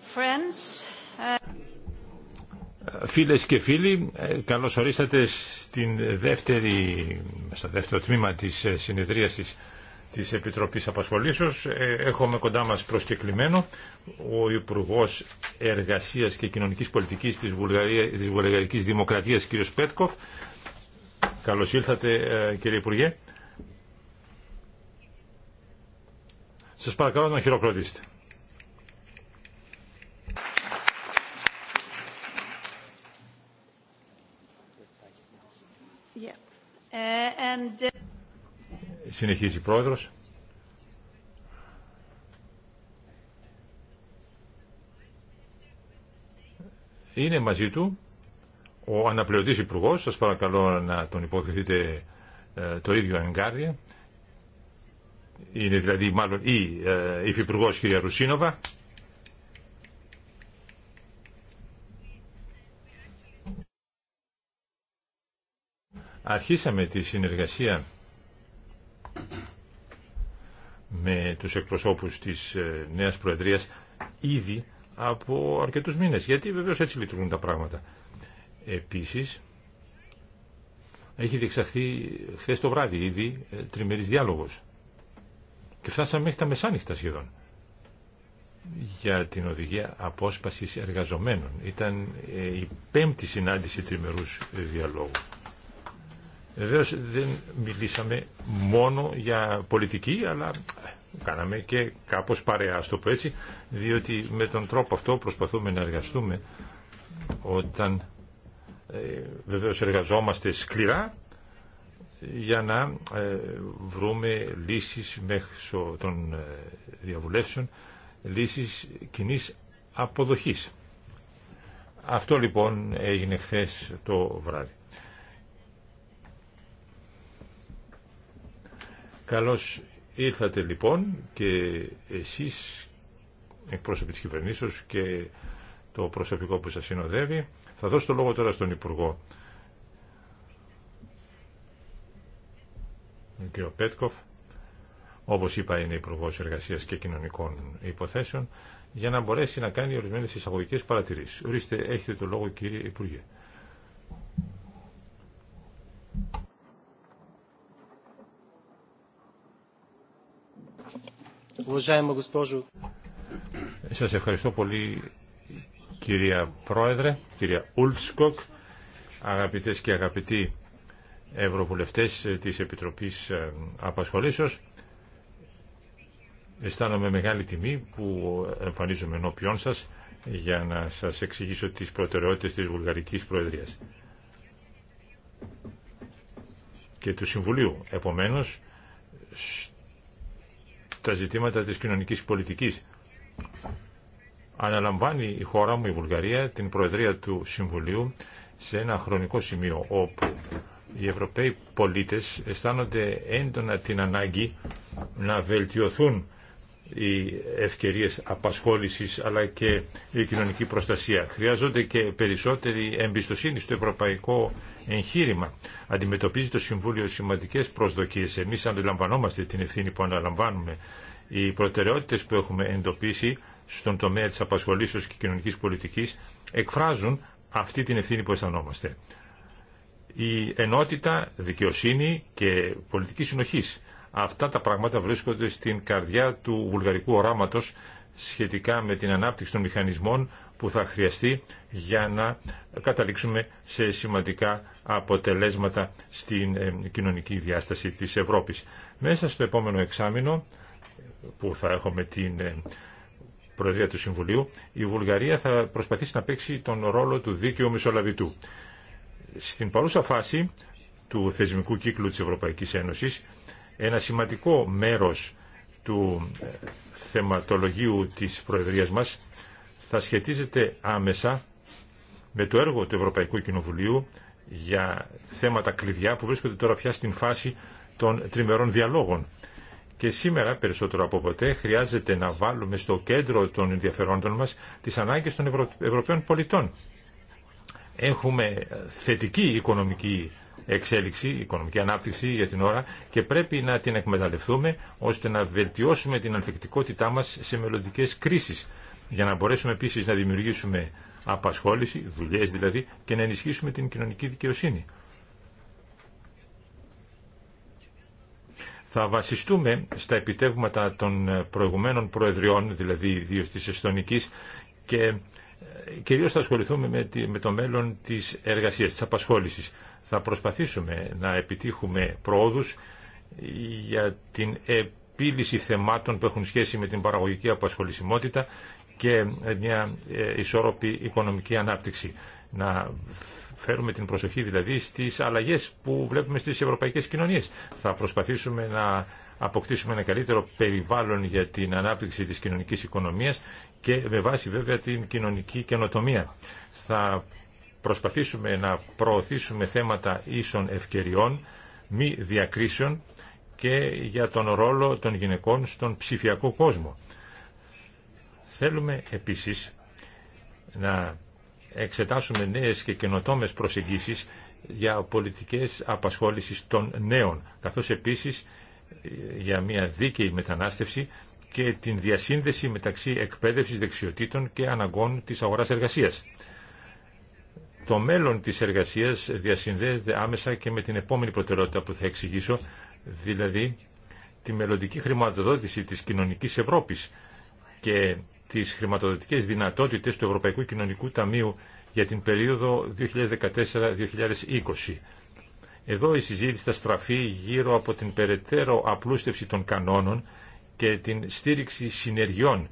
Φίλε uh, Φίλες και φίλοι, ε, καλώς ορίσατε στην δεύτερη, στο δεύτερο τμήμα τη ε, συνεδρίασης της Επιτροπής Απασχολήσεως. Ε, έχουμε κοντά μας προσκεκλημένο ο Υπουργός Εργασίας και Κοινωνικής Πολιτικής της, Βουλγαρία, της Βουλγαρικής Δημοκρατίας, κ. Πέτκοφ. Καλώς ήλθατε ε, κύριε Υπουργέ. Σας παρακαλώ να χειροκροτήσετε. Yeah. Ε, and συνεχίζει η πρόεδρος. Είναι μαζί του ο αναπληρωτής υπουργό, σας παρακαλώ να τον υποθετείτε ε, το ίδιο εγκάρδια. Είναι δηλαδή μάλλον η ε, υφυπουργός κυρία Ρουσίνοβα. Αρχίσαμε τη συνεργασία με τους εκπροσώπους της ε, νέας Προεδρίας ήδη από αρκετούς μήνες, γιατί βεβαίως έτσι λειτουργούν τα πράγματα. Επίσης, έχει διεξαχθεί χθε το βράδυ ήδη ε, τριμερής διάλογος και φτάσαμε μέχρι τα μεσάνυχτα σχεδόν για την οδηγία απόσπασης εργαζομένων. Ήταν ε, η πέμπτη συνάντηση τριμερούς διαλόγου. Βεβαίω δεν μιλήσαμε μόνο για πολιτική, αλλά κάναμε και κάπως παρέα, στο έτσι, διότι με τον τρόπο αυτό προσπαθούμε να εργαστούμε όταν ε, βεβαίως εργαζόμαστε σκληρά για να ε, βρούμε λύσεις μέχρι των ε, διαβουλεύσεων, λύσεις κοινή αποδοχής. Αυτό λοιπόν έγινε χθε το βράδυ. Καλώς ήρθατε λοιπόν και εσείς εκπρόσωποι της κυβερνήσεως και το προσωπικό που σας συνοδεύει. Θα δώσω το λόγο τώρα στον Υπουργό. Ο κ. Πέτκοφ, όπως είπα είναι υπουργό εργασία και Κοινωνικών Υποθέσεων, για να μπορέσει να κάνει ορισμένες εισαγωγικές παρατηρήσεις. Ορίστε, έχετε το λόγο κύριε Υπουργέ. Σας ευχαριστώ πολύ κυρία Πρόεδρε, κυρία Ουλτσκοκ, αγαπητές και αγαπητοί Ευρωβουλευτές της Επιτροπής ε, Απασχολήσεως. Αισθάνομαι μεγάλη τιμή που εμφανίζομαι ενώπιόν σας για να σας εξηγήσω τις προτεραιότητες της Βουλγαρικής Προεδρίας και του Συμβουλίου. Επομένως, τα ζητήματα της κοινωνικής πολιτικής. Αναλαμβάνει η χώρα μου, η Βουλγαρία, την Προεδρία του Συμβουλίου σε ένα χρονικό σημείο όπου οι Ευρωπαίοι πολίτες αισθάνονται έντονα την ανάγκη να βελτιωθούν οι ευκαιρίες απασχόλησης αλλά και η κοινωνική προστασία. Χρειάζονται και περισσότερη εμπιστοσύνη στο ευρωπαϊκό εγχείρημα. Αντιμετωπίζει το Συμβούλιο σημαντικές προσδοκίες. Εμείς αντιλαμβανόμαστε την ευθύνη που αναλαμβάνουμε. Οι προτεραιότητες που έχουμε εντοπίσει στον τομέα της απασχολήσεως και κοινωνικής πολιτικής εκφράζουν αυτή την ευθύνη που αισθανόμαστε. Η ενότητα, δικαιοσύνη και πολιτική συνοχής Αυτά τα πράγματα βρίσκονται στην καρδιά του βουλγαρικού οράματος σχετικά με την ανάπτυξη των μηχανισμών που θα χρειαστεί για να καταλήξουμε σε σημαντικά αποτελέσματα στην ε, κοινωνική διάσταση της Ευρώπης. Μέσα στο επόμενο εξάμεινο που θα έχουμε την ε, Προεδρία του Συμβουλίου, η Βουλγαρία θα προσπαθήσει να παίξει τον ρόλο του δίκαιου μισολαβητού. Στην παρούσα φάση του θεσμικού κύκλου της Ευρωπαϊκής Ένωσης, ένα σημαντικό μέρος του θεματολογίου της Προεδρίας μας θα σχετίζεται άμεσα με το έργο του Ευρωπαϊκού Κοινοβουλίου για θέματα κλειδιά που βρίσκονται τώρα πια στην φάση των τριμερών διαλόγων. Και σήμερα περισσότερο από ποτέ χρειάζεται να βάλουμε στο κέντρο των ενδιαφερόντων μας τις ανάγκες των Ευρωπαίων πολιτών. Έχουμε θετική οικονομική εξέλιξη, οικονομική ανάπτυξη για την ώρα και πρέπει να την εκμεταλλευτούμε ώστε να βελτιώσουμε την ανθεκτικότητά μας σε μελλοντικέ κρίσεις για να μπορέσουμε επίσης να δημιουργήσουμε απασχόληση, δουλειές δηλαδή και να ενισχύσουμε την κοινωνική δικαιοσύνη. θα βασιστούμε στα επιτεύγματα των προηγουμένων προεδριών, δηλαδή ιδίω της Εστονικής και ε, κυρίως θα ασχοληθούμε με, το μέλλον της εργασίας, της απασχόλησης θα προσπαθήσουμε να επιτύχουμε προόδους για την επίλυση θεμάτων που έχουν σχέση με την παραγωγική απασχολησιμότητα και μια ε, ισόρροπη οικονομική ανάπτυξη. Να φέρουμε την προσοχή δηλαδή στις αλλαγές που βλέπουμε στις ευρωπαϊκές κοινωνίες. Θα προσπαθήσουμε να αποκτήσουμε ένα καλύτερο περιβάλλον για την ανάπτυξη της κοινωνικής οικονομίας και με βάση βέβαια την κοινωνική καινοτομία. Θα προσπαθήσουμε να προωθήσουμε θέματα ίσων ευκαιριών, μη διακρίσεων και για τον ρόλο των γυναικών στον ψηφιακό κόσμο. Θέλουμε επίσης να εξετάσουμε νέες και καινοτόμες προσεγγίσεις για πολιτικές απασχόλησης των νέων, καθώς επίσης για μια δίκαιη μετανάστευση και την διασύνδεση μεταξύ εκπαίδευσης δεξιοτήτων και αναγκών της αγοράς εργασίας. Το μέλλον της εργασίας διασυνδέεται άμεσα και με την επόμενη προτεραιότητα που θα εξηγήσω, δηλαδή τη μελλοντική χρηματοδότηση της κοινωνικής Ευρώπης και τις χρηματοδοτικές δυνατότητες του Ευρωπαϊκού Κοινωνικού Ταμείου για την περίοδο 2014-2020. Εδώ η συζήτηση θα στραφεί γύρω από την περαιτέρω απλούστευση των κανόνων και την στήριξη συνεργειών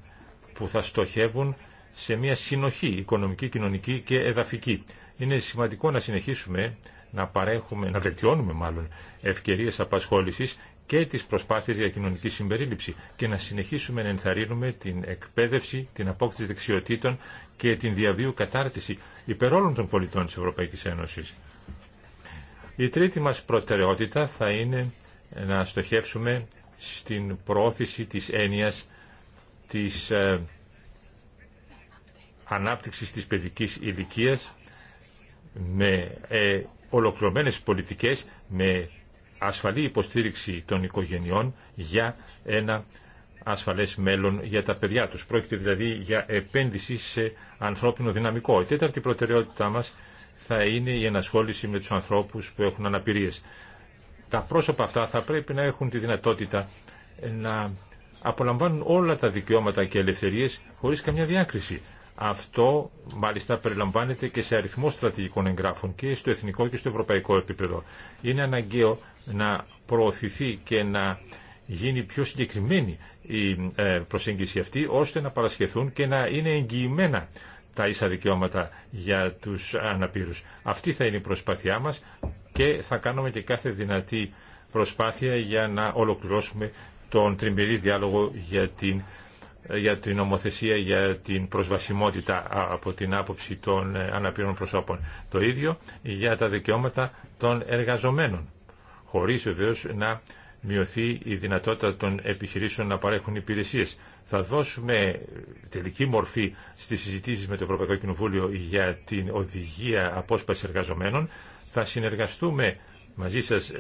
που θα στοχεύουν σε μια συνοχή οικονομική, κοινωνική και εδαφική. Είναι σημαντικό να συνεχίσουμε να παρέχουμε, να βελτιώνουμε μάλλον ευκαιρίες απασχόλησης και τις προσπάθειες για κοινωνική συμπερίληψη και να συνεχίσουμε να ενθαρρύνουμε την εκπαίδευση, την απόκτηση δεξιοτήτων και την διαβίου κατάρτιση υπέρ όλων των πολιτών της Ευρωπαϊκής Ένωσης. Η τρίτη μας προτεραιότητα θα είναι να στοχεύσουμε στην προώθηση της έννοιας της ε, ανάπτυξης της παιδικής ηλικίας με ε, ολοκληρωμένες πολιτικές, με ασφαλή υποστήριξη των οικογενειών για ένα ασφαλές μέλλον για τα παιδιά τους. Πρόκειται δηλαδή για επένδυση σε ανθρώπινο δυναμικό. Η τέταρτη προτεραιότητά μας θα είναι η ενασχόληση με τους ανθρώπους που έχουν αναπηρίες. Τα πρόσωπα αυτά θα πρέπει να έχουν τη δυνατότητα να απολαμβάνουν όλα τα δικαιώματα και ελευθερίες χωρίς καμιά διάκριση. Αυτό μάλιστα περιλαμβάνεται και σε αριθμό στρατηγικών εγγράφων και στο εθνικό και στο ευρωπαϊκό επίπεδο. Είναι αναγκαίο να προωθηθεί και να γίνει πιο συγκεκριμένη η ε, προσέγγιση αυτή ώστε να παρασχεθούν και να είναι εγγυημένα τα ίσα δικαιώματα για τους αναπήρους. Αυτή θα είναι η προσπάθειά μας και θα κάνουμε και κάθε δυνατή προσπάθεια για να ολοκληρώσουμε τον τριμερή διάλογο για την για την νομοθεσία για την προσβασιμότητα από την άποψη των ε, αναπήρων προσώπων. Το ίδιο για τα δικαιώματα των εργαζομένων, χωρίς βεβαίως να μειωθεί η δυνατότητα των επιχειρήσεων να παρέχουν υπηρεσίες. Θα δώσουμε ε, τελική μορφή στις συζητήσεις με το Ευρωπαϊκό Κοινοβούλιο για την οδηγία απόσπαση εργαζομένων. Θα συνεργαστούμε μαζί σας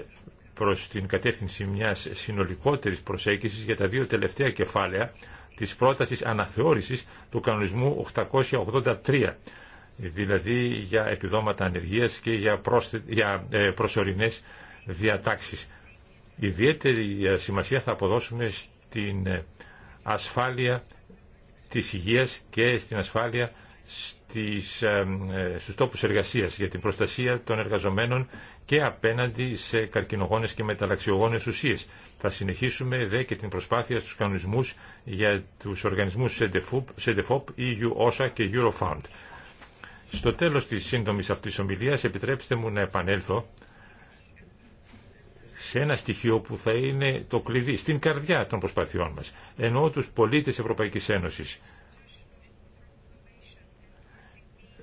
προς την κατεύθυνση μιας συνολικότερης προσέγγισης για τα δύο τελευταία κεφάλαια της πρότασης αναθεώρησης του κανονισμού 883, δηλαδή για επιδόματα ανεργίας και για, για ε, προσωρινές διατάξεις. Ιδιαίτερη ε, σημασία θα αποδώσουμε στην ε, ασφάλεια της υγείας και στην ασφάλεια στις, στους τόπους εργασίας για την προστασία των εργαζομένων και απέναντι σε καρκινογόνες και μεταλλαξιογόνες ουσίες. Θα συνεχίσουμε δε και την προσπάθεια στους κανονισμούς για τους οργανισμούς SEDEFOP, EU, OSA και Eurofound. Στο τέλος της σύντομης αυτής ομιλίας επιτρέψτε μου να επανέλθω σε ένα στοιχείο που θα είναι το κλειδί, στην καρδιά των προσπαθειών μας. Ενώ τους πολίτες Ευρωπαϊκής Ένωσης.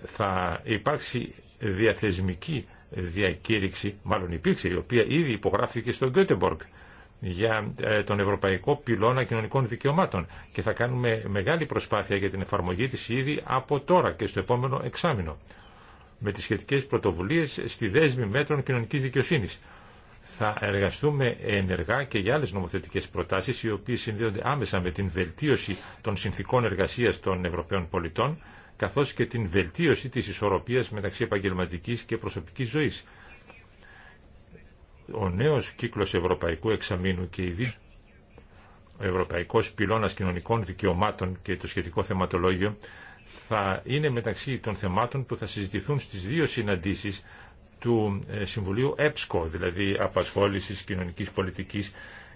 Θα υπάρξει διαθεσμική διακήρυξη, μάλλον υπήρξε, η οποία ήδη υπογράφηκε στο Γκέτεμποργκ για ε, τον Ευρωπαϊκό Πυλώνα Κοινωνικών Δικαιωμάτων και θα κάνουμε μεγάλη προσπάθεια για την εφαρμογή της ήδη από τώρα και στο επόμενο εξάμεινο με τις σχετικές πρωτοβουλίες στη δέσμη μέτρων κοινωνικής δικαιοσύνης. Θα εργαστούμε ενεργά και για άλλες νομοθετικές προτάσεις οι οποίες συνδέονται άμεσα με την βελτίωση των συνθήκων εργασίας των Ευρωπαίων πολιτών καθώς και την βελτίωση της ισορροπίας μεταξύ επαγγελματικής και προσωπικής ζωής ο νέος κύκλος Ευρωπαϊκού Εξαμήνου και η ο Ευρωπαϊκός Πυλώνας Κοινωνικών Δικαιωμάτων και το σχετικό θεματολόγιο θα είναι μεταξύ των θεμάτων που θα συζητηθούν στις δύο συναντήσεις του ε, Συμβουλίου ΕΠΣΚΟ, δηλαδή Απασχόλησης Κοινωνικής Πολιτικής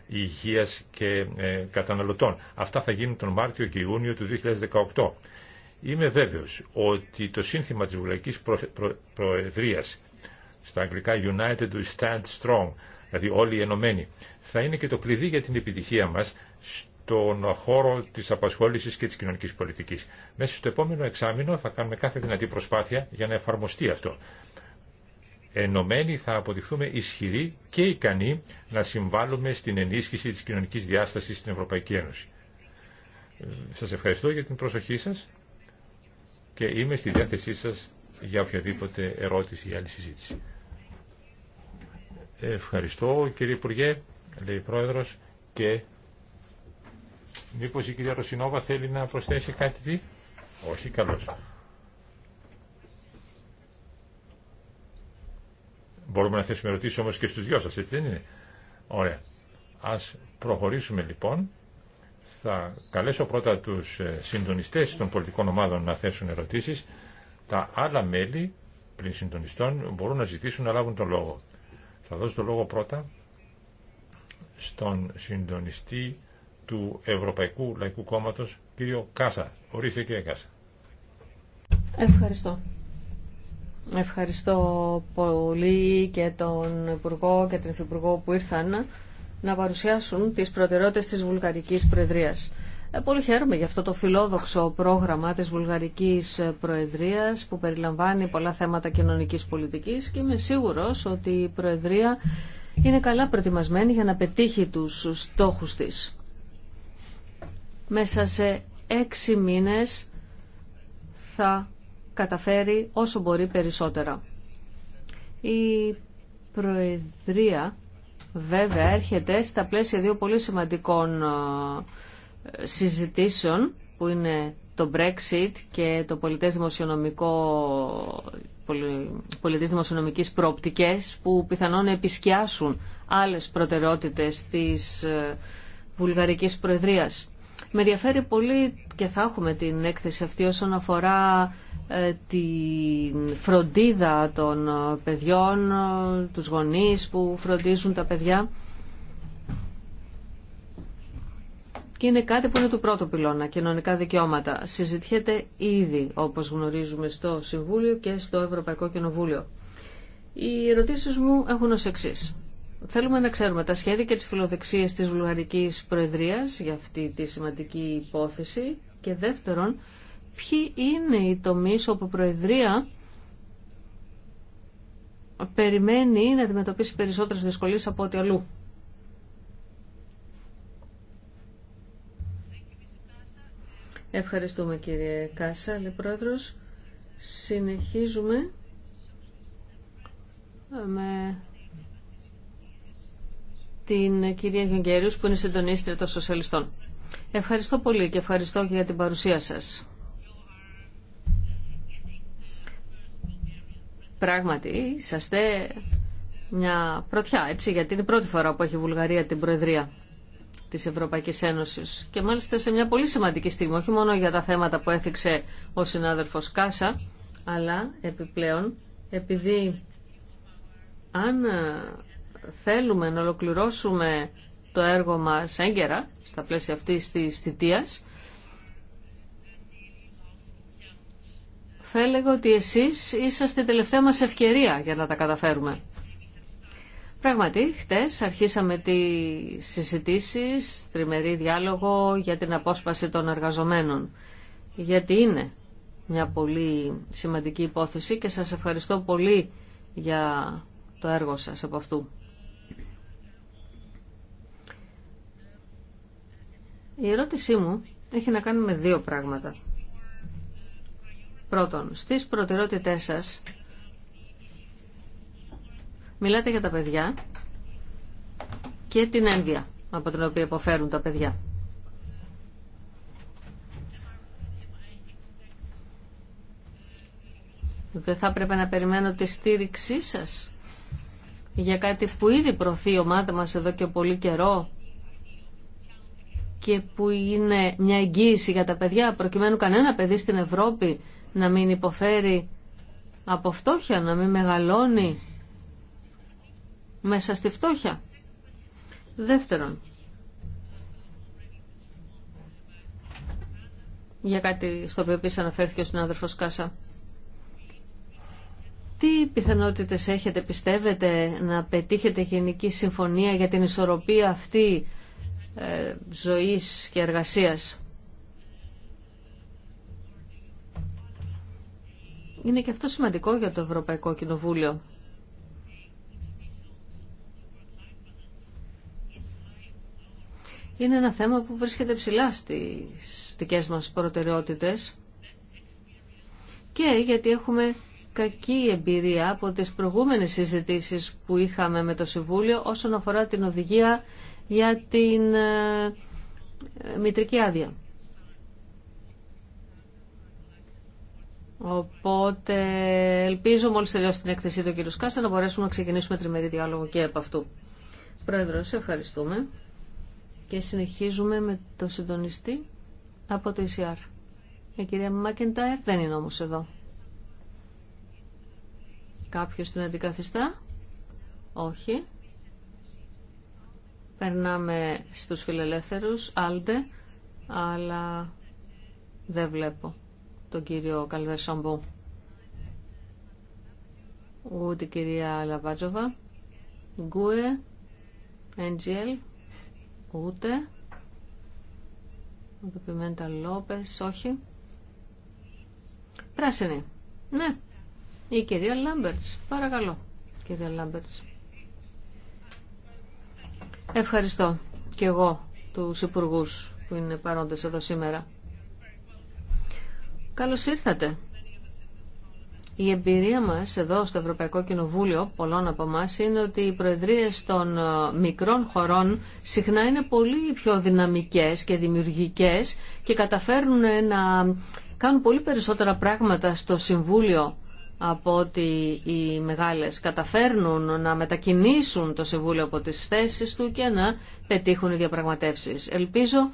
Υγείας και ε, Καταναλωτών. Αυτά θα γίνουν τον Μάρτιο και Ιούνιο του 2018. Είμαι βέβαιος ότι το σύνθημα της Βουλευτικής Προεδρίας στα αγγλικά United we stand strong, δηλαδή όλοι ενωμένοι, θα είναι και το κλειδί για την επιτυχία μας στον χώρο της απασχόλησης και της κοινωνικής πολιτικής. Μέσα στο επόμενο εξάμεινο θα κάνουμε κάθε δυνατή προσπάθεια για να εφαρμοστεί αυτό. Ενωμένοι θα αποδειχθούμε ισχυροί και ικανοί να συμβάλλουμε στην ενίσχυση της κοινωνικής διάστασης στην Ευρωπαϊκή Ένωση. Σας ευχαριστώ για την προσοχή σας και είμαι στη διάθεσή σας για οποιαδήποτε ερώτηση ή άλλη συζήτηση. Ευχαριστώ κύριε Υπουργέ, λέει ο Πρόεδρος και μήπως η κυρία Ρωσινόβα θέλει να προσθέσει κάτι Όχι, καλώς. Μπορούμε να θέσουμε ερωτήσει όμως και στους δυο σας, έτσι δεν είναι. Ωραία. Ας προχωρήσουμε λοιπόν. Θα καλέσω πρώτα τους ε, συντονιστές των πολιτικών ομάδων να θέσουν ερωτήσεις. Τα άλλα μέλη πλην συντονιστών μπορούν να ζητήσουν να λάβουν τον λόγο. Θα δώσω το λόγο πρώτα στον συντονιστή του Ευρωπαϊκού Λαϊκού Κόμματος, κύριο Κάσα. Ορίστε κύριε Κάσα. Ευχαριστώ. Ευχαριστώ πολύ και τον Υπουργό και την Υφυπουργό που ήρθαν να παρουσιάσουν τις προτεραιότητες της Βουλγαρικής Προεδρίας. Ε, πολύ χαίρομαι για αυτό το φιλόδοξο πρόγραμμα της Βουλγαρικής Προεδρίας που περιλαμβάνει πολλά θέματα κοινωνικής πολιτικής και είμαι σίγουρος ότι η Προεδρία είναι καλά προετοιμασμένη για να πετύχει τους στόχους της. Μέσα σε έξι μήνες θα καταφέρει όσο μπορεί περισσότερα. Η Προεδρία βέβαια έρχεται στα πλαίσια δύο πολύ σημαντικών ε, συζητήσεων που είναι το Brexit και το πολιτές δημοσιονομικό πολιτές δημοσιονομικής προοπτικές που πιθανόν επισκιάσουν άλλες προτεραιότητες της ε, Βουλγαρικής Προεδρίας. Με ενδιαφέρει πολύ και θα έχουμε την έκθεση αυτή όσον αφορά ε, τη φροντίδα των ε, παιδιών, τους γονείς που φροντίζουν τα παιδιά. και είναι κάτι που είναι του πρώτου πυλώνα, κοινωνικά δικαιώματα. Συζητιέται ήδη, όπως γνωρίζουμε, στο Συμβούλιο και στο Ευρωπαϊκό Κοινοβούλιο. Οι ερωτήσεις μου έχουν ως εξή. Θέλουμε να ξέρουμε τα σχέδια και τις φιλοδεξίες της Βουλγαρικής Προεδρίας για αυτή τη σημαντική υπόθεση και δεύτερον, ποιοι είναι οι τομείς όπου η Προεδρία περιμένει να αντιμετωπίσει περισσότερες δυσκολίες από ό,τι αλλού. Ευχαριστούμε κύριε Κάσα, λέει πρόεδρος. Συνεχίζουμε με την κυρία Γιονγκέριους που είναι συντονίστρια των σοσιαλιστών. Ευχαριστώ πολύ και ευχαριστώ και για την παρουσία σας. Πράγματι, είσαστε μια πρωτιά, έτσι, γιατί είναι η πρώτη φορά που έχει η Βουλγαρία την Προεδρία της Ευρωπαϊκής Ένωσης και μάλιστα σε μια πολύ σημαντική στιγμή, όχι μόνο για τα θέματα που έθιξε ο συνάδελφος Κάσα, αλλά επιπλέον επειδή αν ε, θέλουμε να ολοκληρώσουμε το έργο μας έγκαιρα στα πλαίσια αυτής της θητείας, θα έλεγα ότι εσείς είσαστε η τελευταία μας ευκαιρία για να τα καταφέρουμε. Πράγματι, χτες αρχίσαμε τι συζητήσει τριμερή διάλογο για την απόσπαση των εργαζομένων. Γιατί είναι μια πολύ σημαντική υπόθεση και σας ευχαριστώ πολύ για το έργο σας από αυτού. Η ερώτησή μου έχει να κάνει με δύο πράγματα. Πρώτον, στις προτεραιότητές σας Μιλάτε για τα παιδιά και την ένδια από την οποία υποφέρουν τα παιδιά. Δεν θα πρέπει να περιμένω τη στήριξή σας για κάτι που ήδη προωθεί η ομάδα μας εδώ και πολύ καιρό και που είναι μια εγγύηση για τα παιδιά προκειμένου κανένα παιδί στην Ευρώπη να μην υποφέρει από φτώχεια, να μην μεγαλώνει μέσα στη φτώχεια. Δεύτερον, για κάτι στο οποίο επίσης αναφέρθηκε ο συνάδελφος Κάσα. Τι πιθανότητες έχετε, πιστεύετε, να πετύχετε γενική συμφωνία για την ισορροπία αυτή ε, ζωής και εργασίας. Είναι και αυτό σημαντικό για το Ευρωπαϊκό Κοινοβούλιο. είναι ένα θέμα που βρίσκεται ψηλά στις δικές μας προτεραιότητες και γιατί έχουμε κακή εμπειρία από τις προηγούμενες συζητήσεις που είχαμε με το Συμβούλιο όσον αφορά την οδηγία για την ε, μητρική άδεια. Οπότε ελπίζω μόλις τελειώσει την έκθεσή του κ. Κάσα να μπορέσουμε να ξεκινήσουμε τριμερή διάλογο και από αυτού. Πρόεδρο, ευχαριστούμε. Και συνεχίζουμε με το συντονιστή από το ECR. Η κυρία Μάκεντάιρ δεν είναι όμως εδώ. Κάποιος την αντικαθιστά. Όχι. Περνάμε στους φιλελεύθερους, Άλτε, αλλά δεν βλέπω τον κύριο Καλβέρ Σαμπού. Ούτε κυρία Λαβάτζοβα. Γκουε, NGL, ούτε. Από Πιμέντα Λόπες, όχι. Πράσινη. Ναι. Η κυρία Λάμπερτς. Παρακαλώ, κυρία Λάμπερτς. Ευχαριστώ και εγώ του υπουργού που είναι παρόντες εδώ σήμερα. Καλώς ήρθατε η εμπειρία μας εδώ στο Ευρωπαϊκό Κοινοβούλιο, πολλών από εμά, είναι ότι οι προεδρίες των ε, μικρών χωρών συχνά είναι πολύ πιο δυναμικές και δημιουργικές και καταφέρνουν να κάνουν πολύ περισσότερα πράγματα στο Συμβούλιο από ότι οι μεγάλες καταφέρνουν να μετακινήσουν το Συμβούλιο από τις θέσεις του και να πετύχουν οι διαπραγματεύσεις. Ελπίζω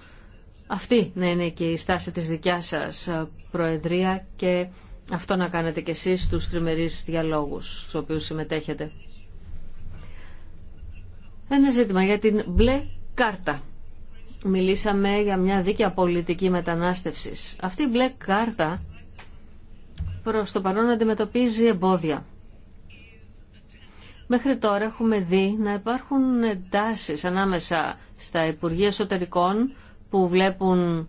αυτή να είναι και η στάση της δικιά σας ε, Προεδρία και αυτό να κάνετε κι εσείς στους τριμερείς διαλόγους στους οποίους συμμετέχετε. Ένα ζήτημα για την μπλε κάρτα. Μιλήσαμε για μια δίκαια πολιτική μετανάστευσης. Αυτή η μπλε κάρτα προς το παρόν αντιμετωπίζει εμπόδια. Μέχρι τώρα έχουμε δει να υπάρχουν εντάσεις ανάμεσα στα Υπουργεία Εσωτερικών που βλέπουν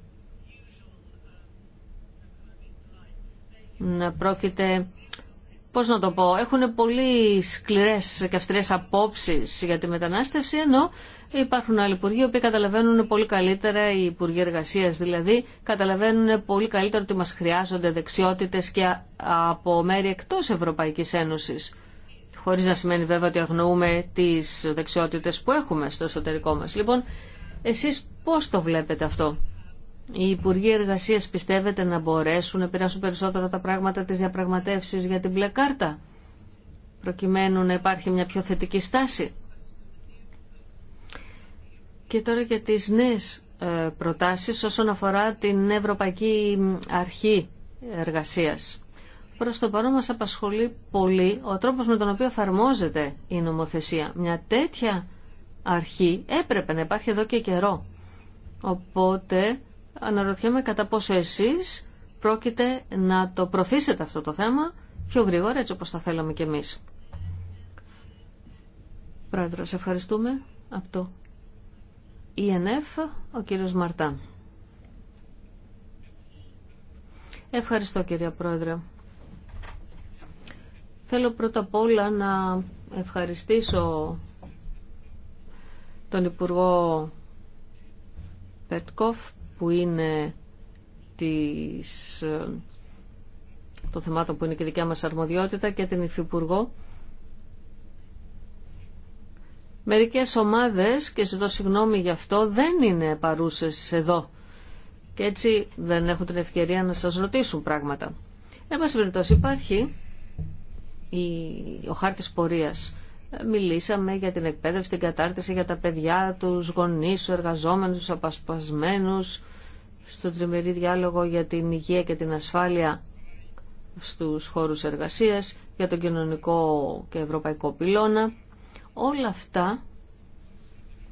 να πρόκειται πώς να το πω, έχουν πολύ σκληρές και αυστηρές απόψεις για τη μετανάστευση, ενώ υπάρχουν άλλοι υπουργοί καταλαβαίνουν πολύ καλύτερα, οι υπουργοί εργασία δηλαδή, καταλαβαίνουν πολύ καλύτερα ότι μας χρειάζονται δεξιότητες και από μέρη εκτός Ευρωπαϊκής Ένωσης. Χωρίς να σημαίνει βέβαια ότι αγνοούμε τις δεξιότητες που έχουμε στο εσωτερικό μας. Λοιπόν, εσείς πώς το βλέπετε αυτό. Οι Υπουργοί Εργασίας πιστεύετε να μπορέσουν να επηρεάσουν περισσότερο τα πράγματα της διαπραγματεύσεις για την μπλε κάρτα, προκειμένου να υπάρχει μια πιο θετική στάση. Και τώρα για τις νέες ε, προτάσεις όσον αφορά την Ευρωπαϊκή Αρχή Εργασίας. Προς το παρόν μας απασχολεί πολύ ο τρόπος με τον οποίο εφαρμόζεται η νομοθεσία. Μια τέτοια αρχή έπρεπε να υπάρχει εδώ και καιρό. Οπότε αναρωτιέμαι κατά πόσο εσείς πρόκειται να το προθήσετε αυτό το θέμα πιο γρήγορα έτσι όπως θα θέλαμε κι εμείς. Πρόεδρο, ευχαριστούμε από το ENF, ο κύριος Μαρτάν. Ευχαριστώ κύριε Πρόεδρε. Θέλω πρώτα απ' όλα να ευχαριστήσω τον Υπουργό Πετκόφ που είναι της, ε, των που είναι και δικιά μας αρμοδιότητα και την Υφυπουργό. Μερικές ομάδες, και ζητώ συγγνώμη γι' αυτό, δεν είναι παρούσες εδώ. Και έτσι δεν έχουν την ευκαιρία να σας ρωτήσουν πράγματα. Εν υπάρχει η, ο χάρτης πορείας Μιλήσαμε για την εκπαίδευση, την κατάρτιση για τα παιδιά, τους γονείς, τους εργαζόμενους, τους απασπασμένους, στο τριμερή διάλογο για την υγεία και την ασφάλεια στους χώρους εργασίας, για τον κοινωνικό και ευρωπαϊκό πυλώνα. Όλα αυτά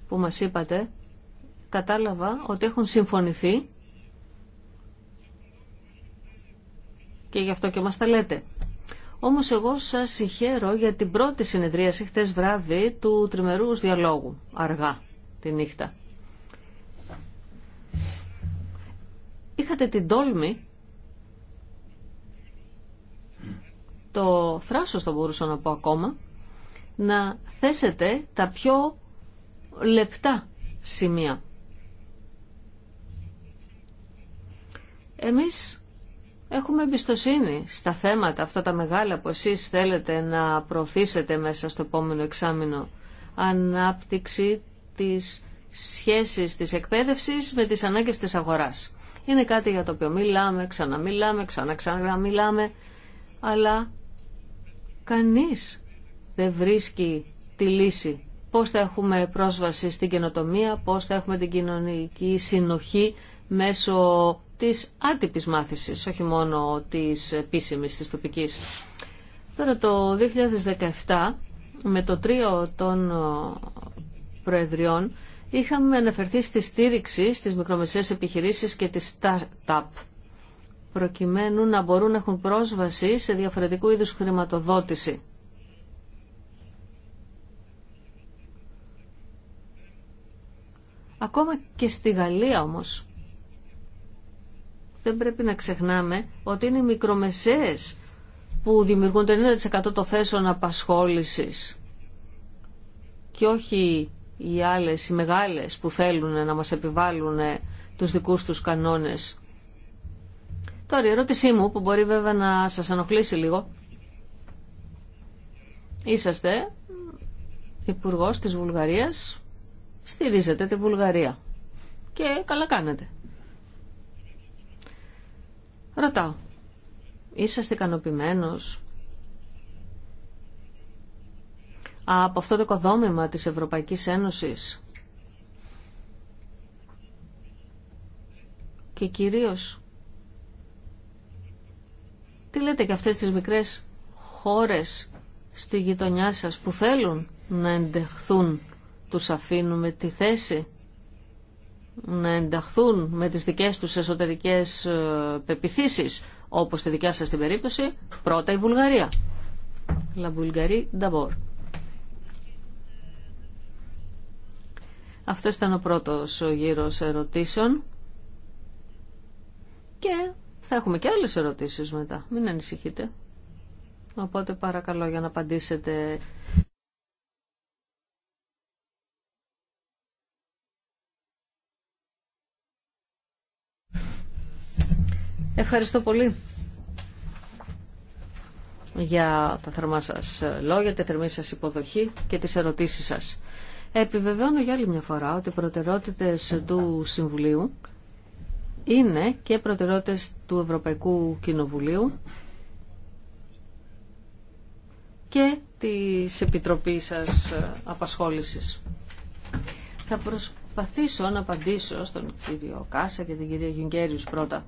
που μας είπατε, κατάλαβα ότι έχουν συμφωνηθεί και γι' αυτό και μας τα λέτε. Όμως εγώ σας συγχαίρω για την πρώτη συνεδρίαση χτες βράδυ του τριμερούς διαλόγου, αργά τη νύχτα. Είχατε την τόλμη, το θράσος θα μπορούσα να πω ακόμα, να θέσετε τα πιο λεπτά σημεία. Εμείς έχουμε εμπιστοσύνη στα θέματα αυτά τα μεγάλα που εσείς θέλετε να προωθήσετε μέσα στο επόμενο εξάμεινο. Ανάπτυξη της σχέσης της εκπαίδευσης με τις ανάγκες της αγοράς. Είναι κάτι για το οποίο μιλάμε, ξαναμιλάμε, ξαναξαναμιλάμε, αλλά κανείς δεν βρίσκει τη λύση. Πώς θα έχουμε πρόσβαση στην καινοτομία, πώς θα έχουμε την κοινωνική συνοχή μέσω της άτυπης μάθησης, όχι μόνο της επίσημης, της τοπικής. Τώρα το 2017 με το τρίο των ε, προεδριών είχαμε αναφερθεί στη στήριξη στις μικρομεσαίες επιχειρήσεις και τις startup προκειμένου να μπορούν να έχουν πρόσβαση σε διαφορετικού είδους χρηματοδότηση. Ακόμα και στη Γαλλία όμως δεν πρέπει να ξεχνάμε ότι είναι οι μικρομεσαίες που δημιουργούν το 90% των θέσεων απασχόλησης και όχι οι άλλες, οι μεγάλες που θέλουν να μας επιβάλλουν τους δικούς τους κανόνες. Τώρα η ερώτησή μου που μπορεί βέβαια να σας ανοχλήσει λίγο. Είσαστε υπουργός της Βουλγαρίας, στηρίζετε τη Βουλγαρία και καλά κάνετε. Ρωτάω, είσαστε ικανοποιημένο από αυτό το οικοδόμημα της Ευρωπαϊκής Ένωσης και κυρίως τι λέτε και αυτές τις μικρές χώρες στη γειτονιά σας που θέλουν να εντεχθούν τους αφήνουμε τη θέση να ενταχθούν με τις δικές τους εσωτερικές ε, πεπιθήσεις, όπως στη δικιά σας την περίπτωση, πρώτα η Βουλγαρία. La Bulgarie d'abord. Αυτό ήταν ο πρώτος γύρος ερωτήσεων. Και θα έχουμε και άλλες ερωτήσεις μετά. Μην ανησυχείτε. Οπότε παρακαλώ για να απαντήσετε Ευχαριστώ πολύ για τα θερμά σας λόγια, τη θερμή σας υποδοχή και τις ερωτήσεις σας. Επιβεβαιώνω για άλλη μια φορά ότι οι προτεραιότητες του Συμβουλίου είναι και προτεραιότητες του Ευρωπαϊκού Κοινοβουλίου και της Επιτροπής σας απασχόλησης. Θα προσπαθήσω να απαντήσω στον κύριο Κάσα και την κυρία Γιουγκέριους πρώτα.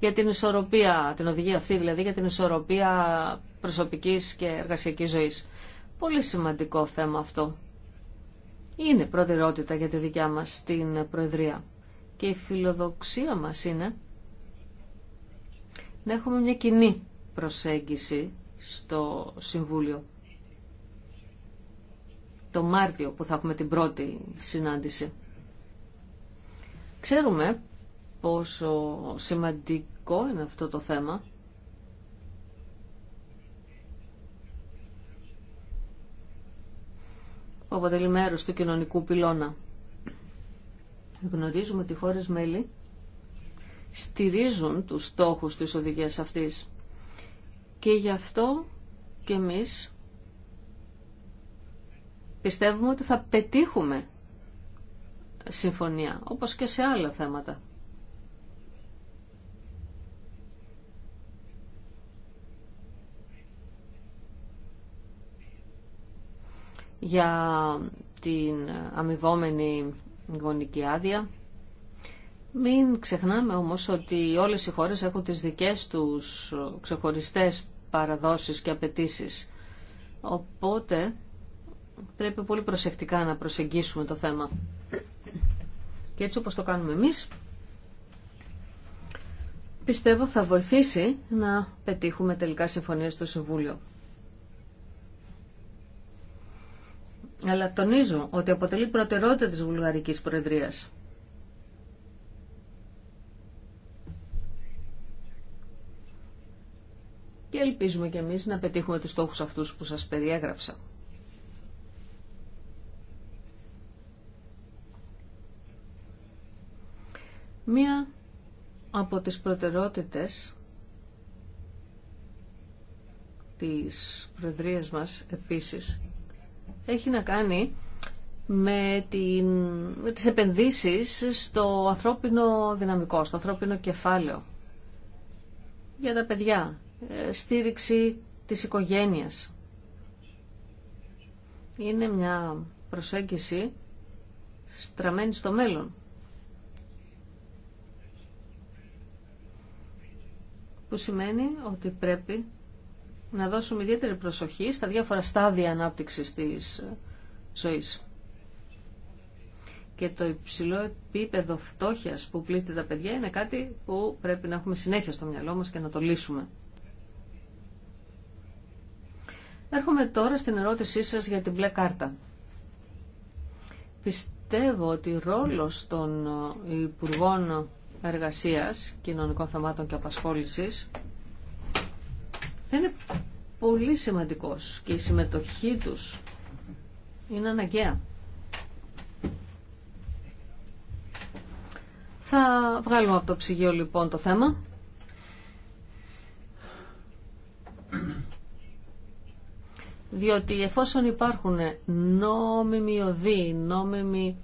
για την ισορροπία, την οδηγία αυτή δηλαδή, για την ισορροπία προσωπικής και εργασιακής ζωής. Πολύ σημαντικό θέμα αυτό. Είναι πρώτη προτεραιότητα για τη δικιά μας την Προεδρία. Και η φιλοδοξία μας είναι να έχουμε μια κοινή προσέγγιση στο Συμβούλιο. Το Μάρτιο που θα έχουμε την πρώτη συνάντηση. Ξέρουμε πόσο σημαντικό είναι αυτό το θέμα. Που αποτελεί μέρος του κοινωνικού πυλώνα. Γνωρίζουμε ότι οι χώρες μέλη στηρίζουν τους στόχους της οδηγίας αυτής. Και γι' αυτό και εμείς πιστεύουμε ότι θα πετύχουμε συμφωνία, όπως και σε άλλα θέματα. για την αμοιβόμενη γονική άδεια. Μην ξεχνάμε όμως ότι όλες οι χώρες έχουν τις δικές τους ξεχωριστές παραδόσεις και απαιτήσεις. Οπότε πρέπει πολύ προσεκτικά να προσεγγίσουμε το θέμα. Και έτσι όπως το κάνουμε εμείς, πιστεύω θα βοηθήσει να πετύχουμε τελικά συμφωνία στο Συμβούλιο. αλλά τονίζω ότι αποτελεί προτεραιότητα της Βουλγαρικής Προεδρίας. Και ελπίζουμε και εμείς να πετύχουμε τους στόχους αυτούς που σας περιέγραψα. Μία από τις προτεραιότητες της Προεδρίας μας επίσης έχει να κάνει με, την, με τις επενδύσεις στο ανθρώπινο δυναμικό, στο ανθρώπινο κεφάλαιο για τα παιδιά, ε, στήριξη της οικογένειας. Είναι μια προσέγγιση στραμμένη στο μέλλον. Που σημαίνει ότι πρέπει να δώσουμε ιδιαίτερη προσοχή στα διάφορα στάδια ανάπτυξης της ε, ζωής. Και το υψηλό επίπεδο φτώχειας που πλήττει τα παιδιά είναι κάτι που πρέπει να έχουμε συνέχεια στο μυαλό μας και να το λύσουμε. Έρχομαι τώρα στην ερώτησή σας για την μπλε κάρτα. Πιστεύω ότι ρόλος των ε, Υπουργών Εργασίας, Κοινωνικών Θεμάτων και Απασχόλησης είναι πολύ σημαντικός και η συμμετοχή τους είναι αναγκαία. Θα βγάλουμε από το ψυγείο λοιπόν το θέμα. Διότι εφόσον υπάρχουν νόμιμοι οδοί, νόμιμη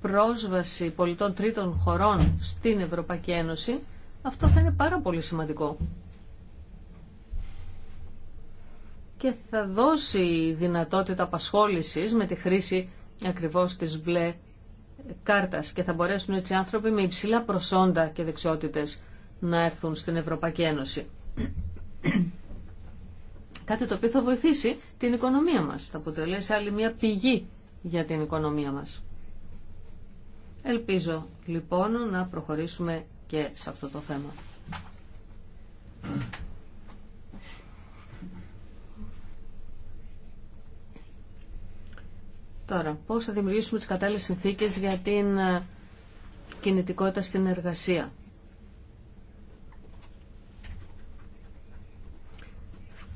πρόσβαση πολιτών τρίτων χωρών στην Ευρωπαϊκή Ένωση, αυτό θα είναι πάρα πολύ σημαντικό. και θα δώσει δυνατότητα απασχόλησης με τη χρήση ακριβώς της μπλε κάρτας και θα μπορέσουν έτσι άνθρωποι με υψηλά προσόντα και δεξιότητες να έρθουν στην Ευρωπαϊκή Ένωση. Κάτι το οποίο θα βοηθήσει την οικονομία μας, θα αποτελέσει άλλη μια πηγή για την οικονομία μας. Ελπίζω λοιπόν να προχωρήσουμε και σε αυτό το θέμα. Τώρα, πώς θα δημιουργήσουμε τις κατάλληλες συνθήκες για την ε, κινητικότητα στην εργασία.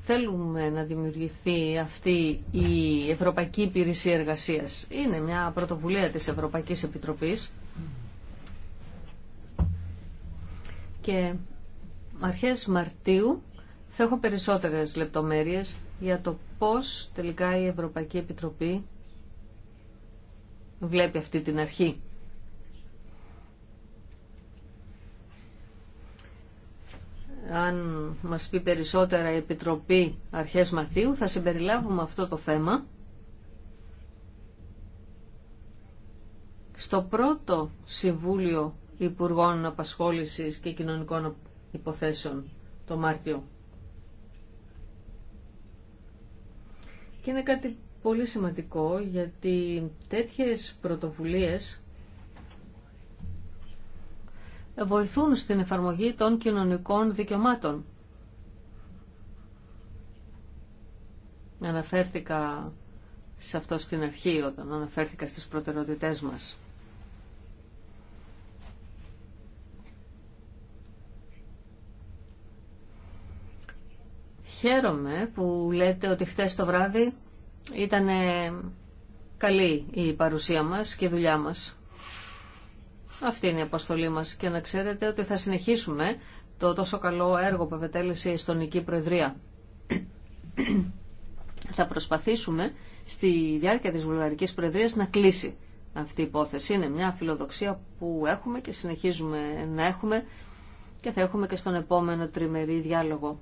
Θέλουμε να δημιουργηθεί αυτή η Ευρωπαϊκή Υπηρεσία Εργασίας. Είναι μια πρωτοβουλία της Ευρωπαϊκής Επιτροπής και αρχές Μαρτίου θα έχω περισσότερες λεπτομέρειες για το πώς τελικά η Ευρωπαϊκή Επιτροπή βλέπει αυτή την αρχή. Αν μας πει περισσότερα η Επιτροπή αρχές Μαρτίου, θα συμπεριλάβουμε αυτό το θέμα στο πρώτο Συμβούλιο Υπουργών Απασχόλησης και Κοινωνικών Υποθέσεων το Μάρτιο. Και είναι κάτι πολύ σημαντικό γιατί τέτοιες πρωτοβουλίες βοηθούν στην εφαρμογή των κοινωνικών δικαιωμάτων. Αναφέρθηκα σε αυτό στην αρχή όταν αναφέρθηκα στις προτεραιότητές μας. Χαίρομαι που λέτε ότι χτες το βράδυ ήταν καλή η παρουσία μας και η δουλειά μας. Αυτή είναι η αποστολή μας και να ξέρετε ότι θα συνεχίσουμε το τόσο καλό έργο που επετέλεσε η Εστονική Προεδρία. θα προσπαθήσουμε στη διάρκεια της Βουλγαρικής Προεδρίας να κλείσει αυτή η υπόθεση. Είναι μια φιλοδοξία που έχουμε και συνεχίζουμε να έχουμε και θα έχουμε και στον επόμενο τριμερή διάλογο.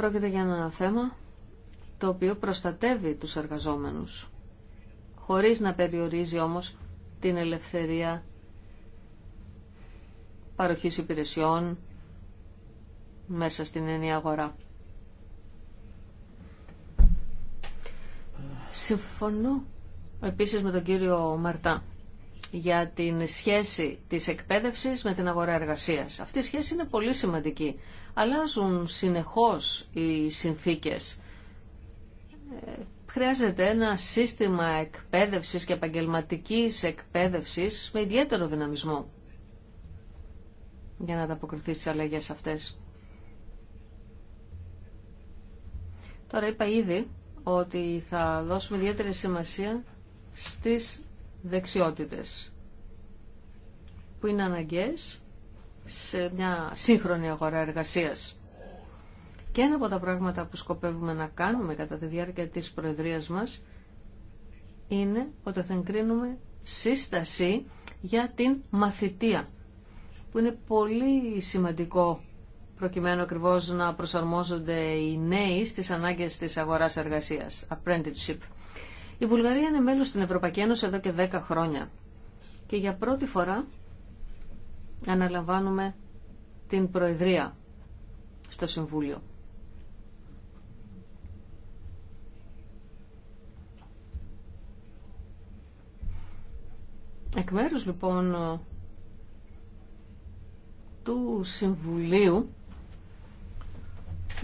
Πρόκειται για ένα θέμα το οποίο προστατεύει τους εργαζόμενους, χωρίς να περιορίζει όμως την ελευθερία παροχής υπηρεσιών μέσα στην ενιαία αγορά. Συμφωνώ επίσης με τον κύριο Μαρτά για την σχέση της εκπαίδευσης με την αγορά εργασίας. Αυτή η σχέση είναι πολύ σημαντική. Αλλάζουν συνεχώς οι συνθήκες. Ε, χρειάζεται ένα σύστημα εκπαίδευσης και επαγγελματική εκπαίδευσης με ιδιαίτερο δυναμισμό για να ανταποκριθεί στις αλλαγές αυτές. Τώρα είπα ήδη ότι θα δώσουμε ιδιαίτερη σημασία στις δεξιότητες που είναι αναγκαίες σε μια σύγχρονη αγορά εργασίας. Και ένα από τα πράγματα που σκοπεύουμε να κάνουμε κατά τη διάρκεια της Προεδρίας μας είναι ότι θα εγκρίνουμε σύσταση για την μαθητεία, που είναι πολύ σημαντικό προκειμένου ακριβώς να προσαρμόζονται οι νέοι στις ανάγκες της αγοράς εργασίας, apprenticeship. Η Βουλγαρία είναι μέλος στην Ευρωπαϊκή Ένωση εδώ και 10 χρόνια και για πρώτη φορά αναλαμβάνουμε την Προεδρία στο Συμβούλιο. Εκ μέρους λοιπόν του Συμβουλίου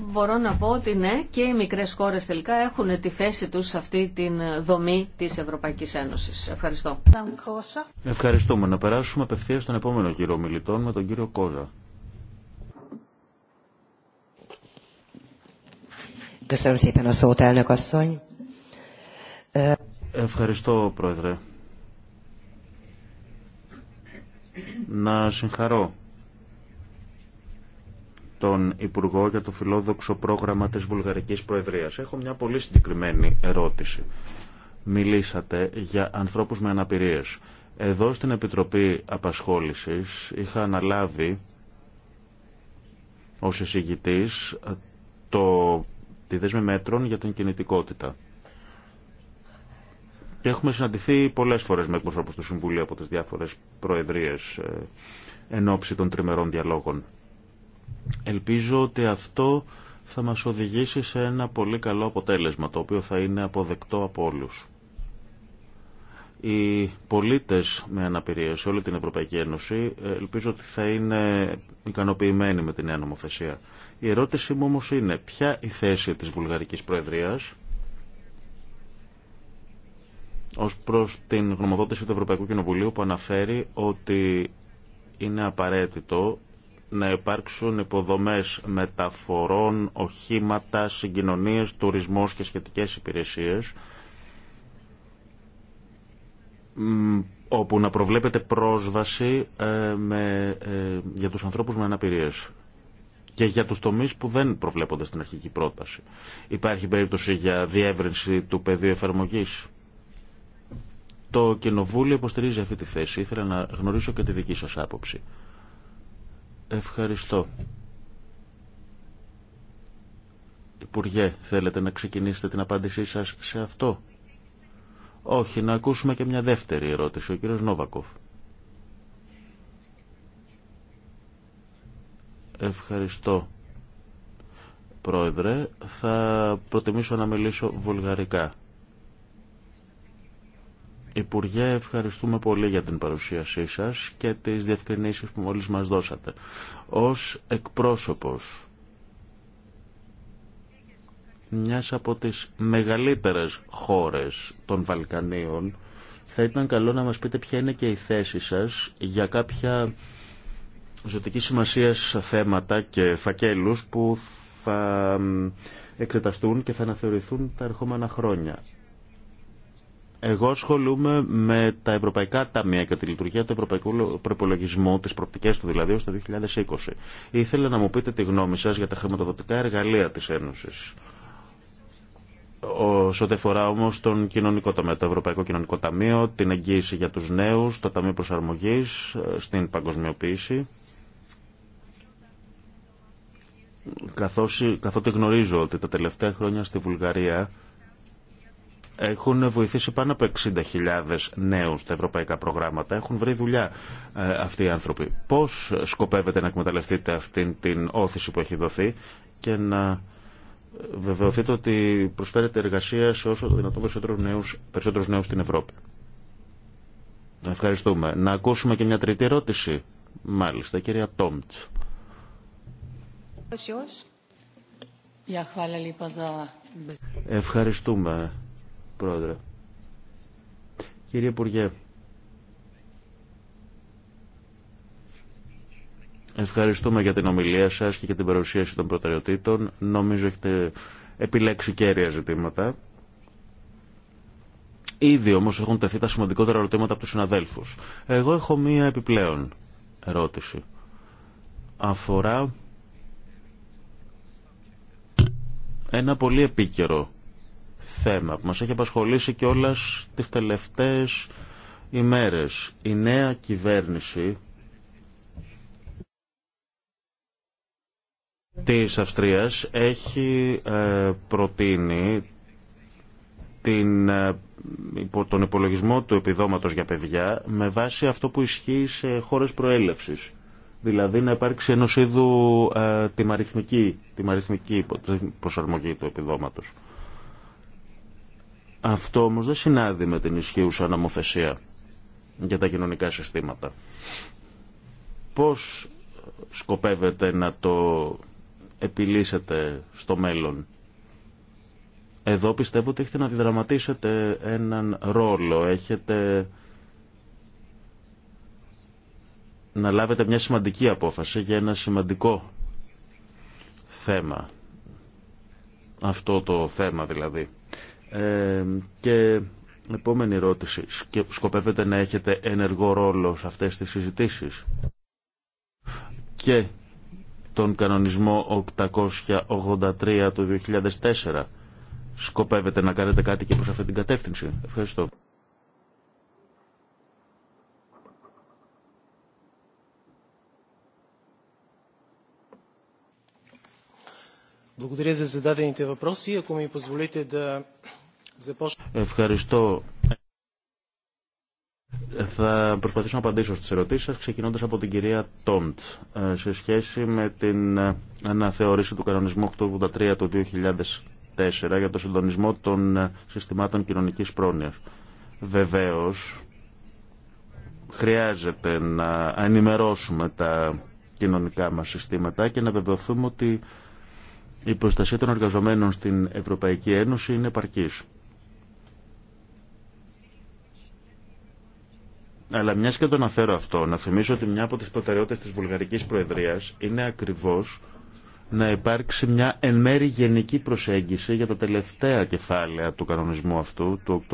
μπορώ να πω ότι ναι και οι μικρές χώρες τελικά έχουν τη θέση τους σε αυτή τη δομή της Ευρωπαϊκής Ένωσης. Ευχαριστώ. Ευχαριστούμε. Να περάσουμε απευθείας στον επόμενο κύριο μιλητών με τον κύριο Κόζα. Ευχαριστώ, Πρόεδρε. Να συγχαρώ τον Υπουργό για το φιλόδοξο πρόγραμμα της Βουλγαρικής Προεδρίας. Έχω μια πολύ συγκεκριμένη ερώτηση. Μιλήσατε για ανθρώπους με αναπηρίες. Εδώ στην Επιτροπή Απασχόλησης είχα αναλάβει ως εισηγητής το, τη δέσμη μέτρων για την κινητικότητα. Και έχουμε συναντηθεί πολλές φορές με εκπροσώπους του Συμβουλίου από τις διάφορες προεδρίες ε, εν ώψη των τριμερών διαλόγων. Ελπίζω ότι αυτό θα μας οδηγήσει σε ένα πολύ καλό αποτέλεσμα, το οποίο θα είναι αποδεκτό από όλους. Οι πολίτες με αναπηρία σε όλη την Ευρωπαϊκή Ένωση ε, ελπίζω ότι θα είναι ικανοποιημένοι με την νέα νομοθεσία. Η ερώτησή μου όμως είναι ποια η θέση της Βουλγαρικής Προεδρίας ως προς την γνωμοδότηση του Ευρωπαϊκού Κοινοβουλίου που αναφέρει ότι είναι απαραίτητο να υπάρξουν υποδομές μεταφορών, οχήματα, συγκοινωνίες, τουρισμός και σχετικές υπηρεσίες όπου να προβλέπεται πρόσβαση ε, με, ε, για τους ανθρώπους με αναπηρίες και για τους τομείς που δεν προβλέπονται στην αρχική πρόταση. Υπάρχει περίπτωση για διεύρυνση του πεδίου εφαρμογής. Το Κοινοβούλιο υποστηρίζει αυτή τη θέση. Ήθελα να γνωρίσω και τη δική σας άποψη. Ευχαριστώ. Υπουργέ, θέλετε να ξεκινήσετε την απάντησή σας σε αυτό. Όχι, να ακούσουμε και μια δεύτερη ερώτηση, ο κύριος Νόβακοφ. Ευχαριστώ, Πρόεδρε. Θα προτιμήσω να μιλήσω βουλγαρικά. Υπουργέ, ευχαριστούμε πολύ για την παρουσίασή σας και τις διευκρινήσεις που μόλις μας δώσατε. Ως εκπρόσωπος μιας από τις μεγαλύτερες χώρες των Βαλκανίων, θα ήταν καλό να μας πείτε ποια είναι και η θέση σας για κάποια ζωτική σημασία θέματα και φακέλους που θα εξεταστούν και θα αναθεωρηθούν τα ερχόμενα χρόνια. Εγώ ασχολούμαι με τα ευρωπαϊκά ταμεία και τη λειτουργία του ευρωπαϊκού προπολογισμού, τι προπτικέ του δηλαδή, ω το 2020. Ήθελα να μου πείτε τη γνώμη σα για τα χρηματοδοτικά εργαλεία τη Ένωση. Σε ό,τι αφορά όμω τον κοινωνικό τομέα, το Ευρωπαϊκό Κοινωνικό Ταμείο, την εγγύηση για του νέου, το Ταμείο Προσαρμογή ε, στην παγκοσμιοποίηση. Καθώς, καθότι γνωρίζω ότι τα τελευταία χρόνια στη Βουλγαρία έχουν βοηθήσει πάνω από 60.000 νέους στα ευρωπαϊκά προγράμματα. Έχουν βρει δουλειά ε, αυτοί οι άνθρωποι. Πώς σκοπεύετε να εκμεταλλευτείτε αυτήν την όθηση που έχει δοθεί και να βεβαιωθείτε ότι προσφέρετε εργασία σε όσο το δυνατόν περισσότερους νέους, στην Ευρώπη. Ευχαριστούμε. Να ακούσουμε και μια τρίτη ερώτηση. Μάλιστα, κυρία Τόμτς. Ευχαριστούμε Πρόεδρε. Κύριε Υπουργέ, ευχαριστούμε για την ομιλία σας και για την παρουσίαση των προτεραιοτήτων. Νομίζω έχετε επιλέξει κέρια ζητήματα. Ήδη όμως έχουν τεθεί τα σημαντικότερα ερωτήματα από τους συναδέλφους. Εγώ έχω μία επιπλέον ερώτηση. Αφορά ένα πολύ επίκαιρο θέμα που μας έχει απασχολήσει και όλες τις τελευταίες ημέρες. Η νέα κυβέρνηση της Αυστρίας έχει ε, προτείνει την, ε, τον υπολογισμό του επιδόματος για παιδιά με βάση αυτό που ισχύει σε χώρες προέλευσης. Δηλαδή να υπάρξει ενός είδου ε, τιμαριθμική, προσαρμογή του επιδόματος. Αυτό όμω δεν συνάδει με την ισχύουσα νομοθεσία για τα κοινωνικά συστήματα. Πώς σκοπεύετε να το επιλύσετε στο μέλλον. Εδώ πιστεύω ότι έχετε να διδραματίσετε έναν ρόλο. Έχετε να λάβετε μια σημαντική απόφαση για ένα σημαντικό θέμα. Αυτό το θέμα δηλαδή. Ε, και επόμενη ερώτηση. σκοπεύετε να έχετε ενεργό ρόλο σε αυτές τις συζητήσεις. Και τον κανονισμό 883 του 2004. Σκοπεύετε να κάνετε κάτι και προς αυτή την κατεύθυνση. Ευχαριστώ. Благодаря за зададените въпроси. Ако ми позволите да Ευχαριστώ. Θα προσπαθήσω να απαντήσω στις ερωτήσεις σας, ξεκινώντας από την κυρία Τόντ. Ε, σε σχέση με την ε, αναθεώρηση του κανονισμού 883 του 2004 για το συντονισμό των ε, συστημάτων κοινωνικής πρόνοιας. Βεβαίως, χρειάζεται να ενημερώσουμε τα κοινωνικά μας συστήματα και να βεβαιωθούμε ότι η προστασία των εργαζομένων στην Ευρωπαϊκή Ένωση είναι επαρκής. Αλλά μια και το αναφέρω αυτό, να θυμίσω ότι μια από τι προτεραιότητε τη Βουλγαρική Προεδρία είναι ακριβώ να υπάρξει μια εν μέρη γενική προσέγγιση για τα τελευταία κεφάλαια του κανονισμού αυτού, του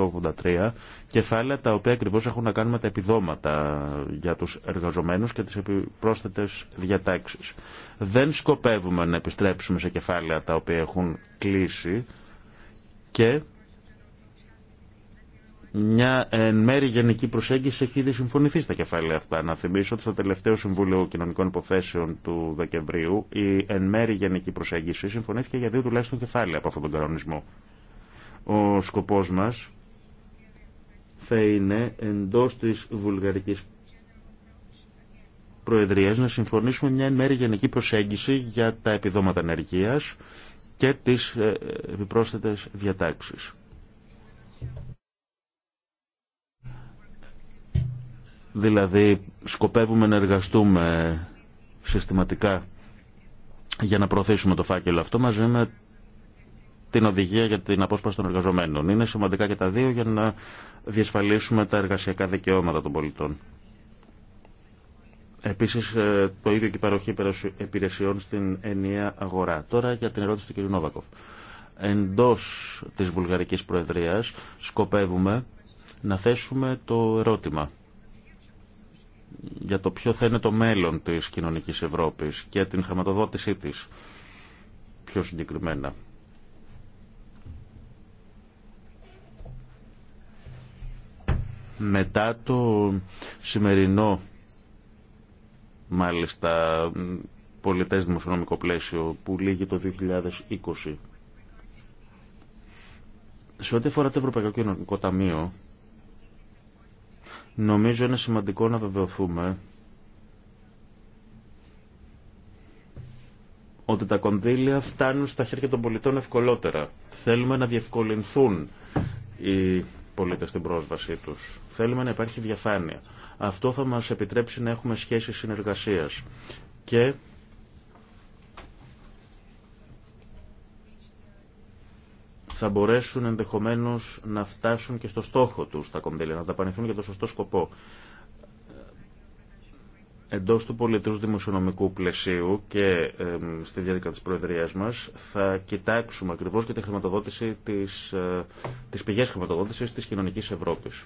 883, κεφάλαια τα οποία ακριβώ έχουν να κάνουν με τα επιδόματα για τους εργαζομένους και τις πρόσθετες διατάξει. Δεν σκοπεύουμε να επιστρέψουμε σε κεφάλαια τα οποία έχουν κλείσει και μια εν μέρη γενική προσέγγιση έχει ήδη συμφωνηθεί στα κεφάλαια αυτά. Να θυμίσω ότι στο τελευταίο Συμβούλιο Κοινωνικών Υποθέσεων του Δεκεμβρίου η εν μέρη γενική προσέγγιση συμφωνήθηκε για δύο τουλάχιστον κεφάλαια από αυτόν τον κανονισμό. Ο σκοπός μας θα είναι εντός τη βουλγαρικής προεδρία να συμφωνήσουμε μια εν μέρη γενική προσέγγιση για τα επιδόματα ενεργείας και τις ε, επιπρόσθετες διατάξεις. Δηλαδή, σκοπεύουμε να εργαστούμε συστηματικά για να προωθήσουμε το φάκελο αυτό μαζί με την οδηγία για την απόσπαση των εργαζομένων. Είναι σημαντικά και τα δύο για να διασφαλίσουμε τα εργασιακά δικαιώματα των πολιτών. Επίσης, ε, το ίδιο και η παροχή υπηρεσιών στην ενιαία αγορά. Τώρα για την ερώτηση του κ. Νόβακοφ. Εντός της Βουλγαρικής Προεδρίας σκοπεύουμε να θέσουμε το ερώτημα για το ποιο θα είναι το μέλλον της κοινωνικής Ευρώπης και την χρηματοδότησή της πιο συγκεκριμένα. Μετά το σημερινό μάλιστα πολιτές δημοσιονομικό πλαίσιο που λύγει το 2020. Σε ό,τι αφορά το Ευρωπαϊκό Κοινωνικό Ταμείο, Νομίζω είναι σημαντικό να βεβαιωθούμε ότι τα κονδύλια φτάνουν στα χέρια των πολιτών ευκολότερα. Θέλουμε να διευκολυνθούν οι πολίτες στην πρόσβασή τους. Θέλουμε να υπάρχει διαφάνεια. Αυτό θα μας επιτρέψει να έχουμε σχέσεις συνεργασίας και θα μπορέσουν ενδεχομένως να φτάσουν και στο στόχο τους τα κονδύλια, να ταπανηθούν για το σωστό σκοπό. Εντό του πολιτικού δημοσιονομικού πλαισίου και στη διάρκεια τη Προεδρία μα θα κοιτάξουμε ακριβώ και τη χρηματοδότηση της, ε, της πηγές χρηματοδότησης της κοινωνικής Ευρώπης.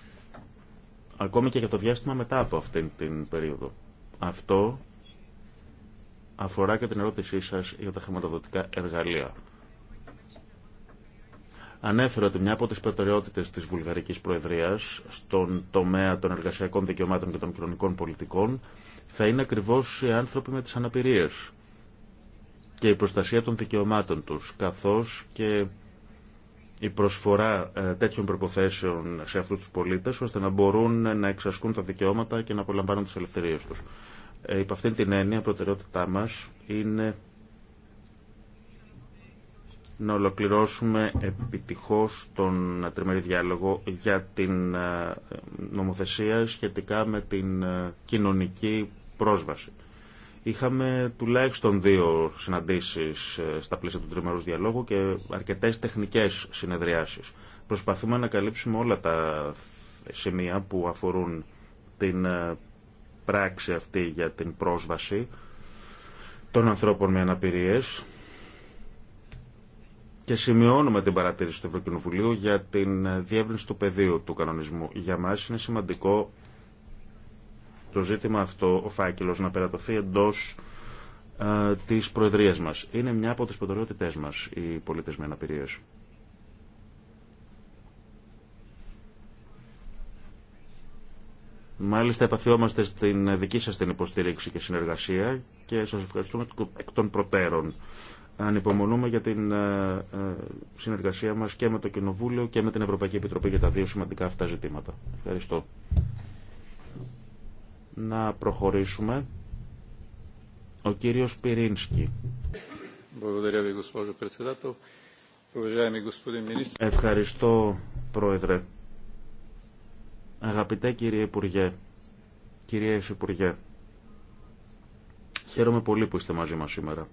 Ακόμη και για το διάστημα μετά από αυτήν την περίοδο. Αυτό αφορά και την ερώτησή σα για τα χρηματοδοτικά εργαλεία ανέφερε ότι μια από τις προτεραιότητες της Βουλγαρικής Προεδρίας στον τομέα των εργασιακών δικαιωμάτων και των κοινωνικών πολιτικών θα είναι ακριβώς οι άνθρωποι με τις αναπηρίες και η προστασία των δικαιωμάτων τους, καθώς και η προσφορά ε, τέτοιων προποθέσεων σε αυτούς τους πολίτες, ώστε να μπορούν να εξασκούν τα δικαιώματα και να απολαμβάνουν τις ελευθερίες τους. Ε, υπ' αυτήν την έννοια, η προτεραιότητά μας είναι να ολοκληρώσουμε επιτυχώς τον τριμερή διάλογο για την ε, νομοθεσία σχετικά με την ε, κοινωνική πρόσβαση. Είχαμε τουλάχιστον δύο συναντήσεις ε, στα πλαίσια του τριμερούς διαλόγου και αρκετές τεχνικές συνεδριάσεις. Προσπαθούμε να καλύψουμε όλα τα σημεία που αφορούν την πράξη αυτή για την πρόσβαση των ανθρώπων με αναπηρίες και σημειώνουμε την παρατήρηση του Ευρωκοινοβουλίου για την διεύρυνση του πεδίου του κανονισμού. Για μα είναι σημαντικό το ζήτημα αυτό, ο φάκελο να περατωθεί εντό τη ε, της Προεδρίας μας. Είναι μια από τι προτεραιότητέ μα οι πολίτες με αναπηρίε. Μάλιστα επαφιόμαστε στην δική σας την υποστήριξη και συνεργασία και σας ευχαριστούμε εκ των προτέρων ανυπομονούμε για την ε, ε, συνεργασία μας και με το Κοινοβούλιο και με την Ευρωπαϊκή Επιτροπή για τα δύο σημαντικά αυτά ζητήματα. Ευχαριστώ. Να προχωρήσουμε. Ο κύριος Πυρίνσκι. Ευχαριστώ, Πρόεδρε. Αγαπητέ κύριε Υπουργέ, κυρίες Υπουργέ, χαίρομαι πολύ που είστε μαζί μας σήμερα.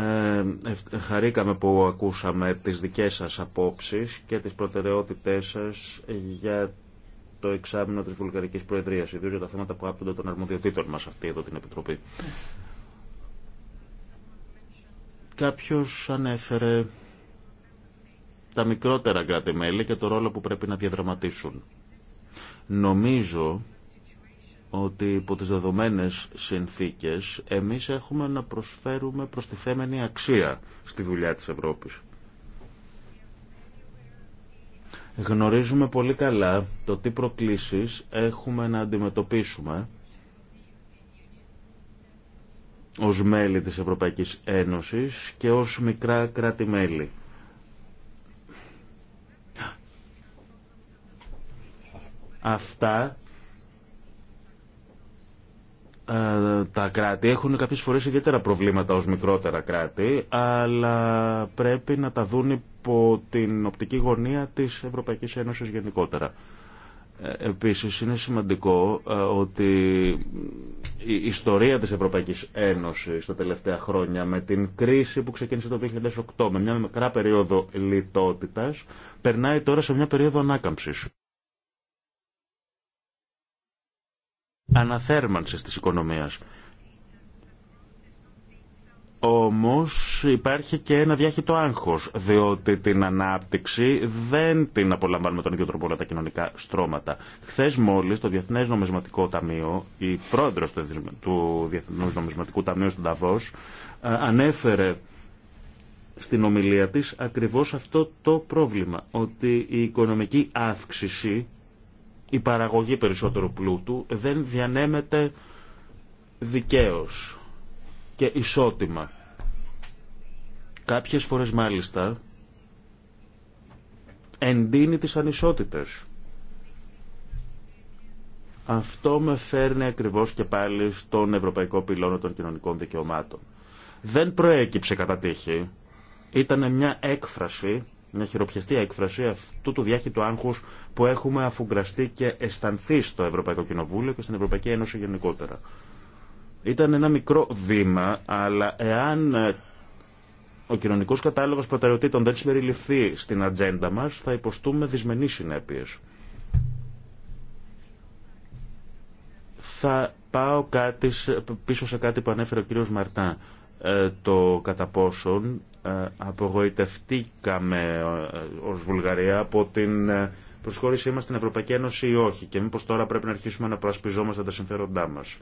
Ε, χαρήκαμε που ακούσαμε τις δικές σας απόψεις και τις προτεραιότητές σας για το εξάμεινο της Βουλγαρικής Προεδρίας, ιδίως για τα θέματα που άπτονται των αρμοδιοτήτων μας αυτή εδώ την Επιτροπή. Κάποιος ανέφερε τα μικρότερα κράτη-μέλη και το ρόλο που πρέπει να διαδραματίσουν. Νομίζω ότι υπό τις δεδομένες συνθήκες εμείς έχουμε να προσφέρουμε προστιθέμενη αξία στη δουλειά της Ευρώπης. Γνωρίζουμε πολύ καλά το τι προκλήσεις έχουμε να αντιμετωπίσουμε ως μέλη της Ευρωπαϊκής Ένωσης και ως μικρά κράτη-μέλη. Αυτά ε, τα κράτη έχουν κάποιες φορές ιδιαίτερα προβλήματα ως μικρότερα κράτη, αλλά πρέπει να τα δουν υπό την οπτική γωνία της Ευρωπαϊκής Ένωσης γενικότερα. Ε, επίσης είναι σημαντικό ε, ότι η ιστορία της Ευρωπαϊκής Ένωσης τα τελευταία χρόνια με την κρίση που ξεκίνησε το 2008 με μια μικρά περίοδο λιτότητας περνάει τώρα σε μια περίοδο ανάκαμψης. αναθέρμανσης της οικονομίας. Όμως υπάρχει και ένα διάχυτο άγχος, διότι την ανάπτυξη δεν την απολαμβάνουμε τον ίδιο τρόπο όλα τα κοινωνικά στρώματα. Χθε μόλις το Διεθνές Νομισματικό Ταμείο, η πρόεδρος του Διεθνούς Νομισματικού Ταμείου στον Ταβός, ε, ανέφερε στην ομιλία της ακριβώς αυτό το πρόβλημα, ότι η οικονομική αύξηση η παραγωγή περισσότερου πλούτου δεν διανέμεται δικαίως και ισότιμα. Κάποιες φορές μάλιστα εντείνει τις ανισότητες. Αυτό με φέρνει ακριβώς και πάλι στον Ευρωπαϊκό Πυλώνα των Κοινωνικών Δικαιωμάτων. Δεν προέκυψε κατά τύχη. Ήταν μια έκφραση μια χειροπιαστή έκφραση αυτού του διάχυτου άγχου που έχουμε αφουγκραστεί και αισθανθεί στο Ευρωπαϊκό Κοινοβούλιο και στην Ευρωπαϊκή Ένωση γενικότερα. Ήταν ένα μικρό βήμα, αλλά εάν ε, ο κοινωνικό κατάλογο προτεραιοτήτων δεν συμπεριληφθεί στην ατζέντα μα, θα υποστούμε δυσμενεί συνέπειε. Θα πάω κάτι, πίσω σε κάτι που ανέφερε ο κύριος Μαρτά. Ε, το κατά πόσον ε, απογοητευτήκαμε ε, ως Βουλγαρία από την ε, προσχώρησή μας στην Ευρωπαϊκή Ένωση ή όχι και μήπως τώρα πρέπει να αρχίσουμε να προασπιζόμαστε τα συμφέροντά μας.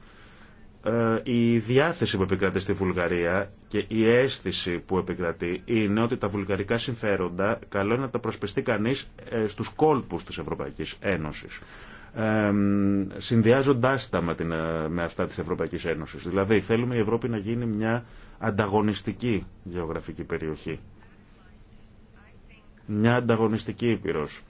Η διάθεση που επικρατεί στη Βουλγαρία και η αίσθηση που επικρατεί είναι ότι τα βουλγαρικά συμφέροντα καλό είναι να τα προσπιστεί κανείς στους κόλπους της Ευρωπαϊκής Ένωσης ε, συνδυάζοντάς τα με, την, με αυτά της Ευρωπαϊκής Ένωσης. Δηλαδή θέλουμε η Ευρώπη να γίνει μια ανταγωνιστική γεωγραφική περιοχή. Μια ανταγωνιστική ήπειρος.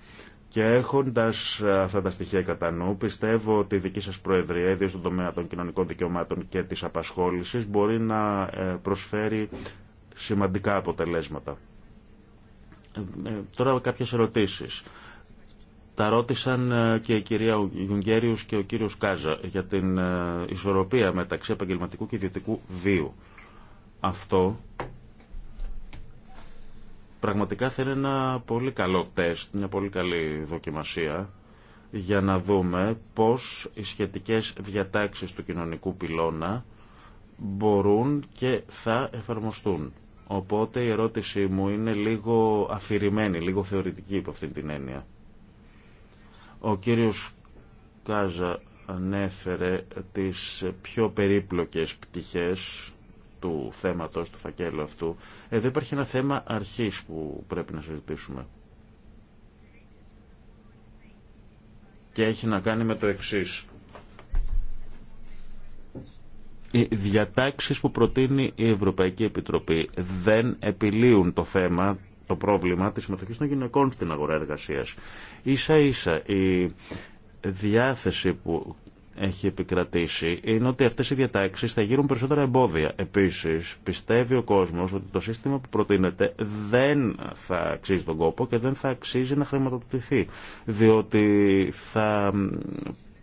Και έχοντας ε, αυτά τα στοιχεία κατά νου, πιστεύω ότι η δική σας Προεδρία, ιδίω στον τομέα των κοινωνικών δικαιωμάτων και της απασχόλησης, μπορεί να ε, προσφέρει σημαντικά αποτελέσματα. Ε, τώρα κάποιες ερωτήσεις. Τα ρώτησαν και η κυρία Γιουγκέριους και ο κύριος Κάζα για την ισορροπία μεταξύ επαγγελματικού και ιδιωτικού βίου. Αυτό πραγματικά θα ένα πολύ καλό τεστ, μια πολύ καλή δοκιμασία για να δούμε πώς οι σχετικές διατάξεις του κοινωνικού πυλώνα μπορούν και θα εφαρμοστούν. Οπότε η ερώτησή μου είναι λίγο αφηρημένη, λίγο θεωρητική από αυτήν την έννοια. Ο κύριος Κάζα ανέφερε τις πιο περίπλοκες πτυχές του θέματος, του φακέλου αυτού, ε, εδώ υπάρχει ένα θέμα αρχής που πρέπει να συζητήσουμε. Και έχει να κάνει με το εξής. Οι διατάξεις που προτείνει η Ευρωπαϊκή Επιτροπή δεν επιλύουν το θέμα, το πρόβλημα της συμμετοχής των γυναικών στην αγορά εργασίας. Ίσα ίσα η διάθεση που έχει επικρατήσει είναι ότι αυτές οι διατάξεις θα γύρουν περισσότερα εμπόδια. Επίσης, πιστεύει ο κόσμος ότι το σύστημα που προτείνεται δεν θα αξίζει τον κόπο και δεν θα αξίζει να χρηματοδοτηθεί, διότι θα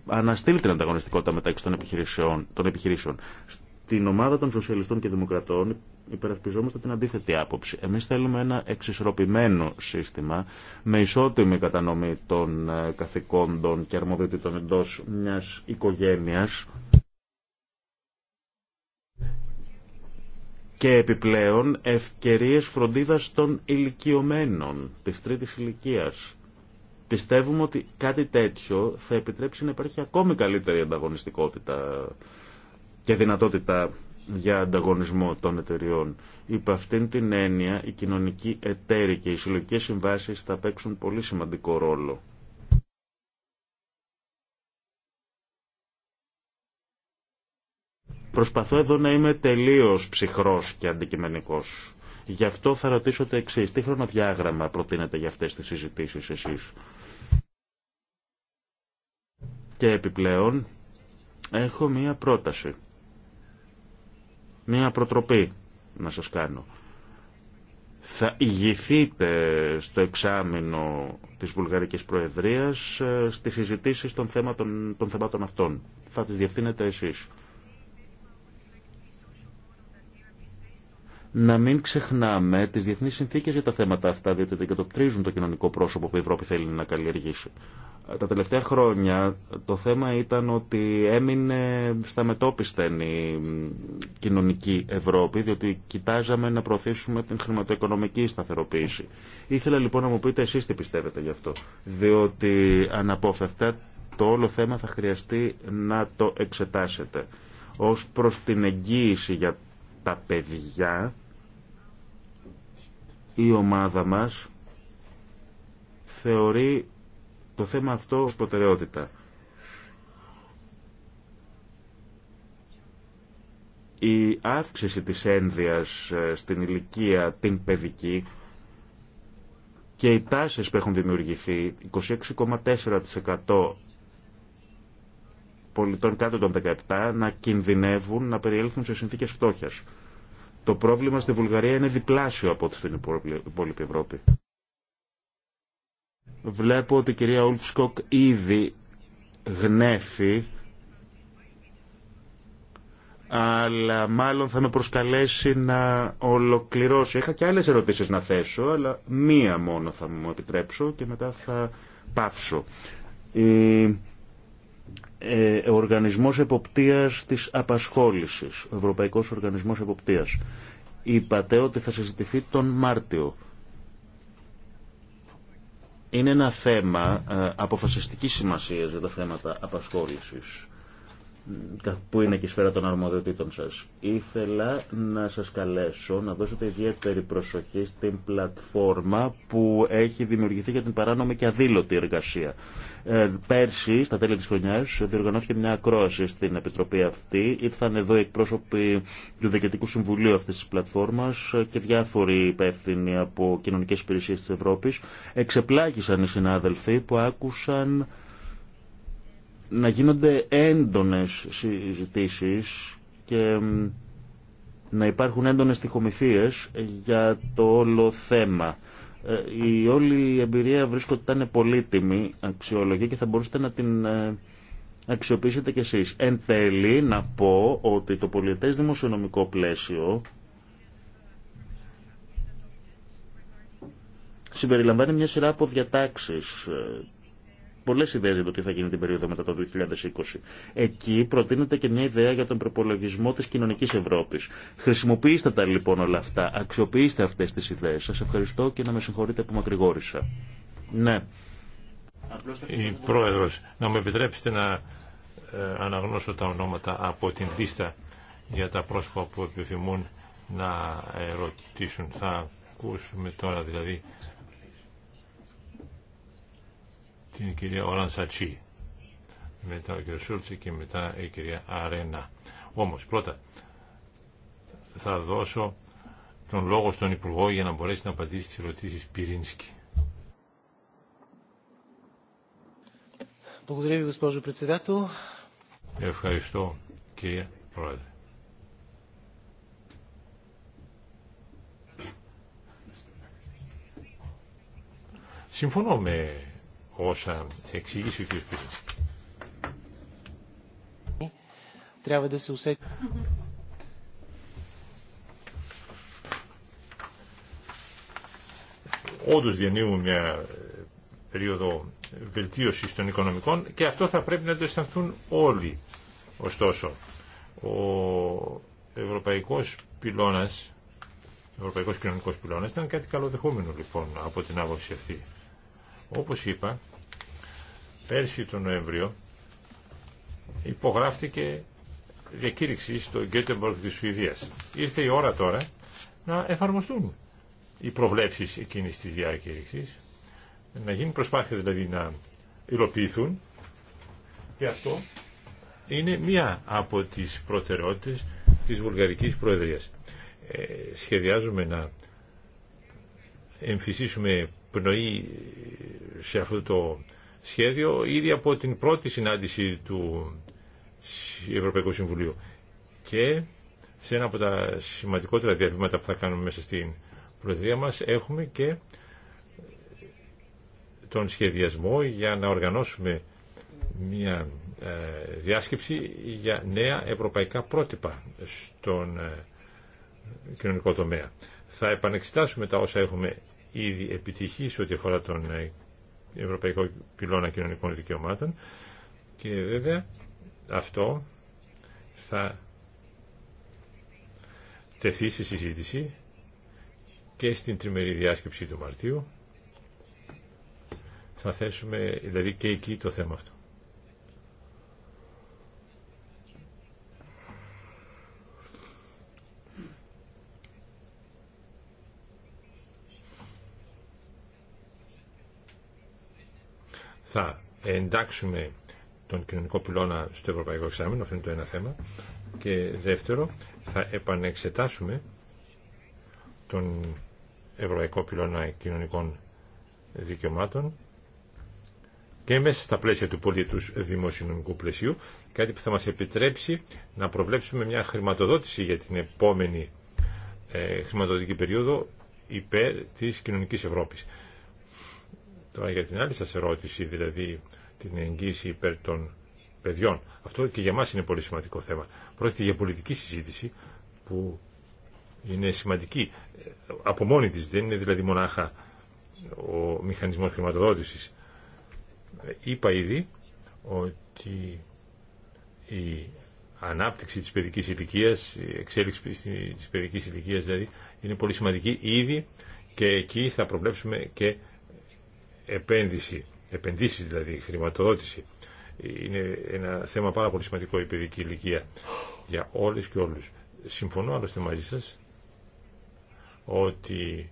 αναστείλει την ανταγωνιστικότητα μεταξύ των επιχειρήσεων, των επιχειρήσεων την ομάδα των Σοσιαλιστών και Δημοκρατών υπερασπιζόμαστε την αντίθετη άποψη. Εμεί θέλουμε ένα εξισορροπημένο σύστημα με ισότιμη κατανομή των ε, καθηκόντων και αρμοδιοτήτων εντό μια οικογένεια. και επιπλέον ευκαιρίες φροντίδας των ηλικιωμένων της τρίτης ηλικίας. Πιστεύουμε ότι κάτι τέτοιο θα επιτρέψει να υπάρχει ακόμη καλύτερη ανταγωνιστικότητα και δυνατότητα για ανταγωνισμό των εταιριών. Υπ' αυτήν την έννοια, οι κοινωνικοί εταίροι και οι συλλογικέ συμβάσει θα παίξουν πολύ σημαντικό ρόλο. Προσπαθώ εδώ να είμαι τελείω ψυχρός και αντικειμενικός. Γι' αυτό θα ρωτήσω το εξή. Τι χρονοδιάγραμμα προτείνετε για αυτές τις συζητήσει εσείς. Και επιπλέον έχω μία πρόταση Μία προτροπή να σας κάνω. Θα ηγηθείτε στο εξάμεινο της Βουλγαρικής Προεδρίας ε, στις συζητήσεις των, θέματων, των θεμάτων αυτών. Θα τις διευθύνετε εσείς. να μην ξεχνάμε τι διεθνεί συνθήκες για τα θέματα αυτά, διότι δεν κατοπτρίζουν το κοινωνικό πρόσωπο που η Ευρώπη θέλει να καλλιεργήσει. Τα τελευταία χρόνια το θέμα ήταν ότι έμεινε στα μετόπιστα η κοινωνική Ευρώπη, διότι κοιτάζαμε να προωθήσουμε την χρηματοοικονομική σταθεροποίηση. Ήθελα λοιπόν να μου πείτε εσείς τι πιστεύετε γι' αυτό, διότι αναπόφευκτα το όλο θέμα θα χρειαστεί να το εξετάσετε. Ως προς την εγγύηση για τα παιδιά, η ομάδα μας θεωρεί το θέμα αυτό ως προτεραιότητα. Η αύξηση της ένδυας ε, στην ηλικία την παιδική και οι τάσεις που έχουν δημιουργηθεί, 26,4% πολιτών κάτω των 17 να κινδυνεύουν να περιέλθουν σε συνθήκες φτώχειας. Το πρόβλημα στη Βουλγαρία είναι διπλάσιο από ό,τι στην υπόλοιπη Ευρώπη. Βλέπω ότι η κυρία Ουλφσκοκ ήδη γνέφει αλλά μάλλον θα με προσκαλέσει να ολοκληρώσω. Είχα και άλλες ερωτήσεις να θέσω, αλλά μία μόνο θα μου επιτρέψω και μετά θα πάυσω. Ε, ο Οργανισμός Εποπτείας της Απασχόλησης, ο Ευρωπαϊκός Οργανισμός Εποπτείας, είπατε ότι θα συζητηθεί τον Μάρτιο είναι ένα θέμα ε, αποφασιστικής σημασίας για τα θέματα απασχόλησης που είναι και η σφαίρα των αρμοδιοτήτων σας. Ήθελα να σας καλέσω να δώσετε ιδιαίτερη προσοχή στην πλατφόρμα που έχει δημιουργηθεί για την παράνομη και αδήλωτη εργασία. Ε, πέρσι, στα τέλη της χρονιάς, διοργανώθηκε μια ακρόαση στην Επιτροπή αυτή. Ήρθαν εδώ εκπρόσωποι του Διοικητικού Συμβουλίου αυτής της πλατφόρμας και διάφοροι υπεύθυνοι από κοινωνικές υπηρεσίες της Ευρώπης. Εξεπλάγησαν οι συνάδελφοι που άκουσαν να γίνονται έντονες συζητήσεις και να υπάρχουν έντονες τυχομηθίες για το όλο θέμα. Ε, η όλη η εμπειρία βρίσκω ότι ήταν πολύτιμη αξιολογία και θα μπορούσατε να την ε, αξιοποιήσετε κι εσείς. Εν τέλει να πω ότι το πολιετές δημοσιονομικό πλαίσιο συμπεριλαμβάνει μια σειρά από διατάξεις ε, πολλέ ιδέε για το τι θα γίνει την περίοδο μετά το 2020. Εκεί προτείνεται και μια ιδέα για τον προπολογισμό τη κοινωνική Ευρώπη. Χρησιμοποιήστε τα λοιπόν όλα αυτά. Αξιοποιήστε αυτέ τι ιδέε. Σα ευχαριστώ και να με συγχωρείτε που μακρηγόρησα. Ναι. Η πρόεδρο, να μου επιτρέψετε να ε, αναγνώσω τα ονόματα από την λίστα για τα πρόσωπα που επιθυμούν να ερωτήσουν. Θα ακούσουμε τώρα δηλαδή την κυρία Οραν Σατσί, μετά ο κύριος Σούλτσε και μετά η κυρία Αρένα. Όμως πρώτα θα δώσω τον λόγο στον Υπουργό για να μπορέσει να απαντήσει τις ερωτήσεις Πυρίνσκι. Ευχαριστώ κύριε Πρόεδρε. Συμφωνώ με όσα εξήγησε ο κ. Πύρινς. Όντως διανύουμε μια ε, περίοδο βελτίωση των οικονομικών και αυτό θα πρέπει να το αισθανθούν όλοι. Ωστόσο, ο ευρωπαϊκός πυλώνας, ο ευρωπαϊκός κοινωνικός πυλώνας ήταν κάτι καλοδεχόμενο λοιπόν από την άποψη αυτή. Όπως είπα, πέρσι τον Νοέμβριο υπογράφτηκε διακήρυξη στο Γκέτεμπορκ της Σουηδίας. Ήρθε η ώρα τώρα να εφαρμοστούν οι προβλέψεις εκείνης της διακήρυξης, να γίνει προσπάθεια δηλαδή να υλοποιηθούν και αυτό είναι μία από τις προτεραιότητες της Βουλγαρικής Προεδρίας. Ε, σχεδιάζουμε να εμφυσίσουμε πνοή ε, σε αυτό το σχέδιο ήδη από την πρώτη συνάντηση του Ευρωπαϊκού Συμβουλίου και σε ένα από τα σημαντικότερα διαβήματα που θα κάνουμε μέσα στην Προεδρία μας έχουμε και τον σχεδιασμό για να οργανώσουμε μια ε, διάσκεψη για νέα ευρωπαϊκά πρότυπα στον ε, κοινωνικό τομέα. Θα επανεξετάσουμε τα όσα έχουμε ήδη σε ό,τι αφορά τον ε, Ευρωπαϊκό Πυλώνα Κοινωνικών Δικαιωμάτων και βέβαια αυτό θα τεθεί στη συζήτηση και στην τριμερή διάσκεψη του Μαρτίου θα θέσουμε δηλαδή και εκεί το θέμα αυτό. θα εντάξουμε τον κοινωνικό πυλώνα στο Ευρωπαϊκό Εξάμεινο, αυτό είναι το ένα θέμα. Και δεύτερο, θα επανεξετάσουμε τον Ευρωπαϊκό Πυλώνα Κοινωνικών Δικαιωμάτων και μέσα στα πλαίσια του πολίτου δημοσιονομικού πλαισίου, κάτι που θα μας επιτρέψει να προβλέψουμε μια χρηματοδότηση για την επόμενη ε, χρηματοδοτική περίοδο υπέρ της κοινωνικής Ευρώπης. Τώρα για την άλλη σας ερώτηση, δηλαδή την εγγύηση υπέρ των παιδιών. Αυτό και για μας είναι πολύ σημαντικό θέμα. Πρόκειται για πολιτική συζήτηση που είναι σημαντική ε, από μόνη της, δεν είναι δηλαδή μονάχα ο μηχανισμός χρηματοδότησης. Ε, είπα ήδη ότι η ανάπτυξη της παιδικής ηλικία, η εξέλιξη της παιδικής ηλικία δηλαδή, είναι πολύ σημαντική ήδη και εκεί θα προβλέψουμε και επένδυση, επενδύσεις δηλαδή, χρηματοδότηση. Είναι ένα θέμα πάρα πολύ σημαντικό η παιδική ηλικία για όλες και όλους. Συμφωνώ άλλωστε μαζί σας ότι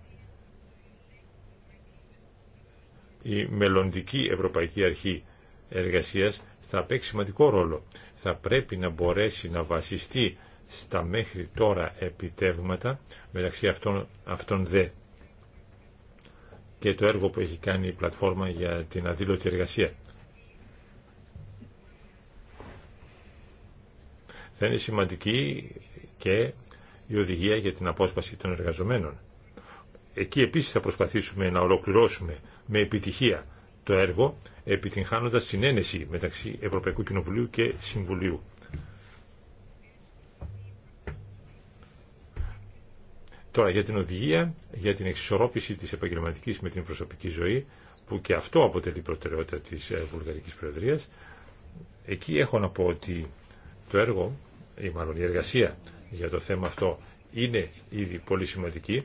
η μελλοντική Ευρωπαϊκή Αρχή Εργασίας θα παίξει σημαντικό ρόλο. Θα πρέπει να μπορέσει να βασιστεί στα μέχρι τώρα επιτεύγματα μεταξύ αυτών, αυτών δε και το έργο που έχει κάνει η πλατφόρμα για την αδήλωτη εργασία. Θα είναι σημαντική και η οδηγία για την απόσπαση των εργαζομένων. Εκεί επίσης θα προσπαθήσουμε να ολοκληρώσουμε με επιτυχία το έργο, επιτυγχάνοντας συνένεση μεταξύ Ευρωπαϊκού Κοινοβουλίου και Συμβουλίου. Τώρα για την οδηγία, για την εξισορρόπηση της επαγγελματικής με την προσωπική ζωή, που και αυτό αποτελεί προτεραιότητα της ε, Βουλγαρικής Προεδρίας, εκεί έχω να πω ότι το έργο, ή μάλλον η εργασία για το θέμα αυτό είναι ήδη πολύ σημαντική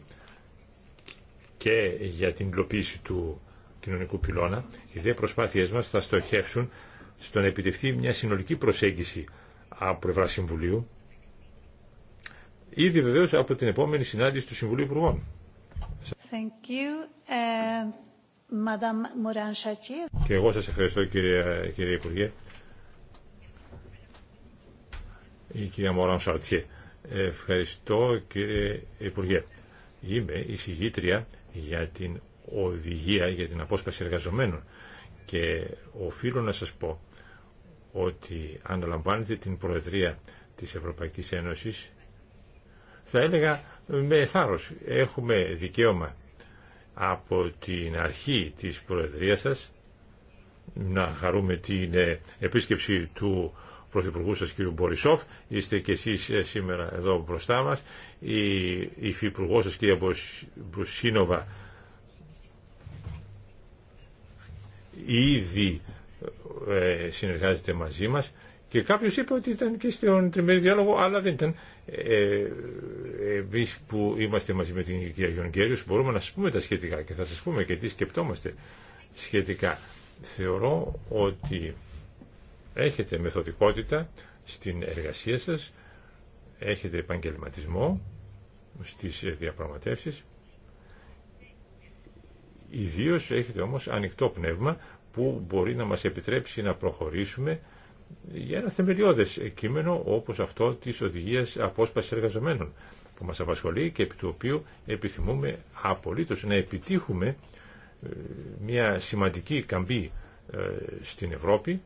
και για την υλοποίηση του κοινωνικού πυλώνα. Οι δε προσπάθειές μας θα στοχεύσουν στο να επιτευχθεί μια συνολική προσέγγιση από πλευρά Συμβουλίου ήδη βεβαίω από την επόμενη συνάντηση του Συμβουλίου Υπουργών. Και εγώ σας ευχαριστώ κύριε, κύριε Υπουργέ. Η κυρία Μωράν Σαρτιέ. Ευχαριστώ κύριε Υπουργέ. Είμαι εισηγήτρια για την οδηγία για την απόσπαση εργαζομένων και οφείλω να σας πω ότι αναλαμβάνετε την Προεδρία της Ευρωπαϊκής Ένωσης θα έλεγα με θάρρος. Έχουμε δικαίωμα από την αρχή της Προεδρίας σας να χαρούμε την ε, επίσκεψη του Πρωθυπουργού σας κ. Μπορισόφ. Είστε και εσείς ε, σήμερα εδώ μπροστά μας. Η Υφυπουργός σας κ. Μπρουσίνοβα ήδη ε, συνεργάζεται μαζί μας και κάποιος είπε ότι ήταν και στον τριμερή διάλογο αλλά δεν ήταν ε, που είμαστε μαζί με την κυρία Γιονγκέριους μπορούμε να σα πούμε τα σχετικά και θα σα πούμε και τι σκεπτόμαστε σχετικά. Θεωρώ ότι έχετε μεθοδικότητα στην εργασία σας, έχετε επαγγελματισμό στις διαπραγματεύσεις, ιδίως έχετε όμως ανοιχτό πνεύμα που μπορεί να μας επιτρέψει να προχωρήσουμε για ένα θεμελιώδε κείμενο όπως αυτό της οδηγίας απόσπαση εργαζομένων που μας απασχολεί και επί του οποίου επιθυμούμε απολύτω να επιτύχουμε ε, μια σημαντική καμπή ε, στην Ευρώπη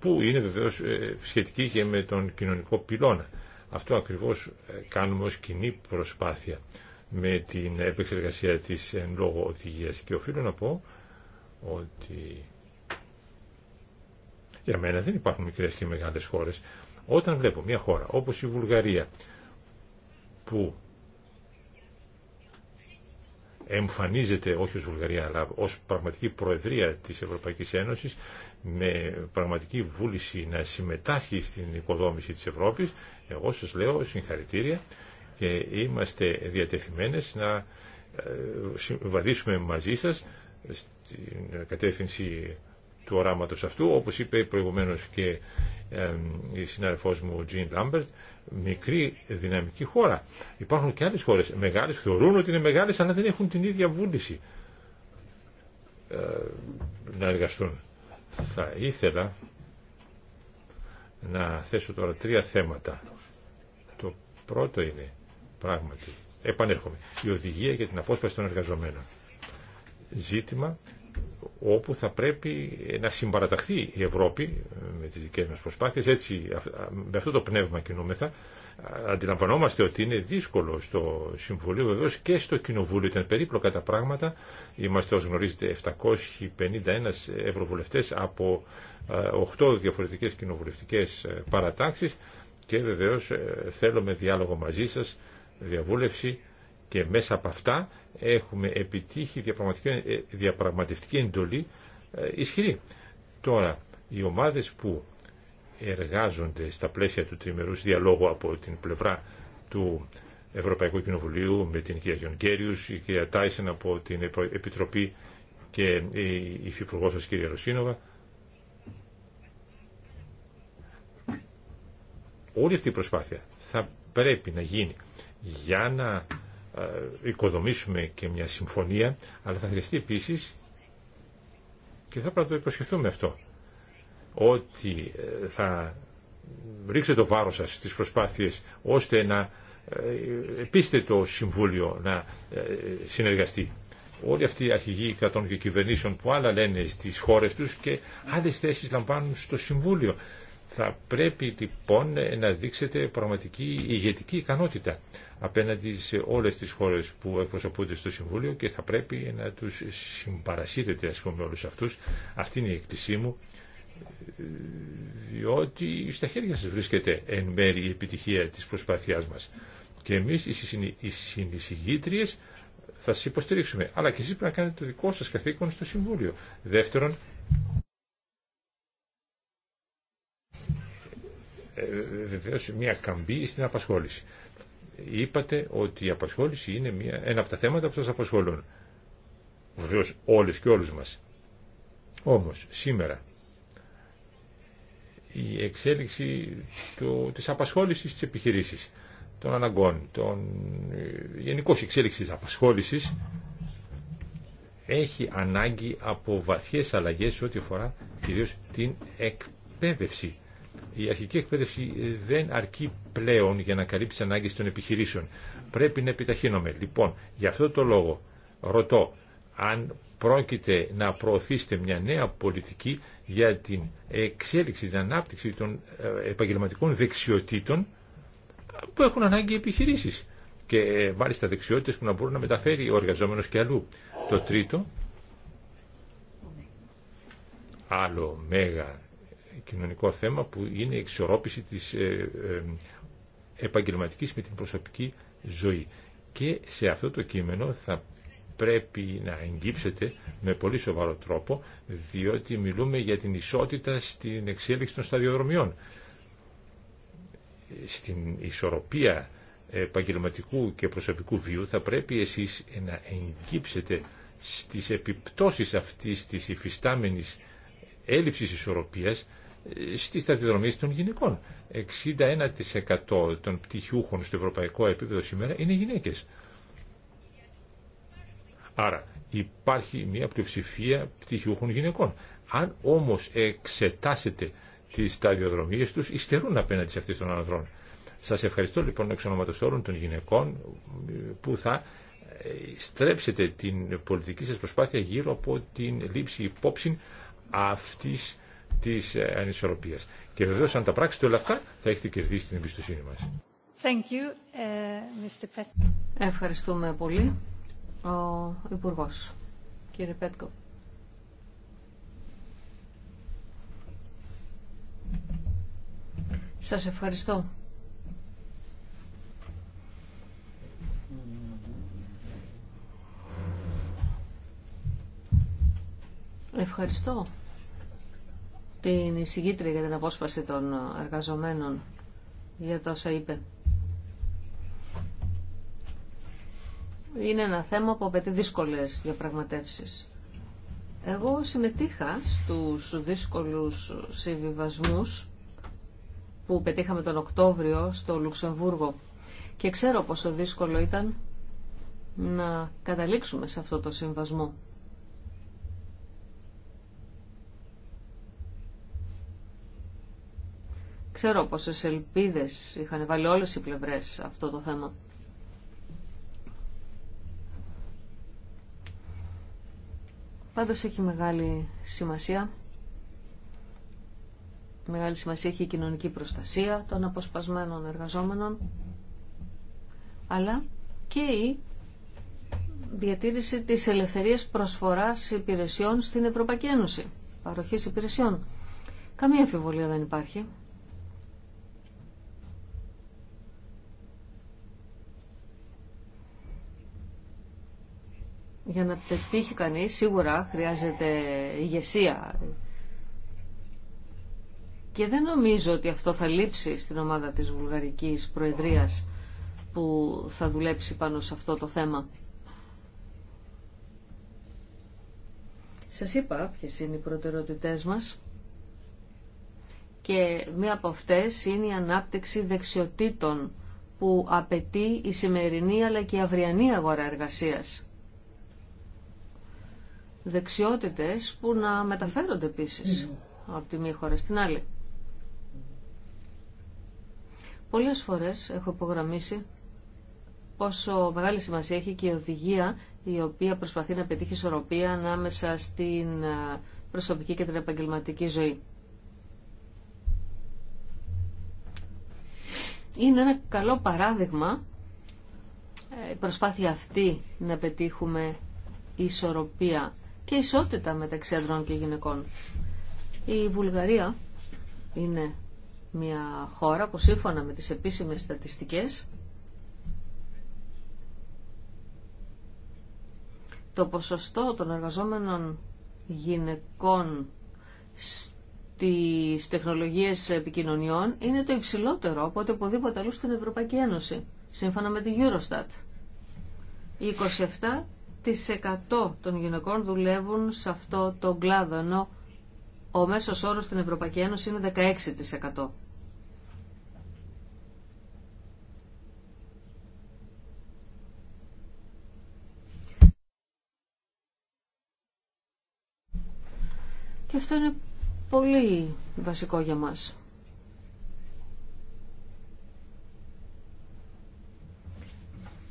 που είναι βεβαίως ε, σχετική και με τον κοινωνικό πυλώνα. Αυτό ακριβώς κάνουμε ως κοινή προσπάθεια με την επεξεργασία της εν λόγω οδηγίας και οφείλω να πω ότι για μένα δεν υπάρχουν μικρές και μεγάλες χώρες. Όταν βλέπω μια χώρα όπως η Βουλγαρία που εμφανίζεται όχι ως Βουλγαρία αλλά ως πραγματική προεδρία της Ευρωπαϊκής Ένωσης με πραγματική βούληση να συμμετάσχει στην οικοδόμηση της Ευρώπης εγώ σας λέω συγχαρητήρια και είμαστε διατεθειμένες να ε, βαδίσουμε μαζί σας στην κατεύθυνση του οράματος αυτού, όπως είπε προηγουμένως και η συνάδελφός μου Τζιν Λάμπερτ, μικρή δυναμική χώρα. Υπάρχουν και άλλες χώρες μεγάλες, θεωρούν ότι είναι μεγάλες, αλλά δεν έχουν την ίδια βούληση ε, να εργαστούν. Θα ήθελα να θέσω τώρα τρία θέματα. Το πρώτο είναι πράγματι, επανέρχομαι, η οδηγία για την απόσπαση των εργαζομένων. Ζήτημα όπου θα πρέπει να συμπαραταχθεί η Ευρώπη ε, με τις δικές μας προσπάθειες. Έτσι, με αυτό το πνεύμα κινούμεθα, αντιλαμβανόμαστε ότι είναι δύσκολο στο Συμβουλίο, βεβαίως και στο Κοινοβούλιο ήταν περίπλοκα τα πράγματα. Είμαστε, όσοι γνωρίζετε, 751 ευρωβουλευτές από 8 διαφορετικές κοινοβουλευτικές ε, παρατάξεις και βεβαίως ε, θέλουμε διάλογο μαζί σας, διαβούλευση και μέσα από αυτά έχουμε επιτύχει διαπραγματευτική, ε, διαπραγματευτική εντολή ε, ισχυρή. Τώρα, οι ομάδες που εργάζονται στα πλαίσια του τριμερούς διαλόγου από την πλευρά του Ευρωπαϊκού Κοινοβουλίου με την κυρία Γιονγκέριους, η κυρία Τάισεν από την Επιτροπή και η Υφυπουργός σας κυρία Ρωσίνοβα. Όλη αυτή η προσπάθεια θα πρέπει να γίνει για να ε, οικοδομήσουμε και μια συμφωνία, αλλά θα χρειαστεί επίση και θα πρέπει να το υποσχεθούμε αυτό, ότι ε, θα ρίξετε το βάρος σας στις προσπάθειες ώστε να ε, επίστε το Συμβούλιο να συνεργαστεί. Όλοι αυτοί οι αρχηγοί κρατών και κυβερνήσεων που άλλα λένε στις χώρες τους και άλλες θέσεις λαμβάνουν στο Συμβούλιο. Θα πρέπει λοιπόν να δείξετε πραγματική ηγετική ικανότητα απέναντι σε όλες τις χώρες που εκπροσωπούνται στο Συμβούλιο και θα πρέπει να τους συμπαρασύρετε ας πούμε όλους αυτούς. Αυτή είναι η εκκλησή μου διότι στα χέρια σας βρίσκεται εν μέρη η επιτυχία της προσπάθειάς μας. Και εμείς οι συνεισηγήτριες θα σας υποστηρίξουμε. Αλλά και εσείς πρέπει να κάνετε το δικό σας καθήκον στο Συμβούλιο. Δεύτερον, Ε, ε, Βεβαίω μια καμπή στην απασχόληση. Είπατε ότι η απασχόληση είναι μια, ένα από τα θέματα που σα απασχολούν. Βεβαίω όλε και όλου μας. Όμως σήμερα η εξέλιξη τη της απασχόλησης της των αναγκών, των, ε, γενικώ εξέλιξης της απασχόλησης έχει ανάγκη από βαθιές αλλαγές ό,τι αφορά κυρίως την εκπαίδευση. Η αρχική εκπαίδευση ε, δεν αρκεί πλέον για να καλύψει ανάγκες ανάγκε των επιχειρήσεων. Πρέπει να επιταχύνομαι. Λοιπόν, γι' αυτό το λόγο ρωτώ αν πρόκειται να προωθήσετε μια νέα πολιτική για την εξέλιξη, την ανάπτυξη των ε, επαγγελματικών δεξιοτήτων που έχουν ανάγκη οι επιχειρήσεις και ε, μάλιστα δεξιότητες που να μπορούν να μεταφέρει ο εργαζόμενος και αλλού. Το τρίτο, άλλο μέγα κοινωνικό θέμα που είναι η εξορρόπηση της ε, ε, επαγγελματικής με την προσωπική ζωή. Και σε αυτό το κείμενο θα πρέπει να εγγύψετε με πολύ σοβαρό τρόπο, διότι μιλούμε για την ισότητα στην εξέλιξη των σταδιοδρομιών. Στην ισορροπία επαγγελματικού και προσωπικού βίου θα πρέπει εσείς να εγγύψετε στις επιπτώσεις αυτής της υφιστάμενης έλλειψης ισορροπίας στις σταδιοδρομίες των γυναικών. 61% των πτυχιούχων στο ευρωπαϊκό επίπεδο σήμερα είναι γυναίκες. Άρα υπάρχει μια πλειοψηφία πτυχιούχων γυναικών. Αν όμως εξετάσετε τις σταδιοδρομίες τους, υστερούν απέναντι σε αυτές των ανδρών. Σας ευχαριστώ λοιπόν εξ ονοματοστόλων των γυναικών που θα ε, στρέψετε την πολιτική σας προσπάθεια γύρω από την λήψη υπόψη αυτής τη ε, ανισορροπία. Και βεβαίω, αν τα πράξετε όλα αυτά θα έχετε κερδίσει την εμπιστοσύνη μας. Thank you, ε, Mr. Ευχαριστούμε πολύ. Ο Υπουργό, κύριε Πέτκο. Σας ευχαριστώ. Ευχαριστώ την εισηγήτρια για την απόσπαση των εργαζομένων για όσα είπε. Είναι ένα θέμα που απαιτεί δύσκολες διαπραγματεύσεις. Εγώ συμμετείχα στους δύσκολους συμβιβασμούς που πετύχαμε τον Οκτώβριο στο Λουξεμβούργο και ξέρω πόσο δύσκολο ήταν να καταλήξουμε σε αυτό το συμβασμό. Ξέρω πόσες ελπίδες είχαν βάλει όλες οι πλευρές αυτό το θέμα. Πάντως έχει μεγάλη σημασία. Μεγάλη σημασία έχει η κοινωνική προστασία των αποσπασμένων εργαζόμενων, αλλά και η διατήρηση της ελευθερίας προσφοράς υπηρεσιών στην Ευρωπαϊκή Ένωση, παροχής υπηρεσιών. Καμία αμφιβολία δεν υπάρχει. Για να πετύχει κανείς σίγουρα χρειάζεται ηγεσία. Και δεν νομίζω ότι αυτό θα λείψει στην ομάδα της Βουλγαρικής Προεδρίας που θα δουλέψει πάνω σε αυτό το θέμα. Σας είπα ποιες είναι οι προτεραιότητές μας και μία από αυτές είναι η ανάπτυξη δεξιοτήτων που απαιτεί η σημερινή αλλά και η αυριανή αγορά εργασίας δεξιότητες που να μεταφέρονται επίσης από τη μία χώρα στην άλλη. Πολλές φορές έχω υπογραμμίσει πόσο μεγάλη σημασία έχει και η οδηγία η οποία προσπαθεί να πετύχει ισορροπία ανάμεσα στην ε, προσωπική και την επαγγελματική ζωή. Είναι ένα καλό παράδειγμα ε, η προσπάθεια αυτή να πετύχουμε ισορροπία και ισότητα μεταξύ ανδρών και γυναικών. Η Βουλγαρία είναι μια χώρα που σύμφωνα με τις επίσημες στατιστικές το ποσοστό των εργαζόμενων γυναικών στις τεχνολογίες επικοινωνιών είναι το υψηλότερο από οπουδήποτε αλλού στην Ευρωπαϊκή Ένωση, σύμφωνα με την Eurostat. 27 100 των γυναικών δουλεύουν σε αυτό το κλάδο, ενώ ο μέσος όρος στην Ευρωπαϊκή Ένωση είναι 16%. Και αυτό είναι πολύ βασικό για μας.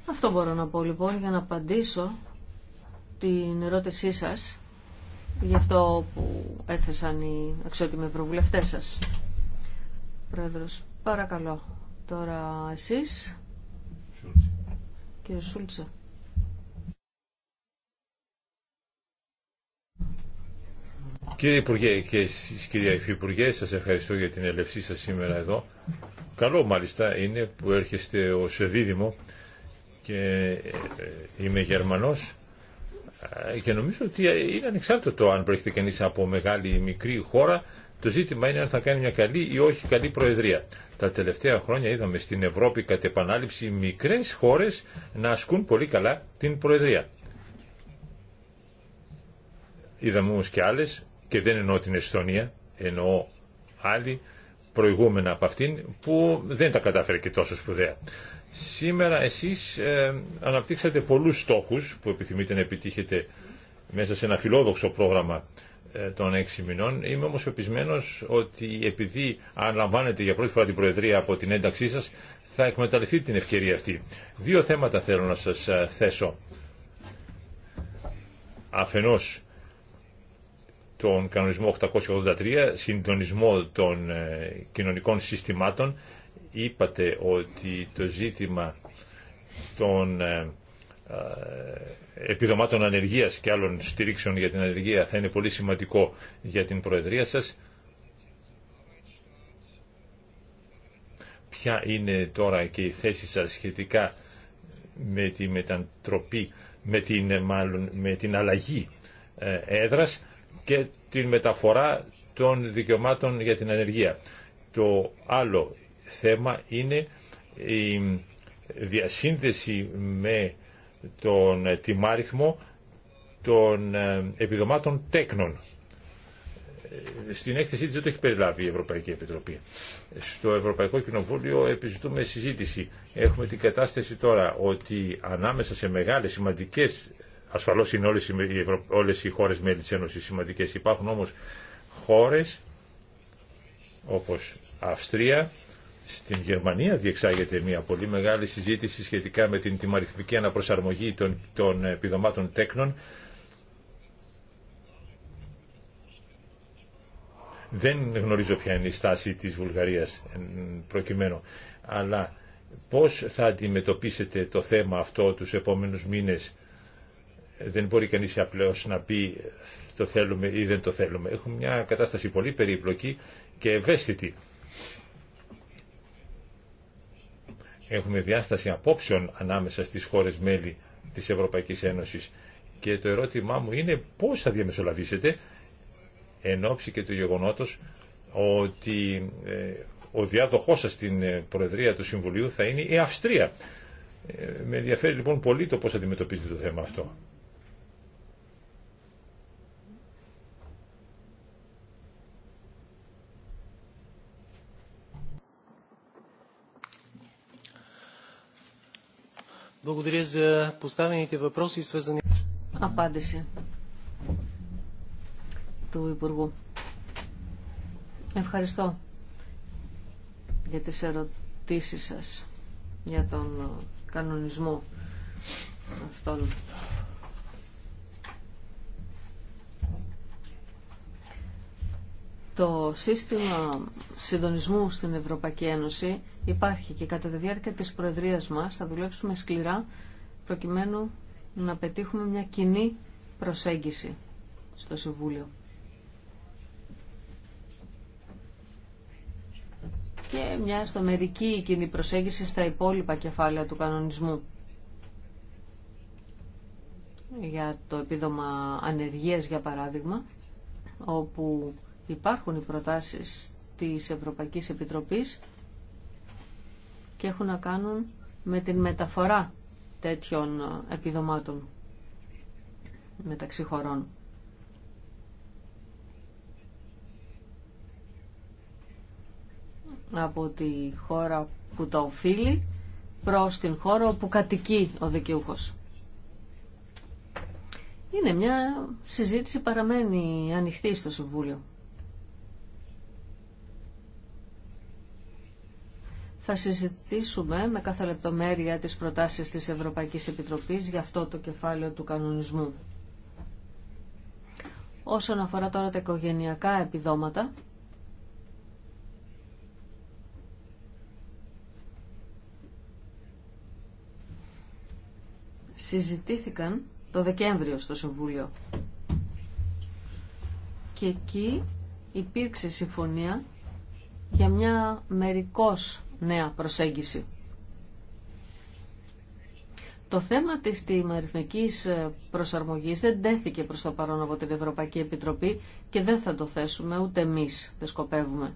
Αυτό μπορώ να πω λοιπόν για να απαντήσω την ερώτησή σας για αυτό που έθεσαν οι αξιότιμοι ευρωβουλευτές σας. Πρόεδρος, παρακαλώ. Τώρα εσείς. Κύριε Σούλτσε. Κύριε Υπουργέ και εσείς κυρία Υφυπουργέ, σας ευχαριστώ για την ελευσή σας σήμερα εδώ. Καλό μάλιστα είναι που έρχεστε ως δίδυμο και ε, ε, είμαι Γερμανός ε, και νομίζω ότι ε, είναι ανεξάρτητο το αν προέρχεται κανεί από μεγάλη ή μικρή χώρα. Το ζήτημα είναι αν θα κάνει μια καλή ή όχι καλή προεδρία. Τα τελευταία χρόνια είδαμε στην Ευρώπη κατ' επανάληψη μικρέ χώρε να ασκούν πολύ καλά την προεδρία. Είδαμε όμω και άλλε, και δεν εννοώ την Εστονία, εννοώ άλλη προηγούμενα από αυτήν που δεν τα κατάφερε και τόσο σπουδαία. Σήμερα εσείς ε, αναπτύξατε πολλούς στόχους που επιθυμείτε να επιτύχετε μέσα σε ένα φιλόδοξο πρόγραμμα ε, των έξι μηνών. Είμαι όμως πεπισμένος ότι επειδή αναλαμβάνετε για πρώτη φορά την Προεδρία από την ένταξή σας, θα εκμεταλλευτείτε την ευκαιρία αυτή. Δύο θέματα θέλω να σας ε, θέσω. Αφενός τον κανονισμό 883, συντονισμό των κοινωνικών συστημάτων είπατε ότι το ζήτημα των ε, ε, επιδομάτων ανεργίας και άλλων στήριξεων για την ανεργία θα είναι πολύ σημαντικό για την Προεδρία σας. Ποια είναι τώρα και η θέση σας σχετικά με τη μετατροπή, με την, ε, με την αλλαγή έδρας και την μεταφορά των δικαιωμάτων για την ανεργία. Το άλλο θέμα είναι η διασύνδεση με τον τιμάριθμο των ε, επιδομάτων τέκνων. Στην έκθεσή της δεν το έχει περιλάβει η Ευρωπαϊκή Επιτροπή. Στο Ευρωπαϊκό Κοινοβούλιο επιζητούμε συζήτηση. Έχουμε την κατάσταση τώρα ότι ανάμεσα σε μεγάλες σημαντικές, ασφαλώς είναι όλες οι, Ευρω... όλες οι χώρες μέλη της Ένωσης σημαντικές, υπάρχουν όμως χώρες όπως Αυστρία, στην Γερμανία διεξάγεται μια πολύ μεγάλη συζήτηση σχετικά με την τιμαριθμική αναπροσαρμογή των, των επιδομάτων τέκνων. Δεν γνωρίζω ποια είναι η στάση της Βουλγαρίας προκειμένου, αλλά πώς θα αντιμετωπίσετε το θέμα αυτό τους επόμενους μήνες. Δεν μπορεί κανείς απλώς να πει το θέλουμε ή δεν το θέλουμε. Έχουμε μια κατάσταση πολύ περίπλοκη και ευαίσθητη. Έχουμε διάσταση απόψεων ανάμεσα στις χώρες μέλη της Ευρωπαϊκής Ένωσης και το ερώτημά μου είναι πώς θα διαμεσολαβήσετε εν ώψη και του γεγονότος ότι ε, ο διάδοχός σας στην ε, Προεδρία του Συμβουλίου θα είναι η Αυστρία. Ε, με ενδιαφέρει λοιπόν πολύ το πώς αντιμετωπίζετε το θέμα αυτό. Ευχαριστώ για τις ερωτήσεις σας για τον κανονισμό αυτών. Το σύστημα συντονισμού στην Ευρωπαϊκή Ένωση υπάρχει και κατά τη διάρκεια της Προεδρίας μας θα δουλέψουμε σκληρά προκειμένου να πετύχουμε μια κοινή προσέγγιση στο Συμβούλιο. Και μια στο μερική κοινή προσέγγιση στα υπόλοιπα κεφάλαια του κανονισμού για το επίδομα ανεργίας για παράδειγμα όπου υπάρχουν οι προτάσεις της Ευρωπαϊκής Επιτροπής και έχουν να κάνουν με την μεταφορά τέτοιων ε, επιδομάτων μεταξύ χωρών. Από τη χώρα που το οφείλει προς την χώρα που κατοικεί ο δικαιούχος. Είναι μια συζήτηση παραμένει ανοιχτή στο Συμβούλιο. Θα συζητήσουμε με κάθε λεπτομέρεια τις προτάσεις της Ευρωπαϊκής Επιτροπής για αυτό το κεφάλαιο του κανονισμού. Όσον αφορά τώρα τα οικογενειακά επιδόματα, συζητήθηκαν το Δεκέμβριο στο Συμβούλιο. Και εκεί υπήρξε συμφωνία για μια μερικώς νέα προσέγγιση. Το θέμα της τιμαριθμικής προσαρμογής δεν τέθηκε προς το παρόν από την Ευρωπαϊκή Επιτροπή και δεν θα το θέσουμε ούτε εμείς, δεν σκοπεύουμε.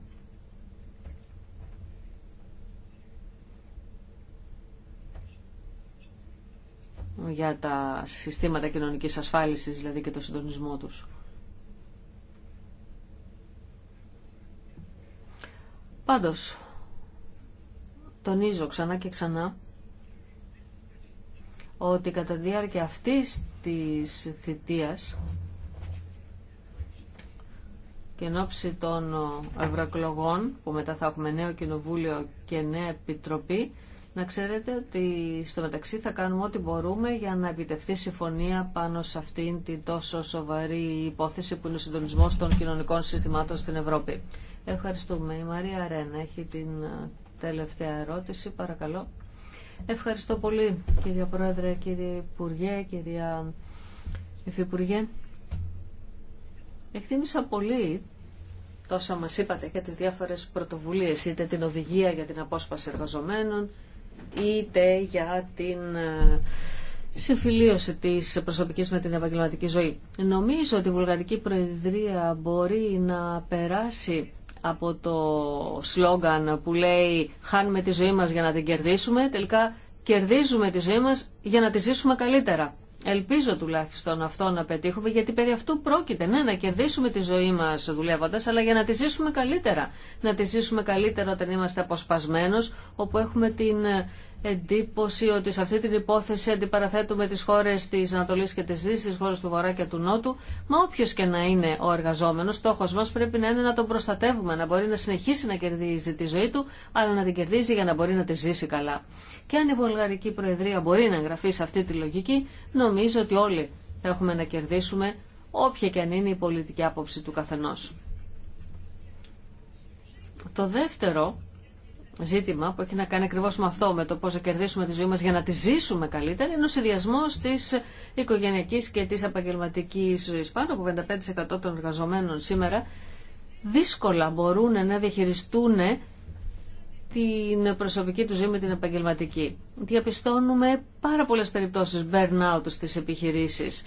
για τα συστήματα κοινωνικής ασφάλισης, δηλαδή και το συντονισμό τους. Πάντως, τονίζω ξανά και ξανά ότι κατά τη διάρκεια αυτής της θητείας και εν ώψη των ευρωεκλογών που μετά θα έχουμε νέο κοινοβούλιο και νέα επιτροπή να ξέρετε ότι στο μεταξύ θα κάνουμε ό,τι μπορούμε για να επιτευχθεί συμφωνία πάνω σε αυτήν την τόσο σοβαρή υπόθεση που είναι ο συντονισμός των κοινωνικών συστημάτων στην Ευρώπη. Ευχαριστούμε. Η Μαρία Ρένα έχει την τελευταία ερώτηση, παρακαλώ. Ευχαριστώ πολύ, κυρία Πρόεδρε, κύριε Υπουργέ, κυρία Υφυπουργέ. Εκτίμησα πολύ τόσα μας είπατε και τις διάφορες πρωτοβουλίες, είτε την οδηγία για την απόσπαση εργαζομένων, είτε για την ε, συμφιλίωση της προσωπικής με την επαγγελματική ζωή. Νομίζω ότι η Βουλγαρική Προεδρία μπορεί να περάσει από το σλόγγαν που λέει «Χάνουμε τη ζωή μας για να την κερδίσουμε», τελικά κερδίζουμε τη ζωή μας για να τη ζήσουμε καλύτερα. Ελπίζω τουλάχιστον αυτό να πετύχουμε, γιατί περί αυτού πρόκειται. Ναι, να κερδίσουμε τη ζωή μα δουλεύοντα, αλλά για να τη ζήσουμε καλύτερα. Να τη ζήσουμε καλύτερα όταν είμαστε αποσπασμένο, όπου έχουμε την εντύπωση ότι σε αυτή την υπόθεση αντιπαραθέτουμε τις χώρες της Ανατολής και της Δύσης, τις χώρες του Βορρά και του Νότου, μα όποιος και να είναι ο εργαζόμενος, στόχος μας πρέπει να είναι να τον προστατεύουμε, να μπορεί να συνεχίσει να κερδίζει τη ζωή του, αλλά να την κερδίζει για να μπορεί να τη ζήσει καλά. Και αν η Βουλγαρική Προεδρία μπορεί να εγγραφεί σε αυτή τη λογική, νομίζω ότι όλοι θα έχουμε να κερδίσουμε, όποια και αν είναι η πολιτική άποψη του καθενός. Το δεύτερο ζήτημα που έχει να κάνει ακριβώς με αυτό, με το πώς θα κερδίσουμε τη ζωή μας για να τη ζήσουμε καλύτερα, είναι ο συνδυασμό της οικογενειακής και της επαγγελματική ζωής. Πάνω από 55% των εργαζομένων σήμερα δύσκολα μπορούν να διαχειριστούν την προσωπική του ζωή με την επαγγελματική. Διαπιστώνουμε πάρα πολλές περιπτώσεις burnout στις επιχειρήσεις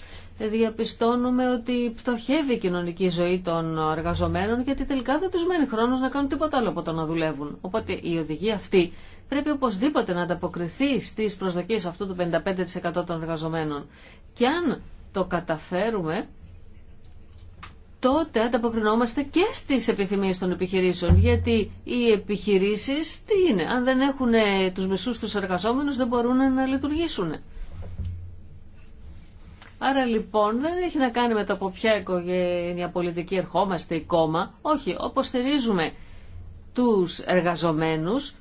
διαπιστώνουμε ότι πτωχεύει η κοινωνική ζωή των εργαζομένων γιατί τελικά δεν τους μένει χρόνος να κάνουν τίποτα άλλο από το να δουλεύουν. Οπότε η οδηγία αυτή πρέπει οπωσδήποτε να ανταποκριθεί στις προσδοκίες αυτού του 55% των εργαζομένων. Και αν το καταφέρουμε, τότε ανταποκρινόμαστε και στις επιθυμίες των επιχειρήσεων. Γιατί οι επιχειρήσεις τι είναι, αν δεν έχουν τους μισούς τους εργαζόμενους δεν μπορούν να λειτουργήσουν. Άρα λοιπόν δεν έχει να κάνει με το από ποια οικογένεια πολιτική ερχόμαστε ή κόμμα. Όχι, όπως στηρίζουμε τους εργαζομένους,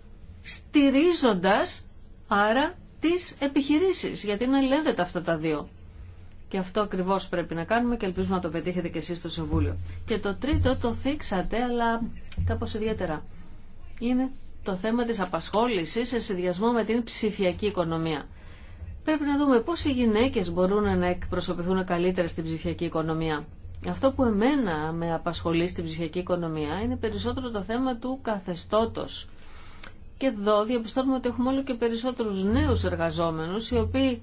στηρίζοντας άρα τις επιχειρήσεις, γιατί είναι τα αυτά τα δύο. Και αυτό ακριβώς πρέπει να κάνουμε και ελπίζουμε να το πετύχετε και εσείς στο Συμβούλιο. Και το τρίτο το θίξατε, αλλά κάπω ιδιαίτερα. Είναι το θέμα της απασχόλησης σε συνδυασμό με την ψηφιακή οικονομία. Πρέπει να δούμε πώς οι γυναίκες μπορούν να εκπροσωπηθούν καλύτερα στην ψηφιακή οικονομία. Αυτό που εμένα με απασχολεί στην ψηφιακή οικονομία είναι περισσότερο το θέμα του καθεστώτος. Και εδώ διαπιστώνουμε ότι έχουμε όλο και περισσότερους νέους εργαζόμενους οι οποίοι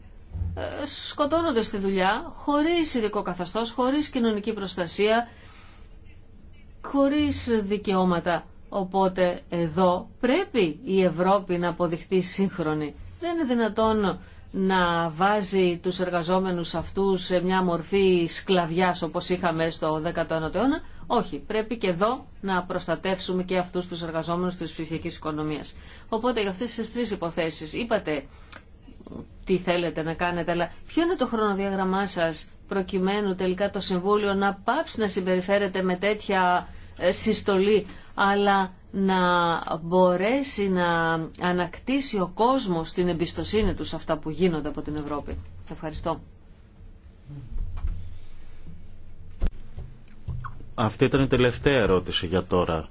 ε, σκοτώνονται στη δουλειά χωρίς ειδικό καθεστώς, χωρίς κοινωνική προστασία, χωρίς δικαιώματα. Οπότε εδώ πρέπει η Ευρώπη να αποδειχτεί σύγχρονη. Δεν είναι δυνατόν να βάζει τους εργαζόμενους αυτούς σε μια μορφή σκλαβιάς όπως είχαμε στο 19ο αιώνα. Όχι, πρέπει και εδώ να προστατεύσουμε και αυτούς τους εργαζόμενους της ψηφιακής οικονομίας. Οπότε για αυτές τις τρεις υποθέσεις είπατε τι θέλετε να κάνετε, αλλά ποιο είναι το χρονοδιάγραμμά σας προκειμένου τελικά το Συμβούλιο να πάψει να συμπεριφέρεται με τέτοια ε, συστολή, αλλά να μπορέσει να ανακτήσει ο κόσμος την εμπιστοσύνη του σε αυτά που γίνονται από την Ευρώπη. Ευχαριστώ. Αυτή ήταν η τελευταία ερώτηση για τώρα.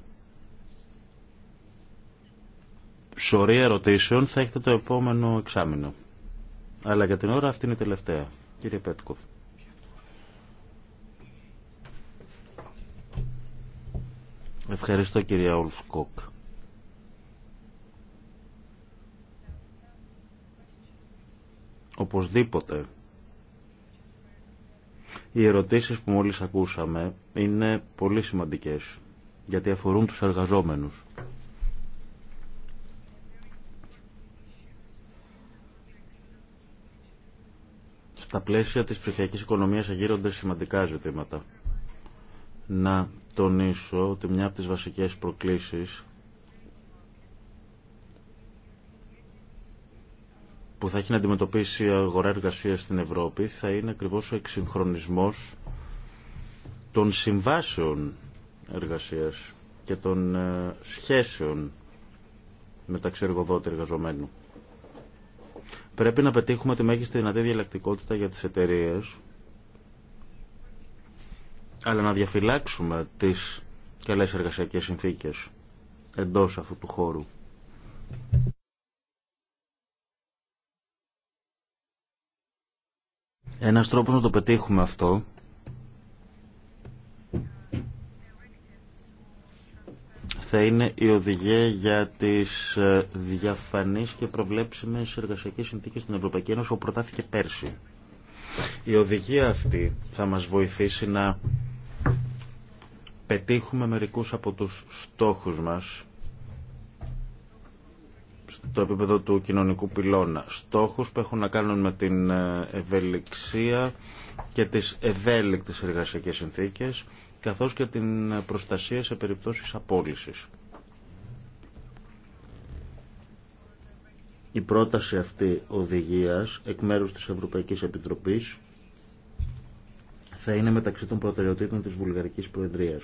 Σωρή ερωτήσεων θα έχετε το επόμενο εξάμεινο. Αλλά για την ώρα αυτή είναι η τελευταία. Κύριε Πέτκοφ. Ευχαριστώ κυρία Κόκ. Οπωσδήποτε. Οι ερωτήσεις που μόλις ακούσαμε είναι πολύ σημαντικές γιατί αφορούν τους εργαζόμενους. Στα πλαίσια της ψηφιακής οικονομίας αγείρονται σημαντικά ζητήματα. Να τονίσω ότι μια από τις βασικές προκλήσεις που θα έχει να αντιμετωπίσει η αγορά εργασία στην Ευρώπη θα είναι ακριβώ ο εξυγχρονισμός των συμβάσεων εργασίας και των ε, σχέσεων μεταξύ εργοδότη εργαζομένου. Πρέπει να πετύχουμε τη μέγιστη δυνατή διαλεκτικότητα για τις εταιρείες αλλά να διαφυλάξουμε τις καλές εργασιακές συνθήκες εντός αυτού του χώρου. Ένας τρόπος να το πετύχουμε αυτό θα είναι η οδηγία για τις ε, διαφανείς και προβλέψιμες εργασιακές συνθήκες στην Ευρωπαϊκή Ένωση που προτάθηκε πέρσι. Η οδηγία αυτή θα μας βοηθήσει να πετύχουμε μερικούς από τους στόχους μας στο επίπεδο του κοινωνικού πυλώνα. Στόχους που έχουν να κάνουν με την ε, ευελιξία και τις ευέλικτες εργασιακές συνθήκες, καθώς και την προστασία σε περιπτώσεις απόλυσης. Η πρόταση αυτή οδηγίας εκ μέρους της Ευρωπαϊκής Επιτροπής θα είναι μεταξύ των προτεραιοτήτων της Βουλγαρικής Προεδρίας.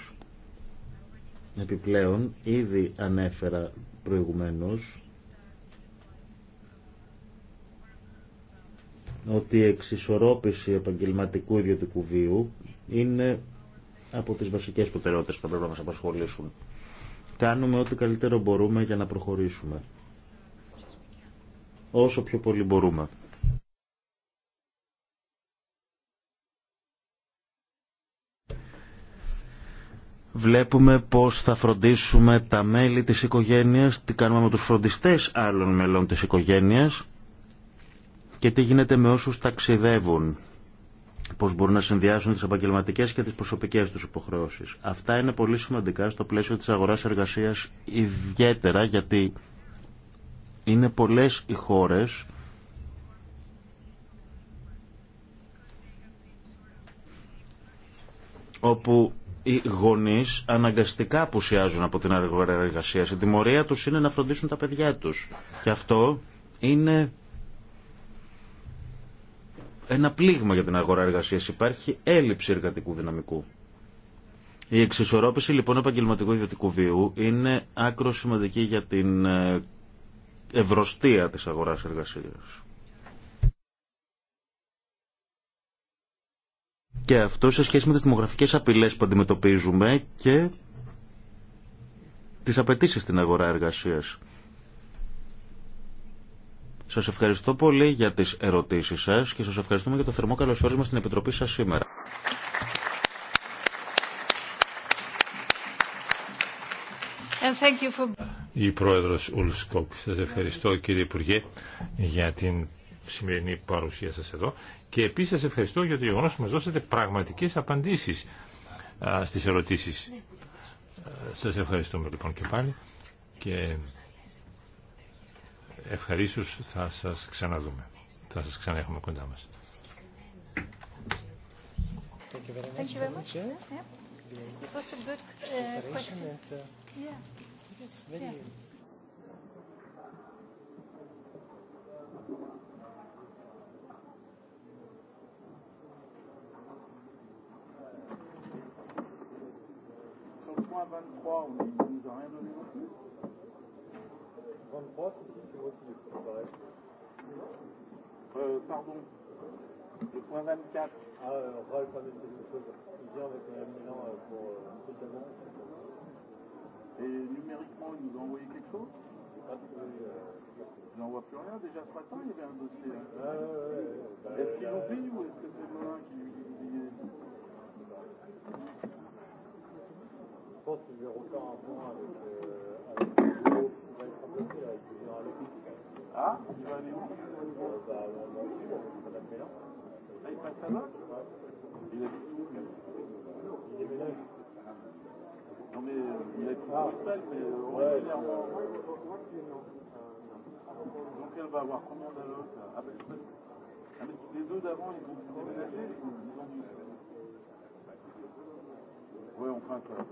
Επιπλέον, ήδη ανέφερα προηγουμένως ότι η εξισορρόπηση επαγγελματικού ιδιωτικού βίου είναι από τις βασικές προτεραιότητες που θα πρέπει να μας απασχολήσουν. Κάνουμε ό,τι καλύτερο μπορούμε για να προχωρήσουμε. Όσο πιο πολύ μπορούμε. βλέπουμε πώς θα φροντίσουμε τα μέλη της οικογένειας, τι κάνουμε με τους φροντιστές άλλων μελών της οικογένειας και τι γίνεται με όσους ταξιδεύουν, πώς μπορούν να συνδυάσουν τις επαγγελματικές και τις προσωπικές τους υποχρεώσεις. Αυτά είναι πολύ σημαντικά στο πλαίσιο της αγοράς εργασίας ιδιαίτερα γιατί είναι πολλές οι χώρες όπου οι γονεί αναγκαστικά απουσιάζουν από την εργασία. Η τιμωρία του είναι να φροντίσουν τα παιδιά του. Και αυτό είναι ένα πλήγμα για την αγορά εργασία. Υπάρχει έλλειψη εργατικού δυναμικού. Η εξισορρόπηση λοιπόν επαγγελματικού ιδιωτικού βίου είναι άκρο σημαντική για την ε, ευρωστία της αγοράς εργασίας. Και αυτό σε σχέση με τις δημογραφικές απειλές που αντιμετωπίζουμε και τις απαιτήσει στην αγορά εργασίας. Σας ευχαριστώ πολύ για τις ερωτήσεις σας και σας ευχαριστούμε για το θερμό καλωσόρισμα στην Επιτροπή σας σήμερα. And Η Πρόεδρος Ουλσκόπ, σας ευχαριστώ κύριε Υπουργέ για την σημερινή παρουσία σας εδώ και επίσης σας ευχαριστώ για το γεγονός που μας δώσατε πραγματικές απαντήσεις στις ερωτήσεις. Ναι. Ε, σας ευχαριστούμε λοιπόν και πάλι και ευχαρίστως θα σας ξαναδούμε. Θα σας ξαναέχουμε κοντά μας. Thank a question. Uh, trois, on nous a rien donné non 23, c'est Euh, pardon. Le point 24. Ah, euh, avec un Milan pour Et numériquement, nous a envoyé quelque chose plus rien. Déjà ce matin, il y avait un dossier. est-ce qu'ils l'ont pris ou est-ce que c'est Molin qui lui je pense que je vais refaire un point avec, euh, avec Hugo qui va être approché avec le généraliste. Ah Il va aller où euh, Bah, dans, dans le sud, ça va là. là, il passe à là-bas Ouais. Il habite où Il déménage. Non, mais euh, il habite ah. seul, mais euh, ouais, originairement. Euh... Donc elle va avoir combien d'allocs Ah, ben je sais pas. Ah, mais les deux d'avant, ils ont déménagé, ils ont dû. Oui, on prend ça.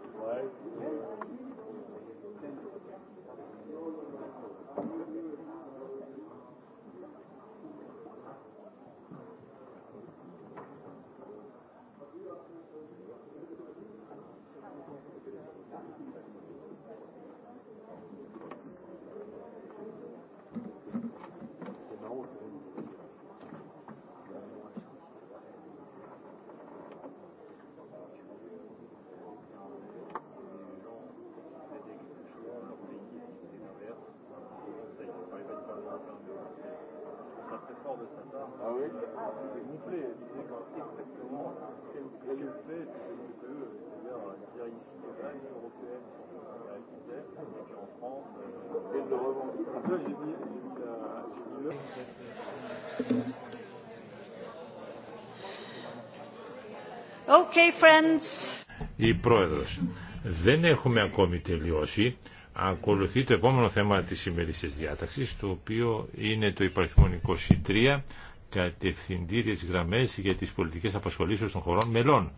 Okay, friends. Η πρόεδρος. Δεν έχουμε ακόμη τελειώσει. Ακολουθεί το επόμενο θέμα της σημερινής διάταξης, το οποίο είναι το υπαριθμονικό 23, κατευθυντήριες γραμμές για τις πολιτικές απασχολήσεις των χωρών μελών.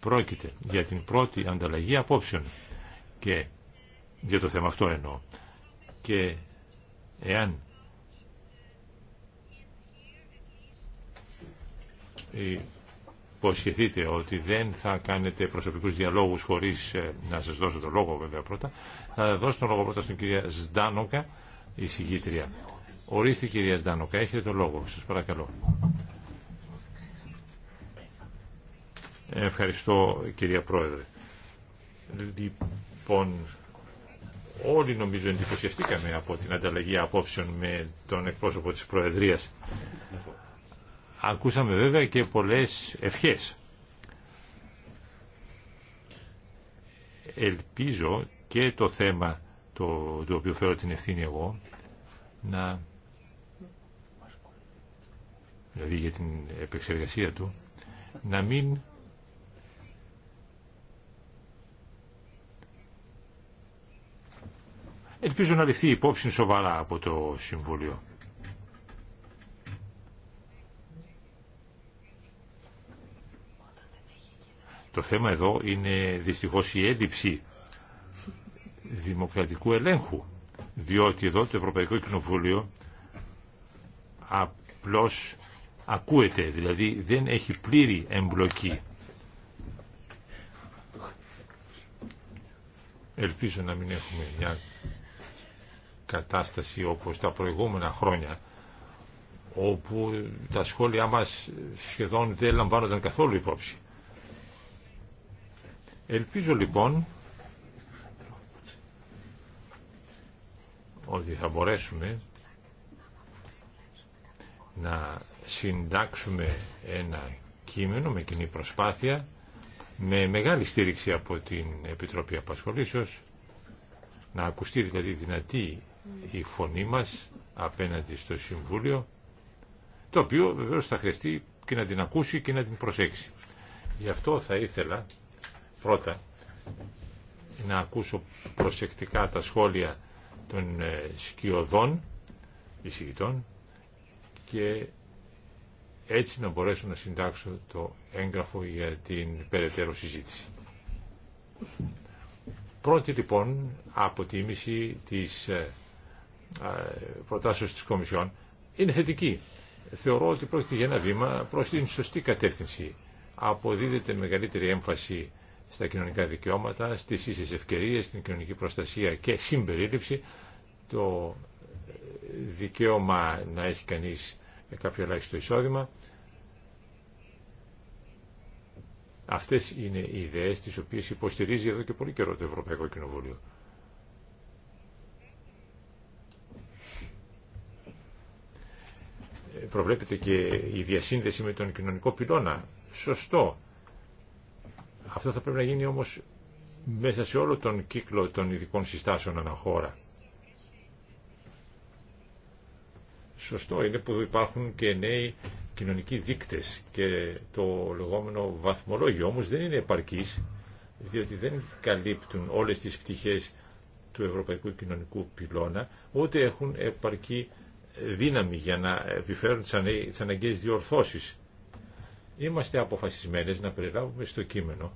Πρόκειται για την πρώτη ανταλλαγή απόψεων και για το θέμα αυτό εννοώ. Και εάν υποσχεθείτε ότι δεν θα κάνετε προσωπικούς διαλόγους χωρίς ε, να σας δώσω το λόγο βέβαια πρώτα, θα δώσω τον λόγο πρώτα στην κυρία Σντάνοκα, η συγγήτρια. Ορίστε κυρία Σντάνοκα, έχετε το λόγο, σας παρακαλώ. Ευχαριστώ κυρία Πρόεδρε. Λοιπόν, Όλοι νομίζω εντυπωσιαστήκαμε από την ανταλλαγή απόψεων με τον εκπρόσωπο της Προεδρίας. Ακούσαμε βέβαια και πολλές ευχές. Ελπίζω και το θέμα το, το οποίο φέρω την ευθύνη εγώ να δηλαδή για την επεξεργασία του να μην ελπίζω να ληφθεί υπόψη σοβαρά από το Συμβούλιο. Το θέμα εδώ είναι δυστυχώς η έλλειψη δημοκρατικού ελέγχου, διότι εδώ το Ευρωπαϊκό Κοινοβούλιο απλώς ακούεται, δηλαδή δεν έχει πλήρη εμπλοκή. Ελπίζω να μην έχουμε μια κατάσταση όπως τα προηγούμενα χρόνια όπου τα σχόλιά μας σχεδόν δεν λαμβάνονταν καθόλου υπόψη. Ελπίζω λοιπόν ότι θα μπορέσουμε να συντάξουμε ένα κείμενο με κοινή προσπάθεια με μεγάλη στήριξη από την Επιτροπή Απασχολήσεως να ακουστεί δηλαδή δυνατή η φωνή μας απέναντι στο Συμβούλιο, το οποίο βεβαίως θα χρειαστεί και να την ακούσει και να την προσέξει. Γι' αυτό θα ήθελα πρώτα να ακούσω προσεκτικά τα σχόλια των ε, σκιωδών εισηγητών και έτσι να μπορέσω να συντάξω το έγγραφο για την περαιτέρω συζήτηση. Πρώτη λοιπόν αποτίμηση της ε, προτάσεως της Κομισιόν είναι θετική. Θεωρώ ότι πρόκειται για ένα βήμα προς την σωστή κατεύθυνση. Αποδίδεται μεγαλύτερη έμφαση στα κοινωνικά δικαιώματα, στις ίσες ευκαιρίες, στην κοινωνική προστασία και συμπερίληψη, το δικαίωμα να έχει κανείς κάποιο ελάχιστο εισόδημα. Αυτές είναι οι ιδέες τις οποίες υποστηρίζει εδώ και πολύ καιρό το Ευρωπαϊκό Κοινοβούλιο. προβλέπεται και η διασύνδεση με τον κοινωνικό πυλώνα. Σωστό. Αυτό θα πρέπει να γίνει όμως μέσα σε όλο τον κύκλο των ειδικών συστάσεων αναχώρα. Σωστό είναι που υπάρχουν και νέοι κοινωνικοί δείκτες και το λεγόμενο βαθμολόγιο όμως δεν είναι επαρκής διότι δεν καλύπτουν όλες τις πτυχές του ευρωπαϊκού κοινωνικού πυλώνα ούτε έχουν επαρκή δύναμη για να επιφέρουν τις αναγκαίες διορθώσεις. Είμαστε αποφασισμένες να περιλάβουμε στο κείμενο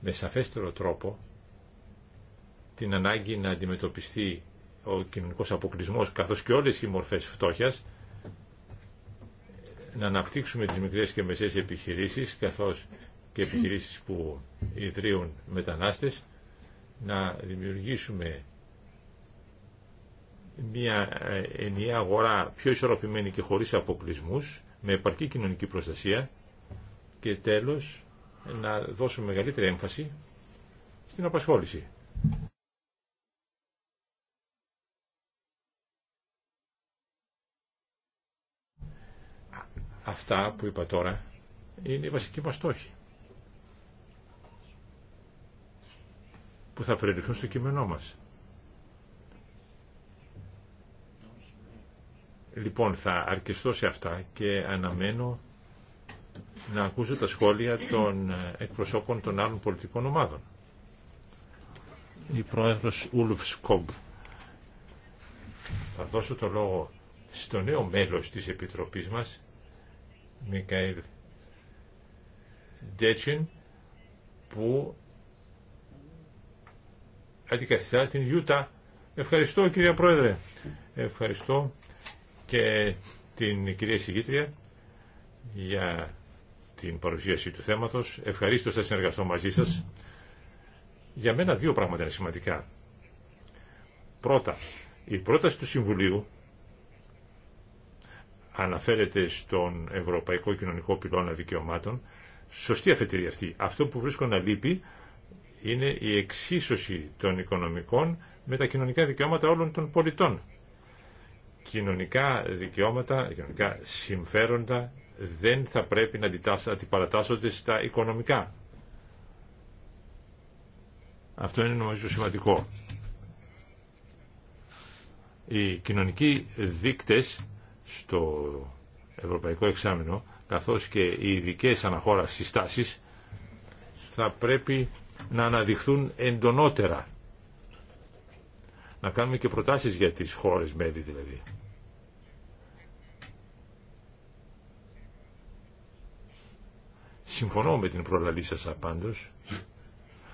με σαφέστερο τρόπο την ανάγκη να αντιμετωπιστεί ο κοινωνικός αποκλεισμός καθώς και όλες οι μορφές φτώχειας, να αναπτύξουμε τις μικρές και μεσές επιχειρήσεις καθώς και επιχειρήσεις που ιδρύουν μετανάστες, να δημιουργήσουμε μια ε, ενιαία αγορά πιο ισορροπημένη και χωρίς αποκλεισμούς, με επαρκή κοινωνική προστασία και τέλος να δώσουμε μεγαλύτερη έμφαση στην απασχόληση. Αυτά που είπα τώρα είναι η βασική μας στόχοι που θα περιληφθούν στο κείμενό μας. Λοιπόν, θα αρκεστώ σε αυτά και αναμένω να ακούσω τα σχόλια των εκπροσώπων των άλλων πολιτικών ομάδων. Η Πρόεδρος Ούλουφ Σκόμπ Θα δώσω το λόγο στο νέο μέλος της Επιτροπής μας, Μικαήλ Ντέτσιν, που αντικαθιστά την Ιούτα. Ευχαριστώ κύριε Πρόεδρε. Ευχαριστώ και την κυρία Συγήτρια για την παρουσίαση του θέματος. Ευχαριστώ, θα συνεργαστώ μαζί σας. Για μένα δύο πράγματα είναι σημαντικά. Πρώτα, η πρόταση του Συμβουλίου αναφέρεται στον Ευρωπαϊκό Κοινωνικό Πυλώνα Δικαιωμάτων. Σωστή αφετηρία αυτή. Αυτό που βρίσκω να λείπει είναι η εξίσωση των οικονομικών με τα κοινωνικά δικαιώματα όλων των πολιτών κοινωνικά δικαιώματα, κοινωνικά συμφέροντα δεν θα πρέπει να αντιπαρατάσσονται στα οικονομικά. Αυτό είναι νομίζω σημαντικό. Οι κοινωνικοί δείκτες στο Ευρωπαϊκό Εξάμεινο, καθώς και οι ειδικέ αναχώρα συστάσεις, θα πρέπει να αναδειχθούν εντονότερα. Να κάνουμε και προτάσεις για τις χώρες μέλη δηλαδή. Συμφωνώ με την προλαλή σας απάντως.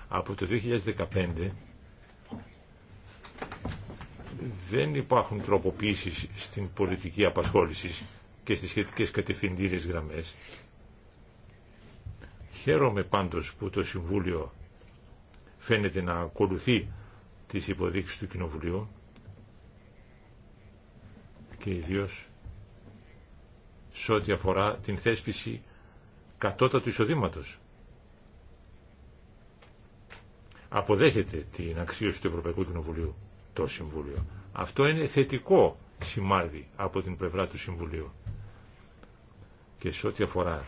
Από το 2015 δεν υπάρχουν τροποποίησεις στην πολιτική απασχόληση και στις σχετικές κατευθυντήριες γραμμές. Χαίρομαι πάντως που το Συμβούλιο φαίνεται να ακολουθεί τις υποδείξεις του Κοινοβουλίου και ιδίως σε ό,τι αφορά την θέσπιση κατώτατου εισοδήματος. Αποδέχεται την αξίωση του Ευρωπαϊκού Κοινοβουλίου το Συμβούλιο. Αυτό είναι θετικό σημάδι από την πλευρά του Συμβουλίου. Και σε ό,τι αφορά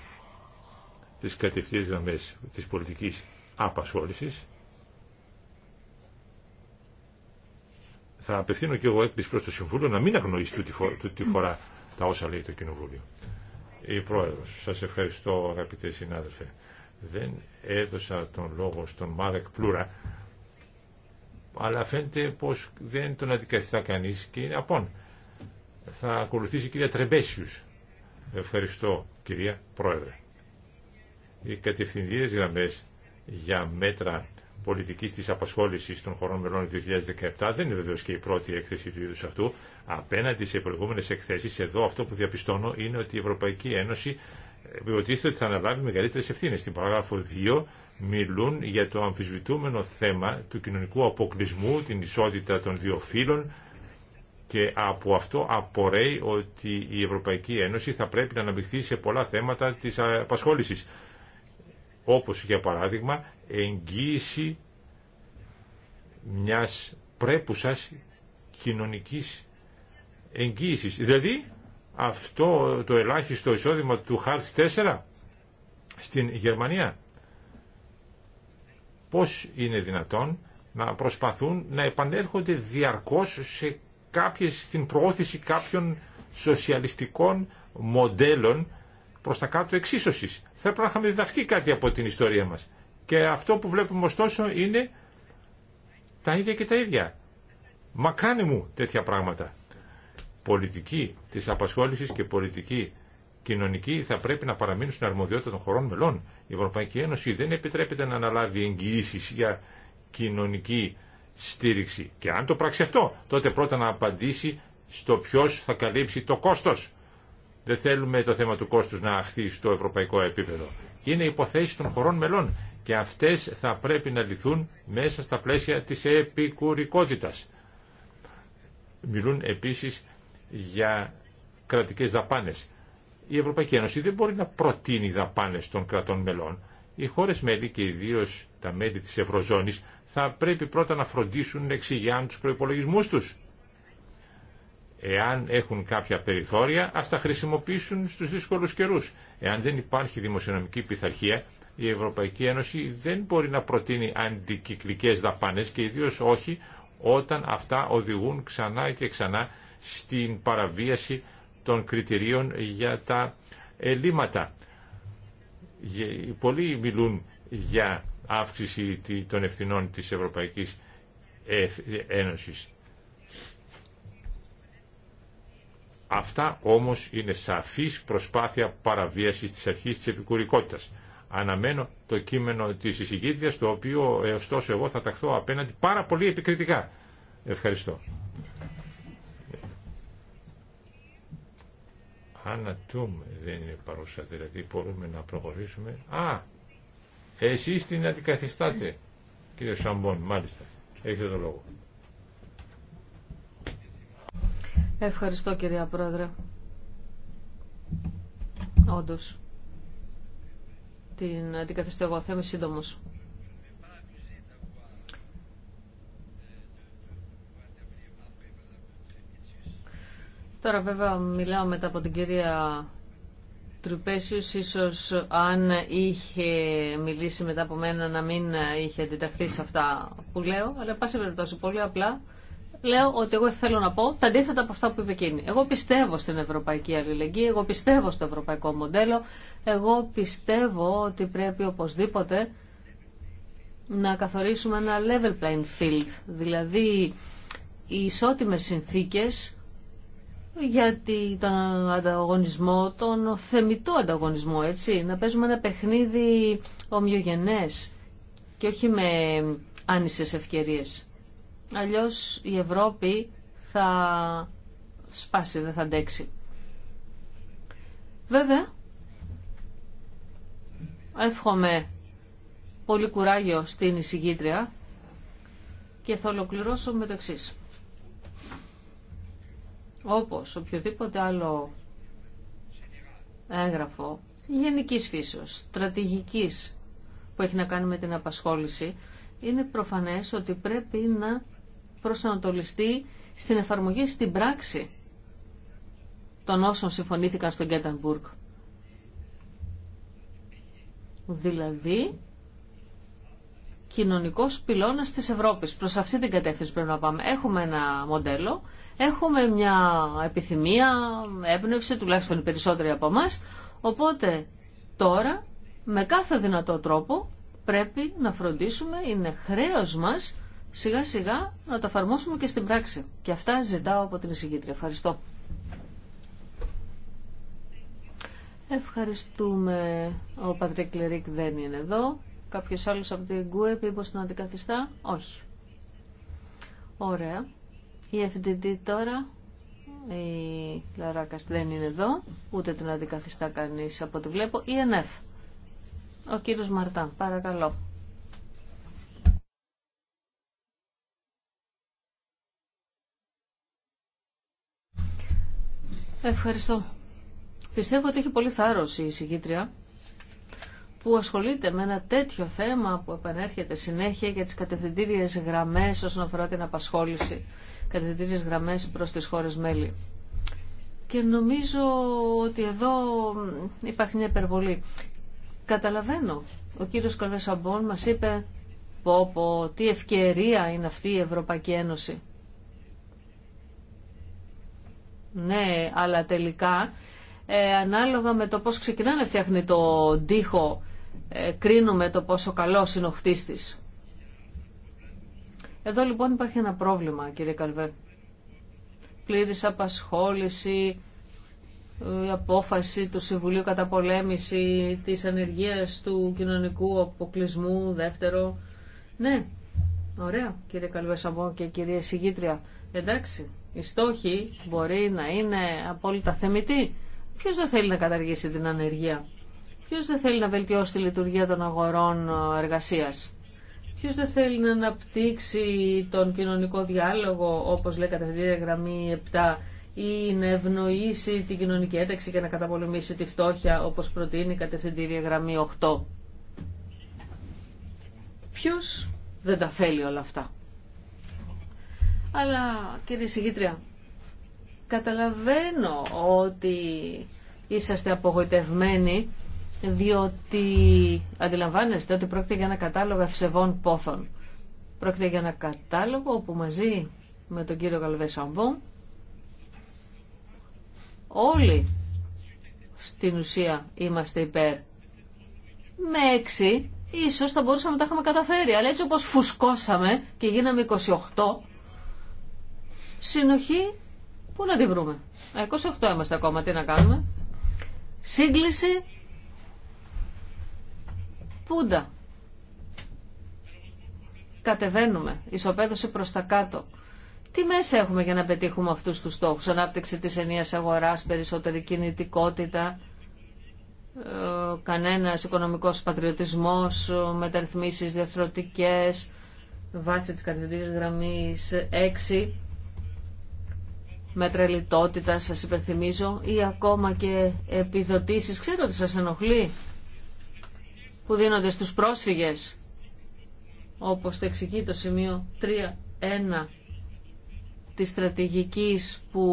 τις κατευθείας γραμμέ της πολιτικής απασχόλησης, θα απευθύνω και εγώ έκπληση προς το Συμβούλιο να μην αγνοήσει τούτη φορά τα όσα λέει το Κοινοβούλιο η Πρόεδρος. Σας ευχαριστώ αγαπητέ συνάδελφε. Δεν έδωσα τον λόγο στον Μάρεκ Πλούρα, αλλά φαίνεται πως δεν τον αντικαθιστά κανείς και είναι απόν. Θα ακολουθήσει η κυρία Τρεμπέσιους. Ευχαριστώ κυρία Πρόεδρε. Οι κατευθυντήρες γραμμές για μέτρα πολιτικής της απασχόλησης των χωρών μελών 2017 δεν είναι βεβαίως και η πρώτη έκθεση του είδους αυτού. Απέναντι σε προηγούμενες εκθέσεις, εδώ αυτό που διαπιστώνω είναι ότι η Ευρωπαϊκή Ένωση ε, υποτίθεται ότι θα αναλάβει μεγαλύτερε ευθύνε. Στην παράγραφο 2 μιλούν για το αμφισβητούμενο θέμα του κοινωνικού αποκλεισμού, την ισότητα των δύο φύλων και από αυτό απορρέει ότι η Ευρωπαϊκή Ένωση θα πρέπει να αναμειχθεί σε πολλά θέματα της απασχόλησης όπως για παράδειγμα εγγύηση μιας πρέπουσας κοινωνικής εγγύησης. Δηλαδή αυτό το ελάχιστο εισόδημα του Χάρτς 4 στην Γερμανία. Πώς είναι δυνατόν να προσπαθούν να επανέρχονται διαρκώς σε κάποιες, στην προώθηση κάποιων σοσιαλιστικών μοντέλων Προ τα κάτω εξίσωση. Θα έπρεπε να είχαμε διδαχθεί κάτι από την ιστορία μα. Και αυτό που βλέπουμε ωστόσο είναι τα ίδια και τα ίδια. Μακάνε μου τέτοια πράγματα. Πολιτική τη απασχόληση και πολιτική κοινωνική θα πρέπει να παραμείνουν στην αρμοδιότητα των χωρών μελών. Η Ευρωπαϊκή Ένωση δεν επιτρέπεται να αναλάβει εγγυήσει για κοινωνική στήριξη. Και αν το πράξει αυτό, τότε πρώτα να απαντήσει στο ποιο θα καλύψει το κόστο. Δεν θέλουμε το θέμα του κόστους να αχθεί στο ευρωπαϊκό επίπεδο. Είναι υποθέσει των χωρών μελών και αυτές θα πρέπει να λυθούν μέσα στα πλαίσια της επικουρικότητας. Μιλούν επίσης για κρατικές δαπάνες. Η Ευρωπαϊκή Ένωση δεν μπορεί να προτείνει δαπάνες των κρατών μελών. Οι χώρες μέλη και ιδίω τα μέλη της Ευρωζώνης θα πρέπει πρώτα να φροντίσουν να εξηγιάνουν τους προϋπολογισμούς τους. Εάν έχουν κάποια περιθώρια, α τα χρησιμοποιήσουν στου δύσκολου καιρού. Εάν δεν υπάρχει δημοσιονομική πειθαρχία, η Ευρωπαϊκή Ένωση δεν μπορεί να προτείνει αντικυκλικές δαπάνε και ιδίω όχι όταν αυτά οδηγούν ξανά και ξανά στην παραβίαση των κριτηρίων για τα ελλείμματα. Πολλοί μιλούν για αύξηση των ευθυνών της Ευρωπαϊκής Ένωσης. Αυτά όμως είναι σαφής προσπάθεια παραβίασης της αρχής της επικουρικότητας. Αναμένω το κείμενο της εισηγήτριας, το οποίο ε, ωστόσο εγώ θα ταχθώ απέναντι πάρα πολύ επικριτικά. Ευχαριστώ. Άννα Τούμ δεν είναι παρούσα, δηλαδή μπορούμε να προχωρήσουμε. Α, εσείς την αντικαθιστάτε, κύριε Σαμπόν, μάλιστα. Έχετε τον λόγο. Ευχαριστώ κυρία Πρόεδρε. όντω την αντικαθιστώ εγώ, θα είμαι σύντομο. Τώρα βέβαια μιλάω μετά από την κυρία Τρουπέσιους, ίσως αν είχε μιλήσει μετά από μένα να μην είχε αντιταχθεί σε αυτά που λέω, αλλά πάση περιπτώσει πολύ απλά λέω ότι εγώ θέλω να πω τα αντίθετα από αυτά που είπε εκείνη. Εγώ πιστεύω στην ευρωπαϊκή αλληλεγγύη, εγώ πιστεύω στο ευρωπαϊκό μοντέλο, εγώ πιστεύω ότι πρέπει οπωσδήποτε να καθορίσουμε ένα level playing field, δηλαδή οι ισότιμες συνθήκες για τον ανταγωνισμό, τον θεμητό ανταγωνισμό, έτσι, να παίζουμε ένα παιχνίδι ομοιογενές και όχι με άνισες ευκαιρίες. Αλλιώς η Ευρώπη θα σπάσει, δεν θα αντέξει. Βέβαια, εύχομαι πολύ κουράγιο στην εισηγήτρια και θα ολοκληρώσω με το εξή. Όπως οποιοδήποτε άλλο έγγραφο γενικής φύσεως, στρατηγικής που έχει να κάνει με την απασχόληση, είναι προφανές ότι πρέπει να προσανατολιστεί στην εφαρμογή στην πράξη των όσων συμφωνήθηκαν στο Γκέντανμπουργκ. Δηλαδή, κοινωνικός πυλώνας της Ευρώπης. Προς αυτή την κατεύθυνση πρέπει να πάμε. Έχουμε ένα μοντέλο, έχουμε μια επιθυμία, έμπνευση, τουλάχιστον οι περισσότεροι από εμά. Οπότε, τώρα, με κάθε δυνατό τρόπο, πρέπει να φροντίσουμε, είναι χρέος μας, σιγά σιγά να τα εφαρμόσουμε και στην πράξη. Και αυτά ζητάω από την εισηγήτρια. Ευχαριστώ. Ευχαριστούμε. Ο Πατρίκ δεν είναι εδώ. Κάποιος άλλος από την ΚΟΕΠ πως τον αντικαθιστά. Όχι. Ωραία. Η FDD τώρα, η Λαράκας δεν είναι εδώ, ούτε την αντικαθιστά κανείς από ό,τι βλέπω. Η ΕΝΕΦ. Ο κύριος Μαρτάν. παρακαλώ. Ευχαριστώ. Πιστεύω ότι έχει πολύ θάρρος η συγκήτρια που ασχολείται με ένα τέτοιο θέμα που επανέρχεται συνέχεια για τις κατευθυντήριες γραμμές όσον αφορά την απασχόληση, κατευθυντήριες γραμμές προς τις χώρες μέλη. Και νομίζω ότι εδώ υπάρχει μια υπερβολή. Καταλαβαίνω, ο κύριος Καλβεσαμπών μας είπε πω τι ευκαιρία είναι αυτή η Ευρωπαϊκή Ένωση. ναι, αλλά τελικά ε, ανάλογα με το πώς ξεκινάνε φτιάχνει το τοίχο, ε, κρίνουμε το πόσο καλό είναι ο χτίστης. Εδώ λοιπόν υπάρχει ένα πρόβλημα, κύριε Καλβέ. Πλήρης απασχόληση, η απόφαση του Συμβουλίου Πολέμηση της ανεργίας του κοινωνικού αποκλεισμού, δεύτερο. Ναι, ωραία, κύριε Καλβέ Σαμπό και κυρία Συγήτρια. Εντάξει, οι στόχοι μπορεί να είναι απόλυτα θεμητοί. Ποιο δεν θέλει να καταργήσει την ανεργία. Ποιο δεν θέλει να βελτιώσει τη λειτουργία των αγορών ε, εργασία, Ποιο δεν θέλει να αναπτύξει τον κοινωνικό διάλογο, όπω λέει τη γραμμή 7, ή να ευνοήσει την κοινωνική ένταξη και να καταπολεμήσει τη φτώχεια, όπως προτείνει η κατευθυντήρια γραμμή 8. Ποιος δεν τα θέλει όλα αυτά. Αλλά κύριε Συγγήτρια, καταλαβαίνω ότι είσαστε απογοητευμένοι διότι αντιλαμβάνεστε ότι πρόκειται για ένα κατάλογο ευσεβών πόθων. Πρόκειται για ένα κατάλογο όπου μαζί με τον κύριο Γαλβέ Σαμπόν όλοι στην ουσία είμαστε υπέρ. Με έξι ίσως θα μπορούσαμε να τα είχαμε καταφέρει, αλλά έτσι όπως φουσκώσαμε και γίναμε 28 Συνοχή, πού να τη βρούμε. 28 είμαστε ακόμα, τι να κάνουμε. Σύγκληση, πούντα. Κατεβαίνουμε, ισοπαίδωση προς τα κάτω. Τι μέσα έχουμε για να πετύχουμε αυτούς τους στόχους, ανάπτυξη της ενίας αγοράς, περισσότερη κινητικότητα, ε, κανένας οικονομικός πατριωτισμός, ε, μεταρρυθμίσεις διαφθρωτικές... βάση της κατευθυντής γραμμής 6 με τρελιτότητα σας υπενθυμίζω, ή ακόμα και επιδοτήσεις, ξέρω ότι σας ενοχλεί, που δίνονται στους πρόσφυγες, όπως το εξηγεί το σημείο 3.1 της στρατηγικής που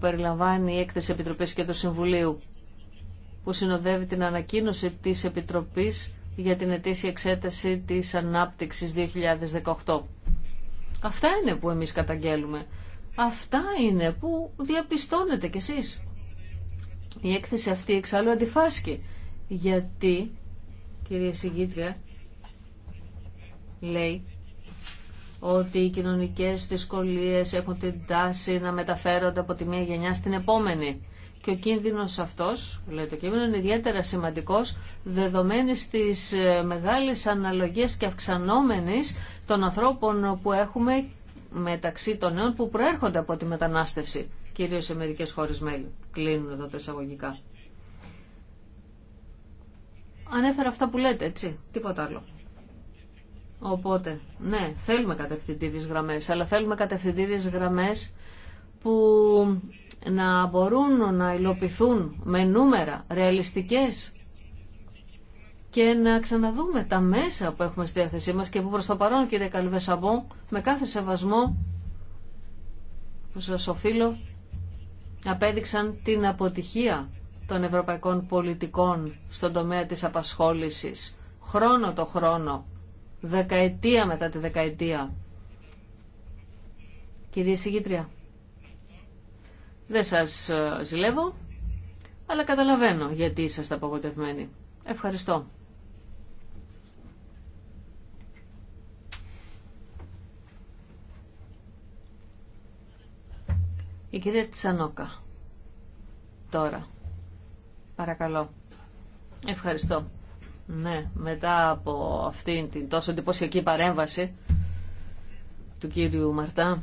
περιλαμβάνει η έκθεση Επιτροπής και του Συμβουλίου, που συνοδεύει την ανακοίνωση της Επιτροπής για την ετήσια εξέταση της ανάπτυξης 2018. Αυτά είναι που εμείς καταγγέλουμε. Αυτά είναι που διαπιστώνετε κι εσείς. Η έκθεση αυτή εξάλλου αντιφάσκει. Γιατί, κυρία Συγκίτρια, λέει ότι οι κοινωνικές δυσκολίες έχουν την τάση να μεταφέρονται από τη μία γενιά στην επόμενη. Και ο κίνδυνος αυτός, λέει το κείμενο, είναι ιδιαίτερα σημαντικός δεδομένης της ε, μεγάλης αναλογίας και αυξανόμενης των ανθρώπων που έχουμε μεταξύ των νέων που προέρχονται από τη μετανάστευση, κυρίως σε μερικές χώρες μέλη. Κλείνουν εδώ τα εισαγωγικά. Ανέφερα αυτά που λέτε, έτσι, τίποτα άλλο. Οπότε, ναι, θέλουμε κατευθυντήριες γραμμές, αλλά θέλουμε κατευθυντήριες γραμμές που να μπορούν να υλοποιηθούν με νούμερα ρεαλιστικές και να ξαναδούμε τα μέσα που έχουμε στη διάθεσή μας και που προς το παρόν κύριε Καλβεσαμπό με κάθε σεβασμό που σας οφείλω απέδειξαν την αποτυχία των ευρωπαϊκών πολιτικών στον τομέα της απασχόλησης χρόνο το χρόνο δεκαετία μετά τη δεκαετία Κυρία Συγήτρια δεν σας ε, ζηλεύω αλλά καταλαβαίνω γιατί είσαστε απογοτευμένοι. Ευχαριστώ. Η κυρία Τσανόκα. Τώρα. Παρακαλώ. Ευχαριστώ. Ναι, μετά από αυτήν την τόσο εντυπωσιακή παρέμβαση του κύριου Μαρτά,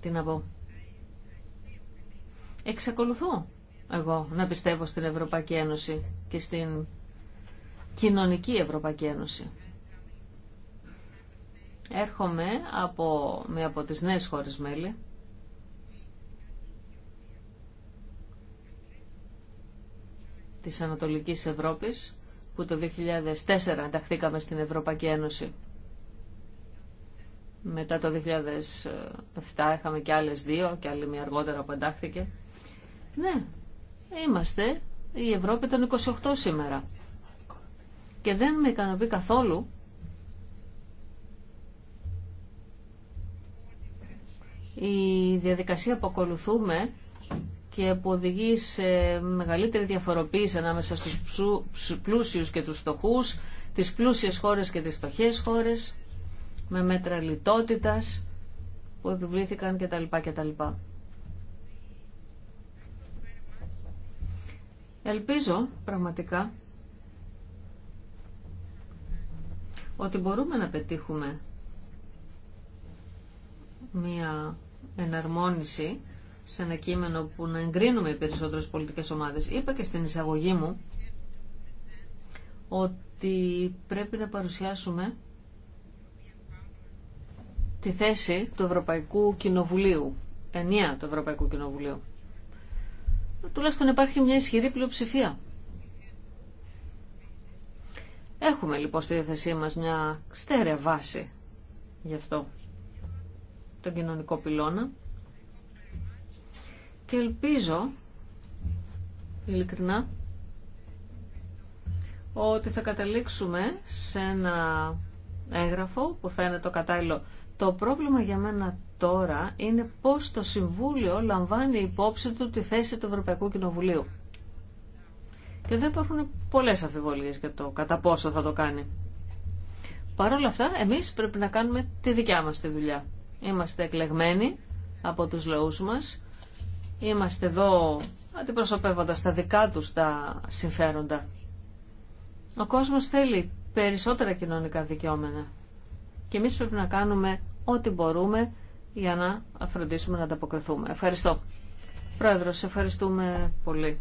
τι να πω. Εξακολουθώ εγώ να πιστεύω στην Ευρωπαϊκή Ένωση και στην κοινωνική Ευρωπαϊκή Ένωση. Έρχομαι από μία από τις νέες χώρες μέλη, της Ανατολικής Ευρώπης που το 2004 ενταχθήκαμε στην Ευρωπαϊκή Ένωση. Μετά το 2007 είχαμε και άλλες δύο και άλλη μία αργότερα που εντάχθηκε. Ναι, είμαστε η Ευρώπη των 28 σήμερα. Και δεν με ικανοποιεί καθόλου η διαδικασία που ακολουθούμε και που οδηγεί σε μεγαλύτερη διαφοροποίηση ανάμεσα στους πλούσιους και τους φτωχούς, τις πλούσιες χώρες και τις φτωχές χώρες, με μέτρα λιτότητας που επιβλήθηκαν κτλ. κτλ. Ελπίζω πραγματικά ότι μπορούμε να πετύχουμε μία εναρμόνιση σε ένα κείμενο που να εγκρίνουμε οι περισσότερες πολιτικές ομάδες. Είπα και στην εισαγωγή μου ότι πρέπει να παρουσιάσουμε τη θέση του Ευρωπαϊκού Κοινοβουλίου, ενία του Ευρωπαϊκού Κοινοβουλίου. Τουλάχιστον υπάρχει μια ισχυρή πλειοψηφία. Έχουμε λοιπόν στη διαθεσή μας μια στέρεα βάση γι' αυτό, τον κοινωνικό πυλώνα, και ελπίζω ειλικρινά ότι θα καταλήξουμε σε ένα έγγραφο που θα είναι το κατάλληλο. Το πρόβλημα για μένα τώρα είναι πώς το Συμβούλιο λαμβάνει υπόψη του τη θέση του Ευρωπαϊκού Κοινοβουλίου. Και εδώ υπάρχουν πολλές αφιβολίες... για το κατά πόσο θα το κάνει. Παρ' όλα αυτά, εμείς πρέπει να κάνουμε τη δικιά μας τη δουλειά. Είμαστε εκλεγμένοι από τους λαούς μας Είμαστε εδώ αντιπροσωπεύοντας τα δικά τους τα συμφέροντα. Ο κόσμος θέλει περισσότερα κοινωνικά δικαιώματα. Και εμείς πρέπει να κάνουμε ό,τι μπορούμε για να φροντίσουμε να ανταποκριθούμε. Ευχαριστώ. Πρόεδρος, ευχαριστούμε πολύ.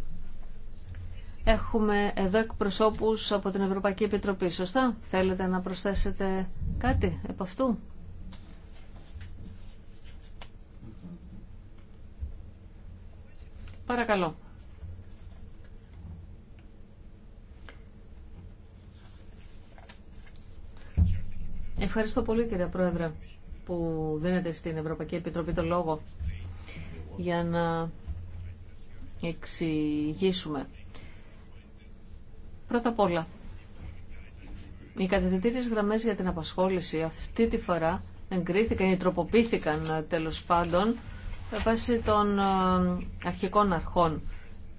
Έχουμε εδώ εκπροσώπους από την Ευρωπαϊκή Επιτροπή, σωστά. Θέλετε να προσθέσετε κάτι από αυτού. Παρακαλώ. Ευχαριστώ πολύ κύριε Πρόεδρε που δίνετε στην Ευρωπαϊκή Επιτροπή το λόγο για να εξηγήσουμε. Πρώτα απ' όλα, οι κατευθυντήριες γραμμές για την απασχόληση αυτή τη φορά εγκρίθηκαν ή τροποποιήθηκαν τέλος πάντων βάσει των ε, αρχικών αρχών.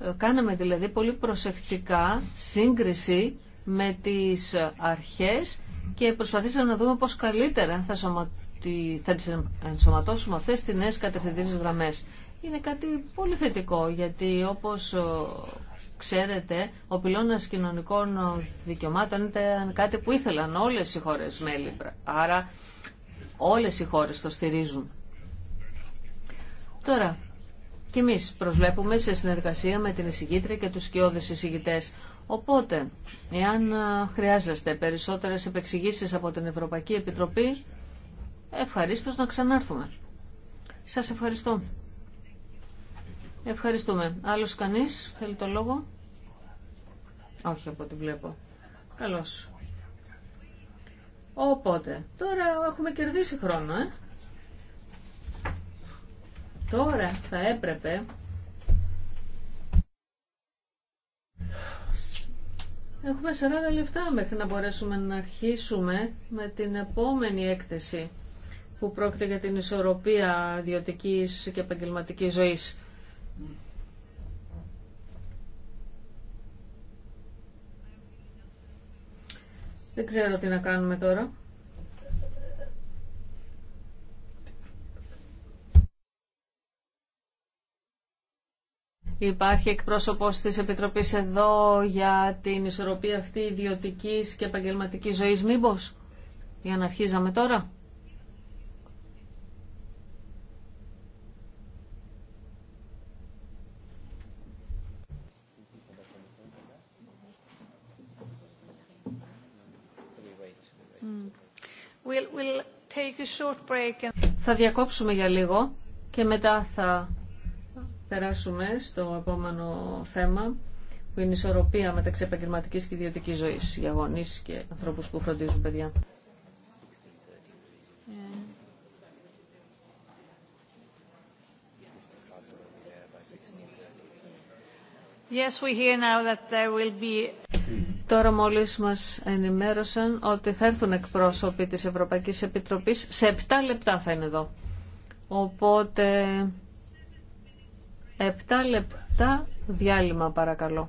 Ε, κάναμε δηλαδή πολύ προσεκτικά σύγκριση με τις αρχές και προσπαθήσαμε να δούμε πώς καλύτερα θα, σωματι... θα τις ενσωματώσουμε αυτές τις νέες κατευθυντήρες γραμμές. Είναι κάτι πολύ θετικό γιατί όπως ε, ξέρετε ο πυλώνας κοινωνικών δικαιωμάτων ήταν κάτι που ήθελαν όλες οι χώρες μέλη. Άρα όλες οι χώρες το στηρίζουν. Τώρα, κι εμείς προσβλέπουμε σε συνεργασία με την εισηγήτρια και τους σκιώδες εισηγητές. Οπότε, εάν χρειάζεστε περισσότερες επεξηγήσεις από την Ευρωπαϊκή Επιτροπή, ευχαρίστως να ξανάρθουμε. Σας ευχαριστώ. Ευχαριστούμε. Άλλος κανείς θέλει το λόγο. Όχι από ό,τι βλέπω. Καλώς. Οπότε, τώρα έχουμε κερδίσει χρόνο, ε. Τώρα θα έπρεπε Έχουμε 40 λεφτά μέχρι να μπορέσουμε να αρχίσουμε με την επόμενη έκθεση που πρόκειται για την ισορροπία ιδιωτική και επαγγελματική ζωής. Δεν ξέρω τι να κάνουμε τώρα. Υπάρχει εκπρόσωπος της Επιτροπής εδώ για την ισορροπία αυτή ιδιωτικής και επαγγελματικής ζωής μήπως. Για να αρχίζαμε τώρα. Θα διακόψουμε για λίγο και μετά θα περάσουμε στο επόμενο θέμα που είναι η ισορροπία μεταξύ επαγγελματική και ιδιωτική ζωή για γονεί και ανθρώπου που φροντίζουν παιδιά. Yes, we hear now that there will be... Τώρα μόλις μας ενημέρωσαν ότι θα έρθουν εκπρόσωποι της Ευρωπαϊκής Επιτροπής. Σε 7 λεπτά θα είναι εδώ. Οπότε 7 λεπτά διάλειμμα παρακαλώ.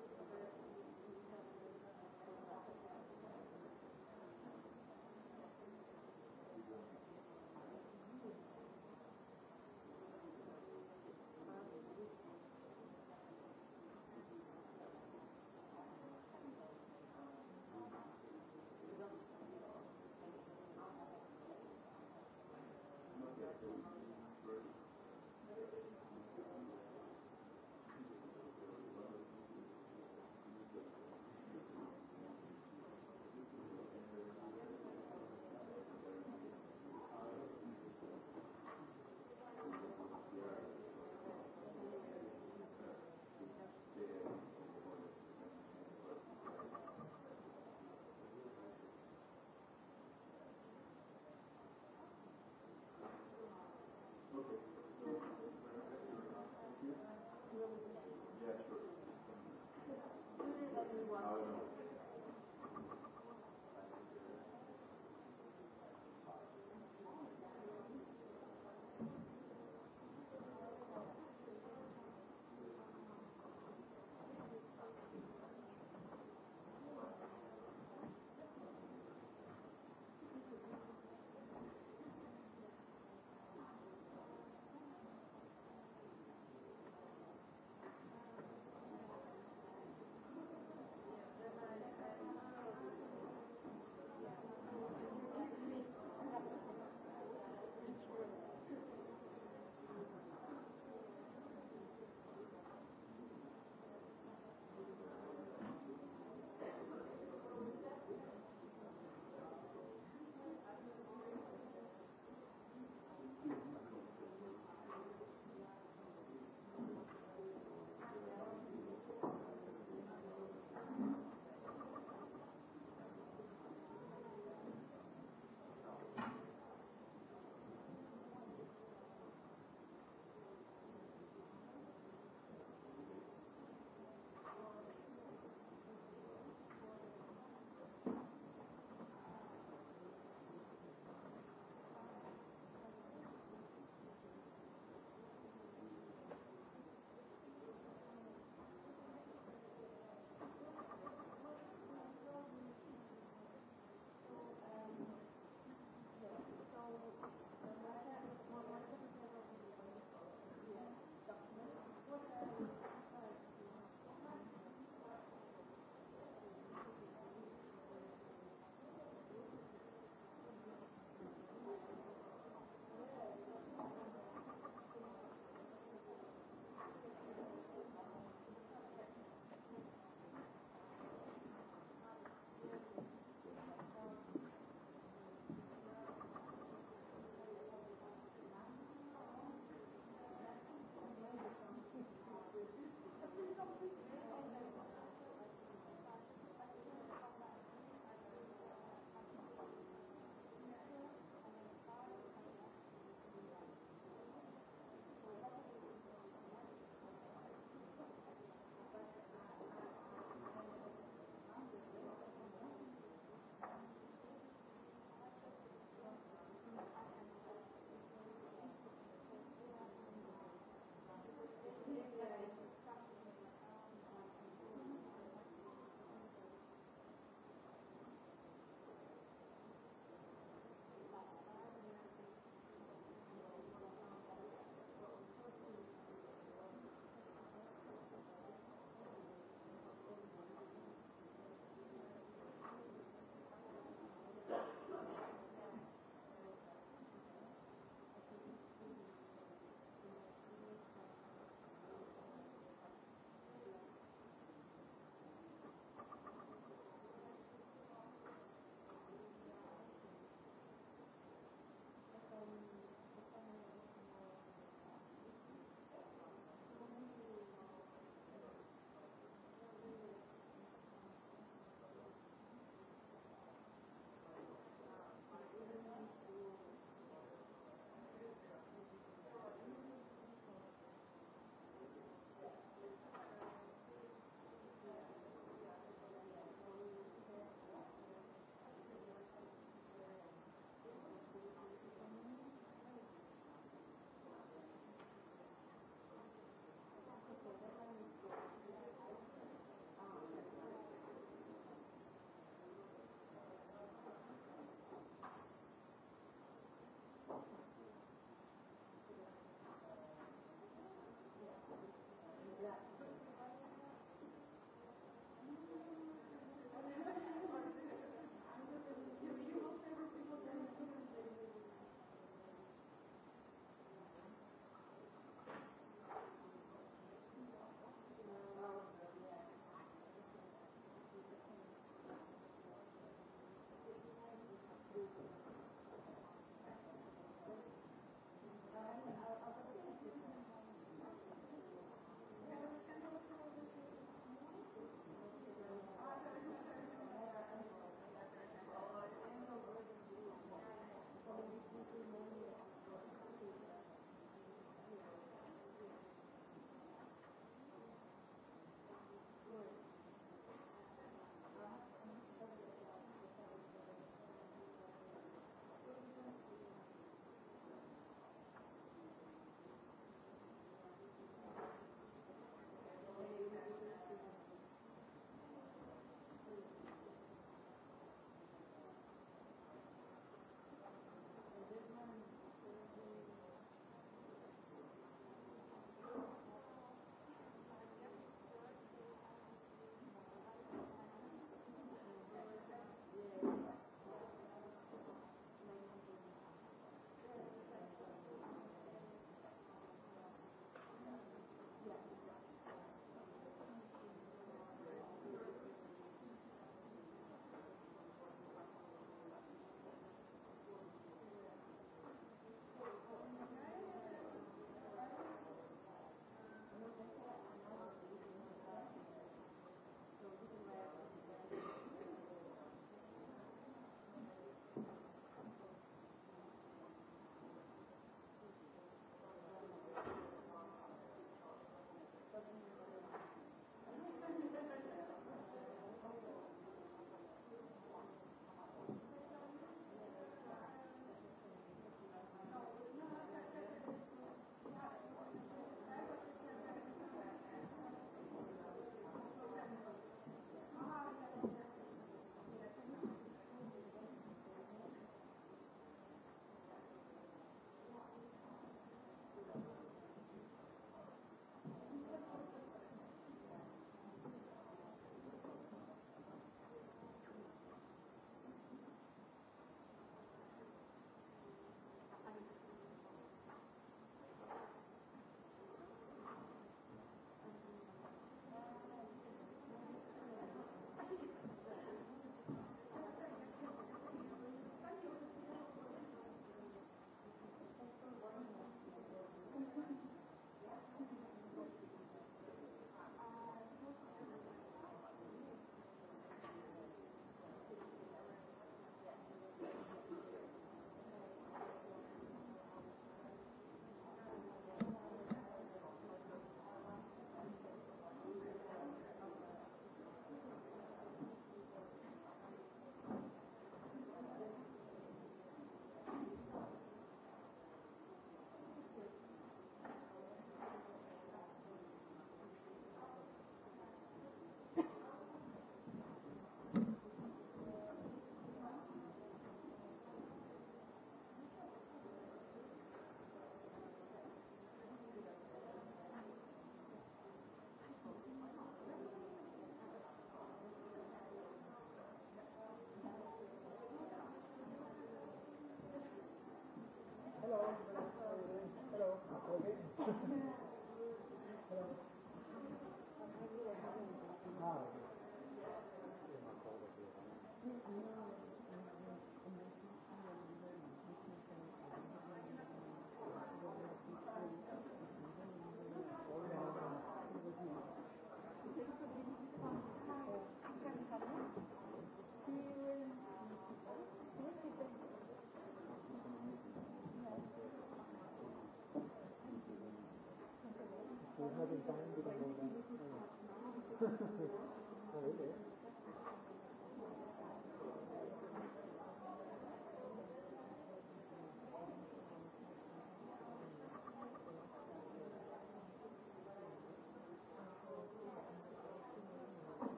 Thank you.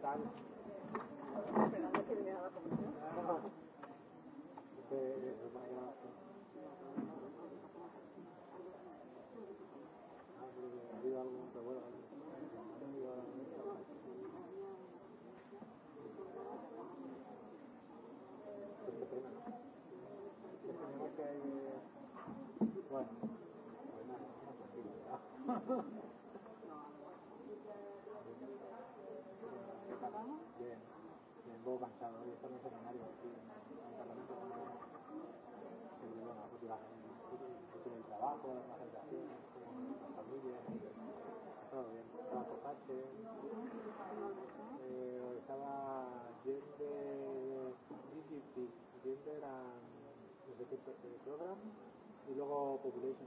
Gracias. plenario aquí Estaba estaba Gente DGP, de program, y luego Population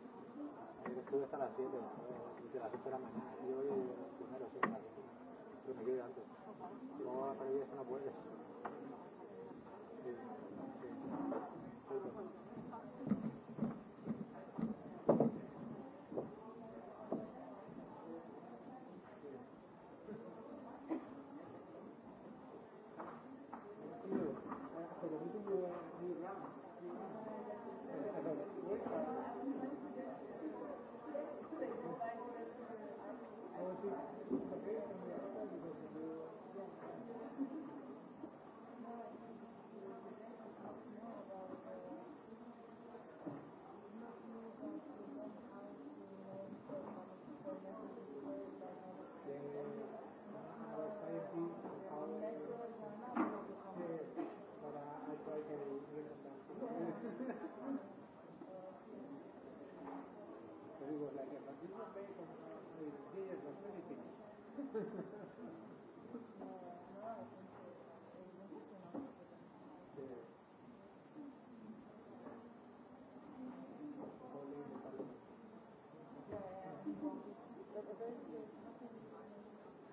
Estuve hasta las 7, desde las 8 de la mañana. Yo voy primero, sí, la 7. Pero me quedé antes. Luego a la esto no puedes. Sí, sí.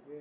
Yeah,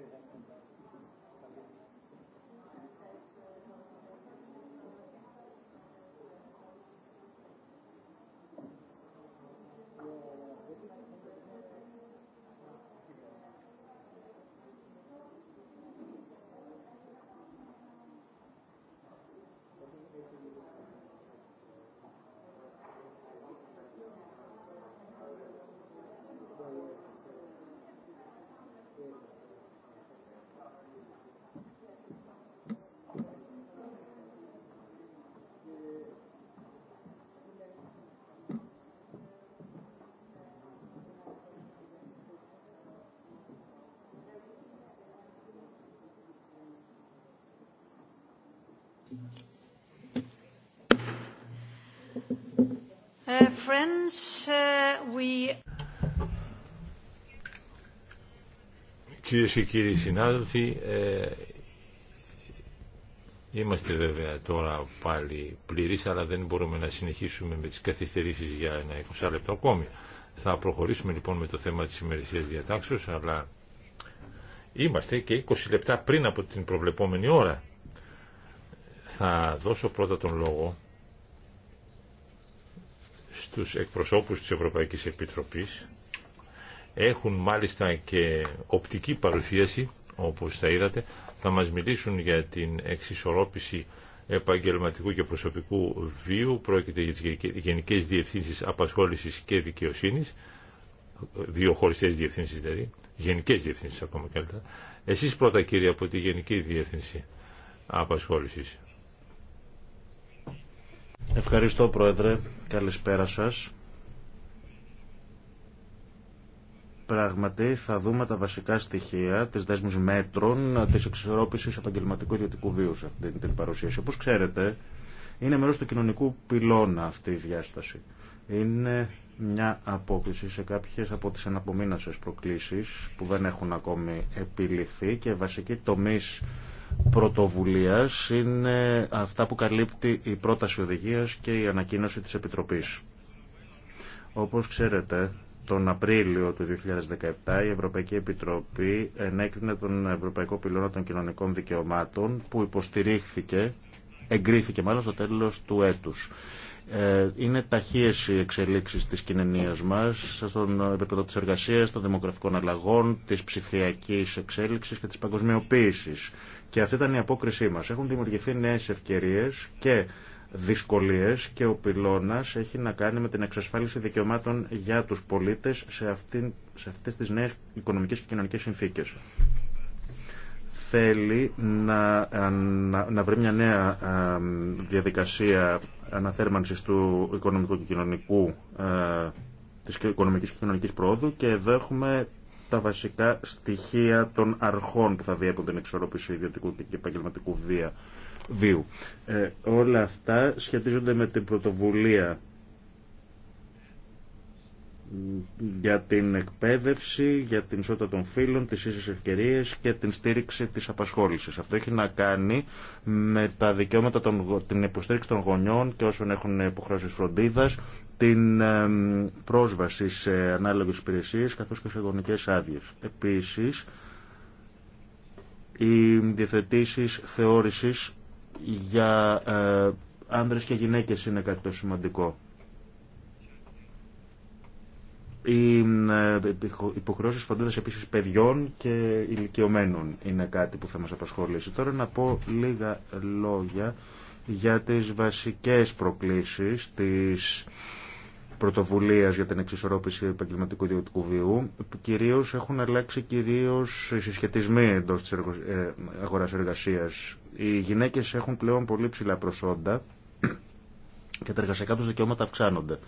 Κυρίε uh, uh, Κυρίες και κύριοι συνάδελφοι, ε, είμαστε βέβαια τώρα πάλι πληρείς, αλλά δεν μπορούμε να συνεχίσουμε με τις καθυστερήσεις για ένα 20 λεπτό ακόμη. Θα προχωρήσουμε λοιπόν με το θέμα της ημερησίας διατάξεως, αλλά είμαστε και 20 λεπτά πριν από την προβλεπόμενη ώρα. Θα δώσω πρώτα τον λόγο στους εκπροσώπους της Ευρωπαϊκής Επιτροπής. Έχουν μάλιστα και οπτική παρουσίαση, όπως θα είδατε. Θα μας μιλήσουν για την εξισορρόπηση επαγγελματικού και προσωπικού βίου. Πρόκειται για τις Γενικές Διευθύνσεις Απασχόλησης και Δικαιοσύνης. Δύο χωριστές διευθύνσεις δηλαδή. Γενικές διευθύνσεις ακόμα καλύτερα. Εσείς πρώτα κύριε από τη Γενική Διεύθυνση Απασχόλησης. Ευχαριστώ Πρόεδρε. Καλησπέρα σας. Πράγματι θα δούμε τα βασικά στοιχεία της δέσμης μέτρων της εξισορρόπησης επαγγελματικού ιδιωτικού βίου σε αυτή την παρουσίαση. Όπως ξέρετε είναι μέρος του κοινωνικού πυλώνα αυτή η διάσταση. Είναι μια απόκληση σε κάποιες από τις αναπομείνασες προκλήσεις που δεν έχουν ακόμη επιληθεί και βασική τομής πρωτοβουλίας είναι αυτά που καλύπτει η πρόταση οδηγίας και η ανακοίνωση της Επιτροπής. Όπως ξέρετε, τον Απρίλιο του 2017 η Ευρωπαϊκή Επιτροπή ενέκρινε τον Ευρωπαϊκό Πυλώνα των Κοινωνικών Δικαιωμάτων που υποστηρίχθηκε, εγκρίθηκε μάλλον στο τέλος του έτους. Ε, είναι ταχύε οι εξελίξει της κοινωνία μα στον επίπεδο τη εργασία, των δημογραφικών αλλαγών, τη ψηφιακή εξέλιξη και τη παγκοσμιοποίηση. Και αυτή ήταν η απόκρισή μα. Έχουν δημιουργηθεί νέες ευκαιρίες και δυσκολίες και ο πυλώνας έχει να κάνει με την εξασφάλιση δικαιωμάτων για τους πολίτες σε, αυτή, σε αυτές τις νέες οικονομικές και κοινωνικές συνθήκες. Θέλει να, να, να βρει μια νέα διαδικασία αναθέρμανσης του οικονομικού και κοινωνικού της οικονομικής και κοινωνικής πρόοδου και εδώ έχουμε τα βασικά στοιχεία των αρχών που θα διέπουν την εξορρόπηση ιδιωτικού και επαγγελματικού βία, βίου. Ε, όλα αυτά σχετίζονται με την πρωτοβουλία για την εκπαίδευση, για την ισότητα των φίλων, τις ίσες ευκαιρίες και την στήριξη της απασχόλησης. Αυτό έχει να κάνει με τα δικαιώματα, των, την υποστήριξη των γονιών και όσων έχουν υποχρεώσεις φροντίδας, την πρόσβαση σε ανάλογες υπηρεσίες καθώς και σε γονικές άδειες. Επίσης, οι διαθετήσεις θεώρησης για ε, άνδρες και γυναίκες είναι κάτι το σημαντικό. Οι ε, υποχρεώσεις φροντίδας επίσης παιδιών και ηλικιωμένων είναι κάτι που θα μας απασχολήσει. Τώρα να πω λίγα λόγια για τις βασικές προκλήσεις της πρωτοβουλίας για την εξισορρόπηση επαγγελματικού ιδιωτικού βίου κυρίως έχουν αλλάξει κυρίως οι συσχετισμοί εντό της ε, αγοράς εργασίας. Οι γυναίκες έχουν πλέον πολύ ψηλά προσόντα και τα εργασιακά τους δικαιώματα αυξάνονται.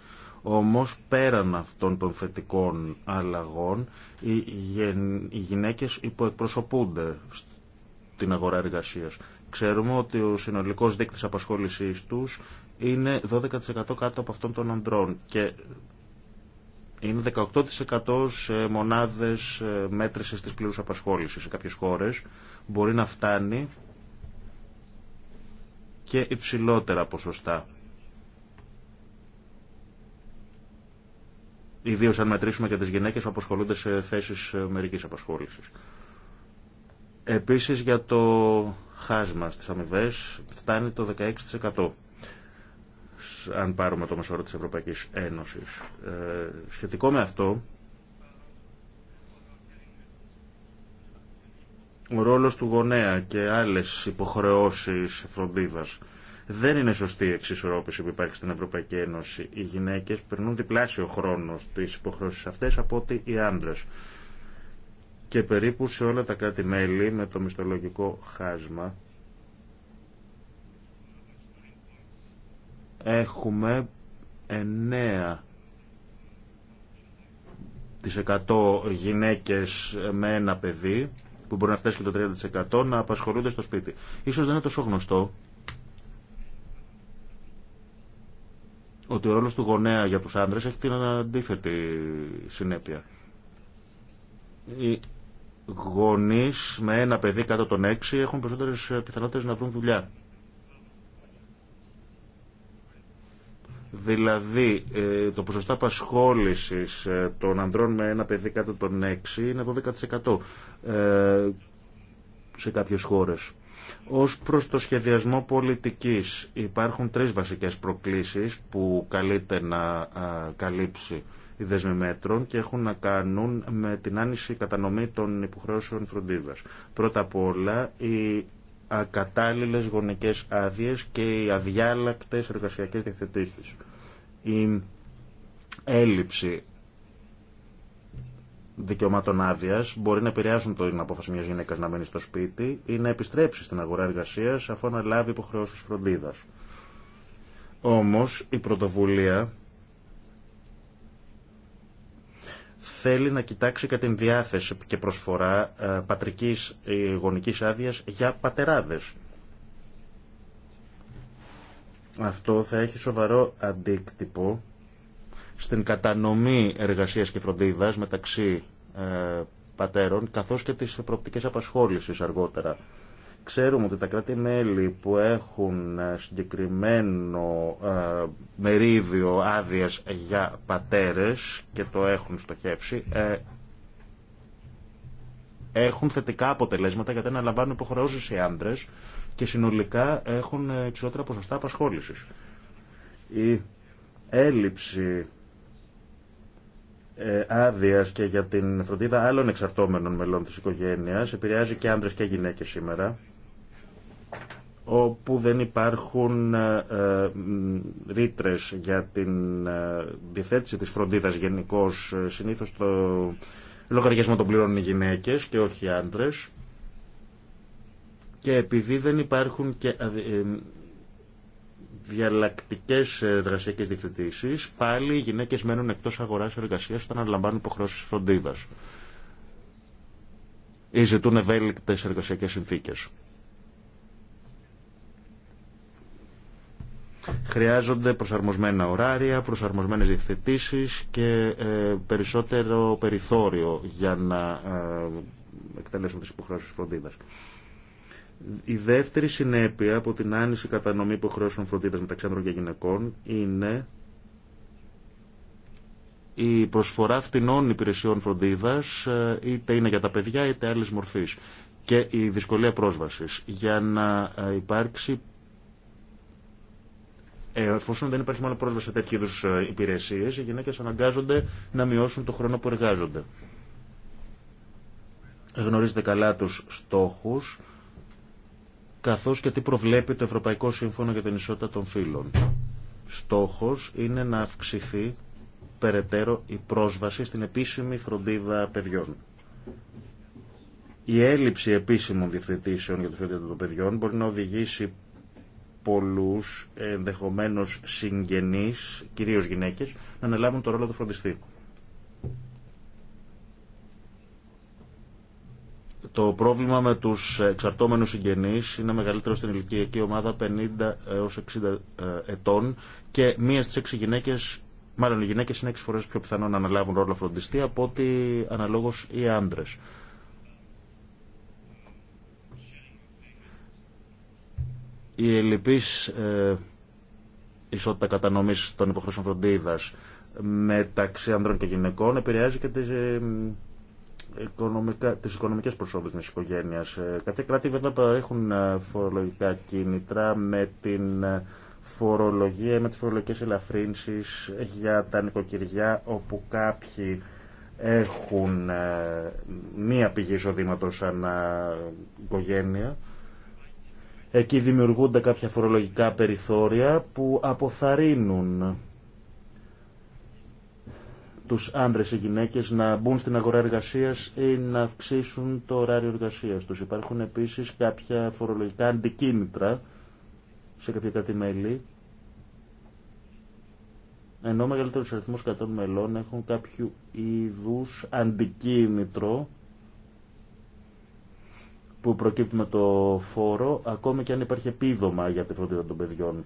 Όμως πέραν αυτών των θετικών αλλαγών οι, οι γυναίκες υποεκπροσωπούνται στην αγορά εργασίας. Ξέρουμε ότι ο συνολικός δείκτης απασχόλησής τους είναι 12% κάτω από αυτών των ανδρών και είναι 18% σε μονάδες ε, μέτρησης της πλήρους απασχόλησης σε κάποιες χώρες. Μπορεί να φτάνει και υψηλότερα ποσοστά. Ιδίως αν μετρήσουμε και τις γυναίκες που απασχολούνται σε θέσεις ε, μερικής απασχόλησης. Επίσης για το χάσμα στις αμοιβέ φτάνει το 16% αν πάρουμε το μεσόρο της Ευρωπαϊκής Ένωσης. Ε, σχετικό με αυτό, ο ρόλος του γονέα και άλλες υποχρεώσεις φροντίδας δεν είναι σωστή η εξισορρόπηση που υπάρχει στην Ευρωπαϊκή Ένωση. Οι γυναίκες περνούν διπλάσιο χρόνο στις υποχρεώσεις αυτές από ότι οι άντρες. Και περίπου σε όλα τα κράτη-μέλη με το μισθολογικό χάσμα έχουμε 9% γυναίκες με ένα παιδί που μπορεί να φτάσει και το 30% να απασχολούνται στο σπίτι. Ίσως δεν είναι τόσο γνωστό ότι ο ρόλος του γονέα για τους άντρες έχει την αντίθετη συνέπεια. Οι γονείς με ένα παιδί κάτω των 6 έχουν περισσότερες πιθανότητες να βρουν δουλειά. Δηλαδή, ε, το ποσοστό απασχόληση ε, των ανδρών με ένα παιδί κάτω των 6 είναι 12% ε, σε κάποιε χώρε. Ω προς το σχεδιασμό πολιτικής υπάρχουν τρεις βασικές προκλήσεις που καλείται να καλύψει η δέσμοι και έχουν να κάνουν με την άνηση κατανομή των υποχρεώσεων φροντίδας. Πρώτα απ' όλα η ακατάλληλες γονικές άδειες και οι αδιάλακτες εργασιακές διευθετήσεις. Η έλλειψη δικαιωμάτων άδεια μπορεί να επηρεάσουν την απόφαση μια γυναίκα να μένει στο σπίτι ή να επιστρέψει στην αγορά εργασία αφού αναλάβει υποχρεώσει φροντίδα. Όμω η πρωτοβουλία θέλει να κοιτάξει κατά την διάθεση και προσφορά ε, πατρικής ε, γονικής άδειας για πατεράδες. Αυτό θα έχει σοβαρό αντίκτυπο στην κατανομή εργασίας και φροντίδας μεταξύ ε, πατέρων καθώς και τις προοπτικές απασχόλησης αργότερα. Ξέρουμε ότι τα κράτη-μέλη που έχουν ε, συγκεκριμένο ε, μερίδιο άδεια για πατέρες και το έχουν στοχεύσει, ε, έχουν θετικά αποτελέσματα γιατί αναλαμβάνουν υποχρεώσεις οι άντρες και συνολικά έχουν υψηλότερα ποσοστά απασχόλησης. Η έλλειψη άδεια και για την φροντίδα άλλων εξαρτώμενων μελών τη οικογένεια. Επηρεάζει και άντρε και γυναίκε σήμερα όπου δεν υπάρχουν ε, ε, ρήτρε για την ε, διθέτηση της φροντίδας γενικώ. Συνήθως το λογαριασμό των πληρώνουν οι γυναίκες και όχι οι άντρες. Και επειδή δεν υπάρχουν και διαλλακτικές εργασιακές διευθετήσεις, πάλι οι γυναίκες μένουν εκτός αγοράς εργασίας όταν αναλαμβάνουν υποχρεώσεις φροντίδας ή ζητούν ευέλικτε εργασιακέ συνθήκε. Χρειάζονται προσαρμοσμένα ωράρια, προσαρμοσμένες διευθετήσεις και ε, περισσότερο περιθώριο για να ε, εκτελέσουν τις υποχρεώσεις φροντίδας. Η δεύτερη συνέπεια από την άνηση κατανομή υποχρεώσεων φροντίδας μεταξύ άνδρων και γυναικών είναι η προσφορά φτηνών υπηρεσιών φροντίδας ε, είτε είναι για τα παιδιά είτε άλλες μορφής και η δυσκολία πρόσβασης για να υπάρξει ε, εφόσον δεν υπάρχει μόνο πρόσβαση σε τέτοιου είδου ε, υπηρεσίε, οι γυναίκε αναγκάζονται να μειώσουν το χρόνο που εργάζονται. Γνωρίζετε καλά του στόχου, καθώ και τι προβλέπει το Ευρωπαϊκό Σύμφωνο για την Ισότητα των Φύλων. Στόχο είναι να αυξηθεί περαιτέρω η πρόσβαση στην επίσημη φροντίδα παιδιών. Η έλλειψη επίσημων διευθετήσεων για το φροντίδα των παιδιών μπορεί να οδηγήσει πολλούς ενδεχομένως συγγενείς, κυρίως γυναίκες, να αναλάβουν το ρόλο του φροντιστή. Το πρόβλημα με τους εξαρτώμενους συγγενείς είναι μεγαλύτερο στην ηλικιακή ομάδα 50 έως 60 ε, ετών και μία στις έξι γυναίκες, μάλλον οι γυναίκες είναι έξι φορές πιο πιθανό να αναλάβουν ρόλο φροντιστή από ότι αναλόγως οι άντρες. η ελληπής ε, ισότητα κατανομής των υποχρεώσεων φροντίδας μεταξύ ανδρών και γυναικών επηρεάζει και τις, ε, οικονομικά, τις οικονομικές προσόδους μιας οικογένειας. Ε, κάποια κράτη βέβαια έχουν ε, φορολογικά κίνητρα με την ε, φορολογία, με τις φορολογικές ελαφρύνσεις για τα νοικοκυριά όπου κάποιοι έχουν μία πηγή εισοδήματος σαν οικογένεια Εκεί δημιουργούνται κάποια φορολογικά περιθώρια που αποθαρρύνουν τους άντρες ή γυναίκες να μπουν στην αγορά εργασίας ή να αυξήσουν το ωράριο εργασίας τους. Υπάρχουν επίσης κάποια φορολογικά αντικίνητρα σε κάποια κάτι μέλη, ενώ μεγαλύτερος αριθμός κατών μελών έχουν κάποιο είδους αντικίνητρο που προκύπτει με το φόρο, ακόμη και αν υπάρχει επίδομα για τη φροντίδα των παιδιών.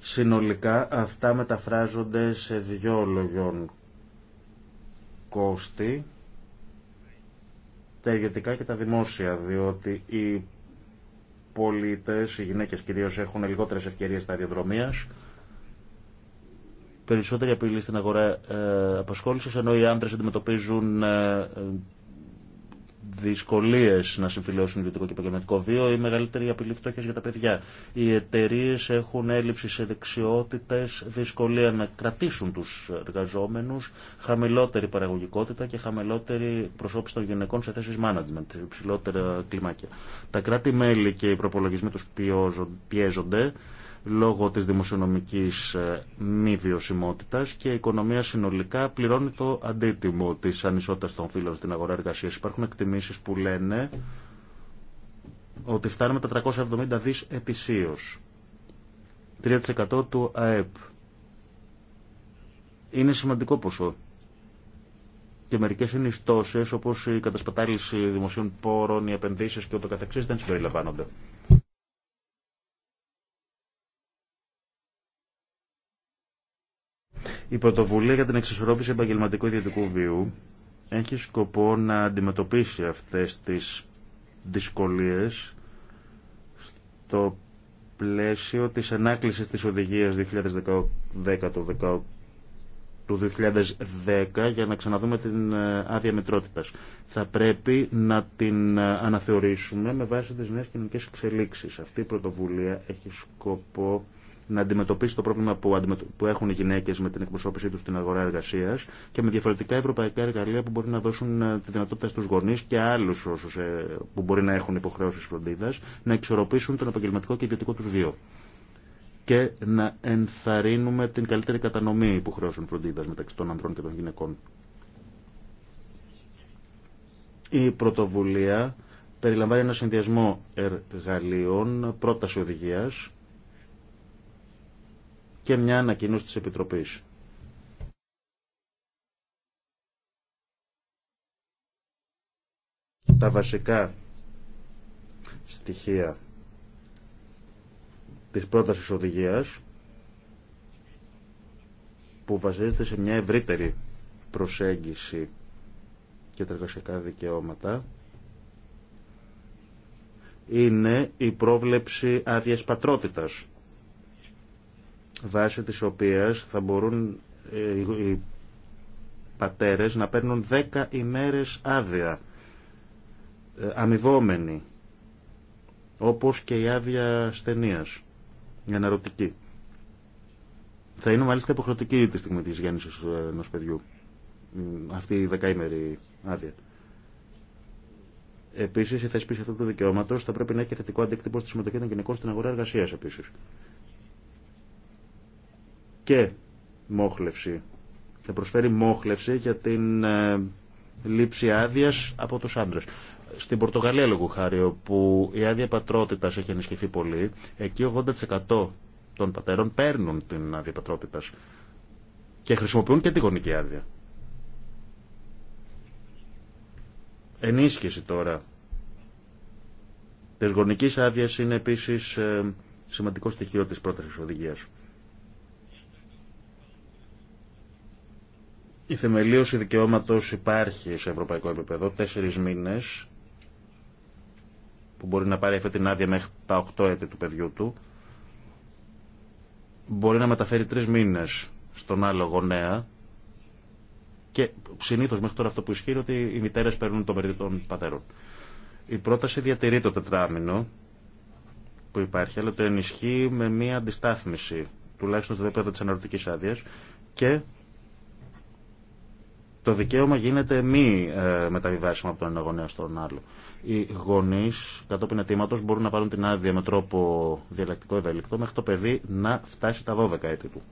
Συνολικά αυτά μεταφράζονται σε δυο λογιών κόστη, τα ιδιωτικά και τα δημόσια, διότι οι πολίτες, οι γυναίκες κυρίως έχουν λιγότερες ευκαιρίες διαδρομία. περισσότερη απειλή στην αγορά ε, απασχόλησης, ενώ οι άντρες αντιμετωπίζουν ε, δυσκολίε να συμφιλειώσουν ιδιωτικό και επαγγελματικό βίο, η μεγαλύτερη απειλή φτώχεια για τα παιδιά. Οι εταιρείε έχουν έλλειψη σε δεξιότητε, δυσκολία να κρατήσουν του εργαζόμενου, χαμηλότερη παραγωγικότητα και χαμηλότερη προσώπηση των γυναικών σε θέσει management, σε υψηλότερα κλιμάκια. Τα κράτη-μέλη και οι προπολογισμοί του πιέζονται λόγω της δημοσιονομικής ε, μη βιωσιμότητας και η οικονομία συνολικά πληρώνει το αντίτιμο της ανισότητας των φύλων στην αγορά εργασίας. Υπάρχουν εκτιμήσεις που λένε ότι φτάνουμε τα 370 δις ετησίως. 3% του ΑΕΠ. Είναι σημαντικό ποσό. Και μερικές ενιστώσεις όπως η κατασπατάληση δημοσίων πόρων, οι επενδύσεις και ούτω καθεξής δεν συμπεριλαμβάνονται. Η πρωτοβουλία για την εξισορρόπηση επαγγελματικού ιδιωτικού βίου έχει σκοπό να αντιμετωπίσει αυτές τις δυσκολίες στο πλαίσιο της ανάκλησης της οδηγίας 2010 του του 2010 για να ξαναδούμε την ε, άδεια μετρότητας. Θα πρέπει να την ε, αναθεωρήσουμε με βάση τις νέες κοινωνικές εξελίξεις. Αυτή η πρωτοβουλία έχει σκοπό να αντιμετωπίσει το πρόβλημα που έχουν οι γυναίκε με την εκπροσώπησή του στην αγορά εργασία και με διαφορετικά ευρωπαϊκά εργαλεία που μπορεί να δώσουν ε, τη δυνατότητα στου γονεί και άλλου όσου ε, που μπορεί να έχουν υποχρεώσει φροντίδα να εξορροπήσουν τον επαγγελματικό και ιδιωτικό του βίο και να ενθαρρύνουμε την καλύτερη κατανομή υποχρεώσεων φροντίδα μεταξύ των ανδρών και των γυναικών. Η πρωτοβουλία περιλαμβάνει ένα συνδυασμό εργαλείων, πρόταση οδηγίας και μια ανακοίνωση της Επιτροπής. Τα βασικά στοιχεία της πρότασης οδηγίας που βασίζεται σε μια ευρύτερη προσέγγιση και τα εργασιακά δικαιώματα είναι η πρόβλεψη άδειας πατρότητας βάσει της οποίας θα μπορούν ε, οι πατέρες να παίρνουν 10 ημέρες άδεια ε, αμοιβόμενοι όπως και η άδεια στενίας η αναρωτική θα είναι μάλιστα υποχρεωτική τη στιγμή της γέννησης ε, ενό παιδιού αυτή η δεκαήμερη άδεια Επίση, η θέσπιση αυτού του δικαιώματο θα πρέπει να έχει θετικό αντίκτυπο στη συμμετοχή των γυναικών στην αγορά εργασία επίσης και μόχλευση. Θα προσφέρει μόχλευση για την ε, λήψη άδεια από τους άντρε. Στην Πορτογαλία, λόγω χάρη, όπου η άδεια πατρότητας έχει ενισχυθεί πολύ, εκεί 80% των πατέρων παίρνουν την άδεια πατρότητας και χρησιμοποιούν και τη γονική άδεια. Ενίσχυση τώρα Τη γονική άδεια είναι επίσης ε, σημαντικό στοιχείο τη πρότασης οδηγία. Η θεμελίωση δικαιώματος υπάρχει σε ευρωπαϊκό επίπεδο τέσσερις μήνες που μπορεί να πάρει αυτή την άδεια μέχρι τα 8 έτη του παιδιού του μπορεί να μεταφέρει τρεις μήνες στον άλλο γονέα και συνήθως μέχρι τώρα αυτό που ισχύει είναι ότι οι μητέρες παίρνουν το μερίδιο των πατέρων. Η πρόταση διατηρεί το τετράμινο που υπάρχει, αλλά το ενισχύει με μία αντιστάθμιση, τουλάχιστον στο επίπεδο της αναρωτικής άδεια και το δικαίωμα γίνεται μη ε, μεταβιβάσιμο από τον ένα γονέα στον άλλο. Οι γονεί κατόπιν αιτήματο μπορούν να πάρουν την άδεια με τρόπο διαλεκτικό ευελικτό μέχρι το παιδί να φτάσει τα 12 έτη του.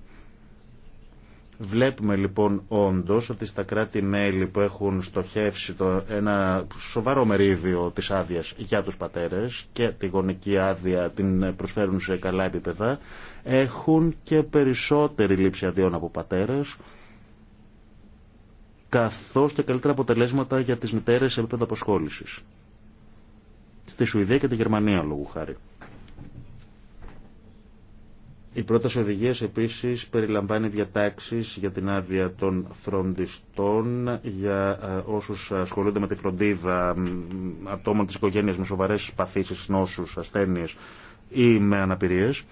Βλέπουμε λοιπόν όντω ότι στα κράτη-μέλη που έχουν στοχεύσει το, ένα σοβαρό μερίδιο τη άδεια για του πατέρε και τη γονική άδεια την προσφέρουν σε καλά επίπεδα, έχουν και περισσότερη λήψη αδειών από πατέρε καθώς και καλύτερα αποτελέσματα για τις μητέρες σε επίπεδο αποσχόλησης. Στη Σουηδία και τη Γερμανία, λόγου χάρη. Η πρόταση οδηγίας επίσης περιλαμβάνει διατάξεις για την άδεια των φροντιστών, για ε, όσους ασχολούνται με τη φροντίδα ατόμων της οικογένειας με σοβαρές παθήσεις, νόσους, ασθένειες ή με αναπηρίες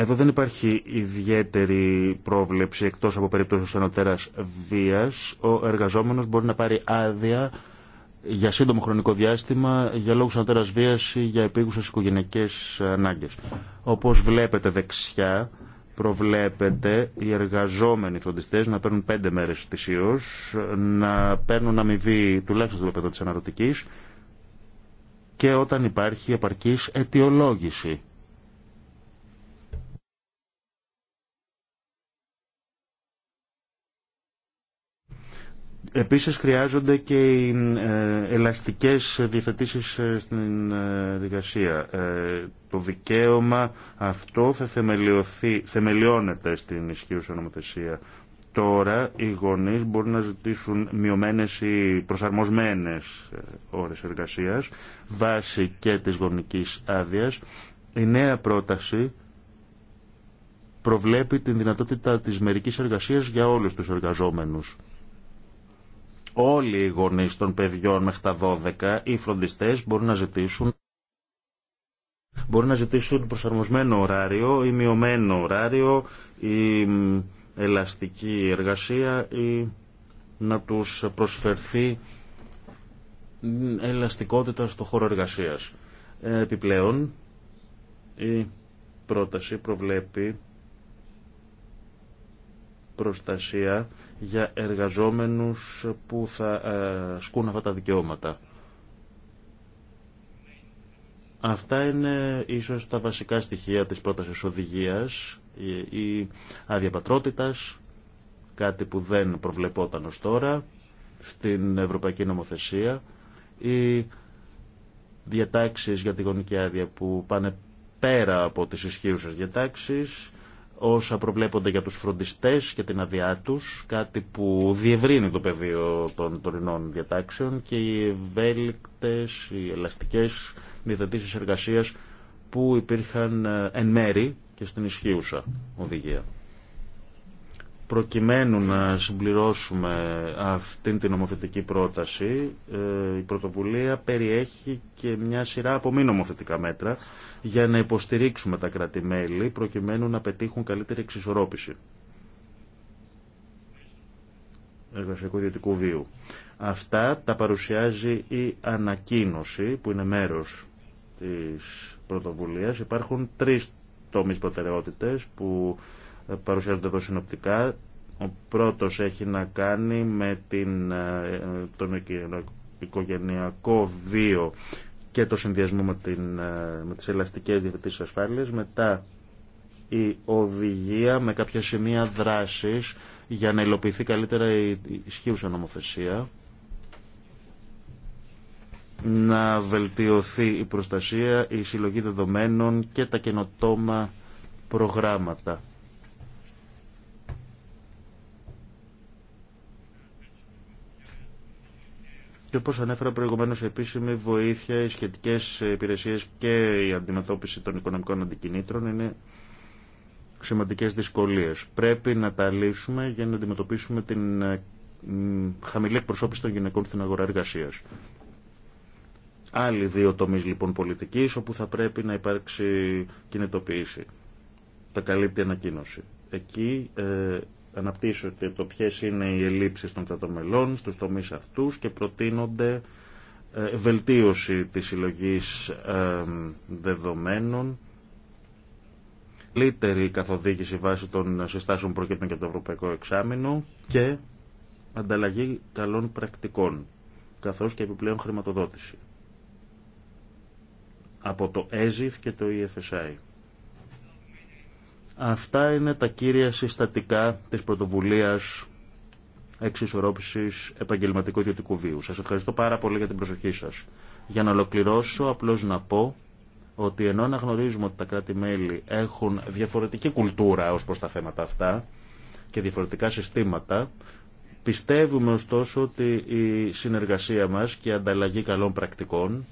εδώ δεν υπάρχει ιδιαίτερη πρόβλεψη εκτός από περίπτωση ανωτέρας βίας. Ο εργαζόμενος μπορεί να πάρει άδεια για σύντομο χρονικό διάστημα για λόγους ανωτέρας βίας ή για επίγουσες οικογενειακές ανάγκες. Όπως βλέπετε δεξιά, προβλέπεται οι εργαζόμενοι φροντιστές να παίρνουν πέντε μέρες θυσίως, να παίρνουν αμοιβή τουλάχιστον στο επίπεδο της αναρωτικής και όταν υπάρχει επαρκής αιτιολόγηση Επίσης χρειάζονται και οι ε, ελαστικές διαθετήσεις ε, στην ε, εργασία. Το δικαίωμα αυτό θα θεμελιωθεί, θεμελιώνεται στην ισχύουσα νομοθεσία. Τώρα οι γονείς μπορούν να ζητήσουν μειωμένες ή προσαρμοσμένες ώρες εργασίας βάσει και της γονικής άδειας. Η νέα πρόταση προβλέπει την δυνατότητα της μερικής εργασίας για όλους τους εργαζόμενους όλοι οι γονείς των παιδιών μέχρι τα 12, οι φροντιστές μπορούν να ζητήσουν Μπορούν να ζητήσουν προσαρμοσμένο ωράριο ή μειωμένο ωράριο ή ελαστική εργασία ή να τους προσφερθεί ελαστικότητα στο χώρο εργασίας. Ε, επιπλέον, η πρόταση προβλέπει προστασία για εργαζόμενους που θα ε, σκούν αυτά τα δικαιώματα. Αυτά είναι ίσως τα βασικά στοιχεία της πρότασης οδηγίας ή αδιαπατρότητας, κάτι που δεν προβλεπόταν ως τώρα στην Ευρωπαϊκή Νομοθεσία ή διατάξεις για τη γονική άδεια που πάνε πέρα από τις ισχύουσες διατάξεις όσα προβλέπονται για τους φροντιστές και την αδειά τους, κάτι που διευρύνει το πεδίο των τωρινών διατάξεων και οι ευέλικτε, οι ελαστικές διαθετήσει εργασίας που υπήρχαν ε, εν μέρη και στην ισχύουσα οδηγία προκειμένου να συμπληρώσουμε αυτήν την νομοθετική πρόταση, ε, η πρωτοβουλία περιέχει και μια σειρά από μη νομοθετικά μέτρα για να υποστηρίξουμε τα κράτη-μέλη προκειμένου να πετύχουν καλύτερη εξισορρόπηση εργασιακού ιδιωτικού βίου. Αυτά τα παρουσιάζει η ανακοίνωση που είναι μέρος της πρωτοβουλίας. Υπάρχουν τρεις τομείς προτεραιότητες που ε, παρουσιάζονται εδώ συνοπτικά. Ο πρώτος έχει να κάνει με την, ε, τον οικογενειακό βίο και το συνδυασμό με, την, ε, με τις ελαστικές διευθυντήσεις ασφάλειας. Μετά η οδηγία με κάποια σημεία δράσης για να υλοποιηθεί καλύτερα η ισχύουσα νομοθεσία να βελτιωθεί η προστασία, η συλλογή δεδομένων και τα καινοτόμα προγράμματα. Και όπω ανέφερα προηγουμένω, η επίσημη βοήθεια, οι σχετικές υπηρεσίε και η αντιμετώπιση των οικονομικών αντικινήτρων είναι σημαντικέ δυσκολίες. Πρέπει να τα λύσουμε για να αντιμετωπίσουμε την ε, χαμηλή εκπροσώπηση των γυναικών στην αγορά εργασίας. Άλλοι δύο τομεί λοιπόν πολιτική όπου θα πρέπει να υπάρξει κινητοποίηση. Τα καλύπτει ανακοίνωση. Εκεί ε, αναπτύσσονται το ποιε είναι οι ελλείψεις των κρατομελών στους τομείς αυτούς και προτείνονται ε, βελτίωση της συλλογή ε, δεδομένων, λύτερη καθοδήγηση βάσει των συστάσεων προκύπτων και το Ευρωπαϊκό Εξάμεινο και ανταλλαγή καλών πρακτικών, καθώς και επιπλέον χρηματοδότηση από το ΕΖΙΦ και το EFSI. Αυτά είναι τα κύρια συστατικά της πρωτοβουλίας εξισορρόπησης επαγγελματικού ιδιωτικού βίου. Σας ευχαριστώ πάρα πολύ για την προσοχή σας. Για να ολοκληρώσω, απλώς να πω ότι ενώ αναγνωρίζουμε ότι τα κράτη-μέλη έχουν διαφορετική κουλτούρα ως προς τα θέματα αυτά και διαφορετικά συστήματα, πιστεύουμε ωστόσο ότι η συνεργασία μας και η ανταλλαγή καλών πρακτικών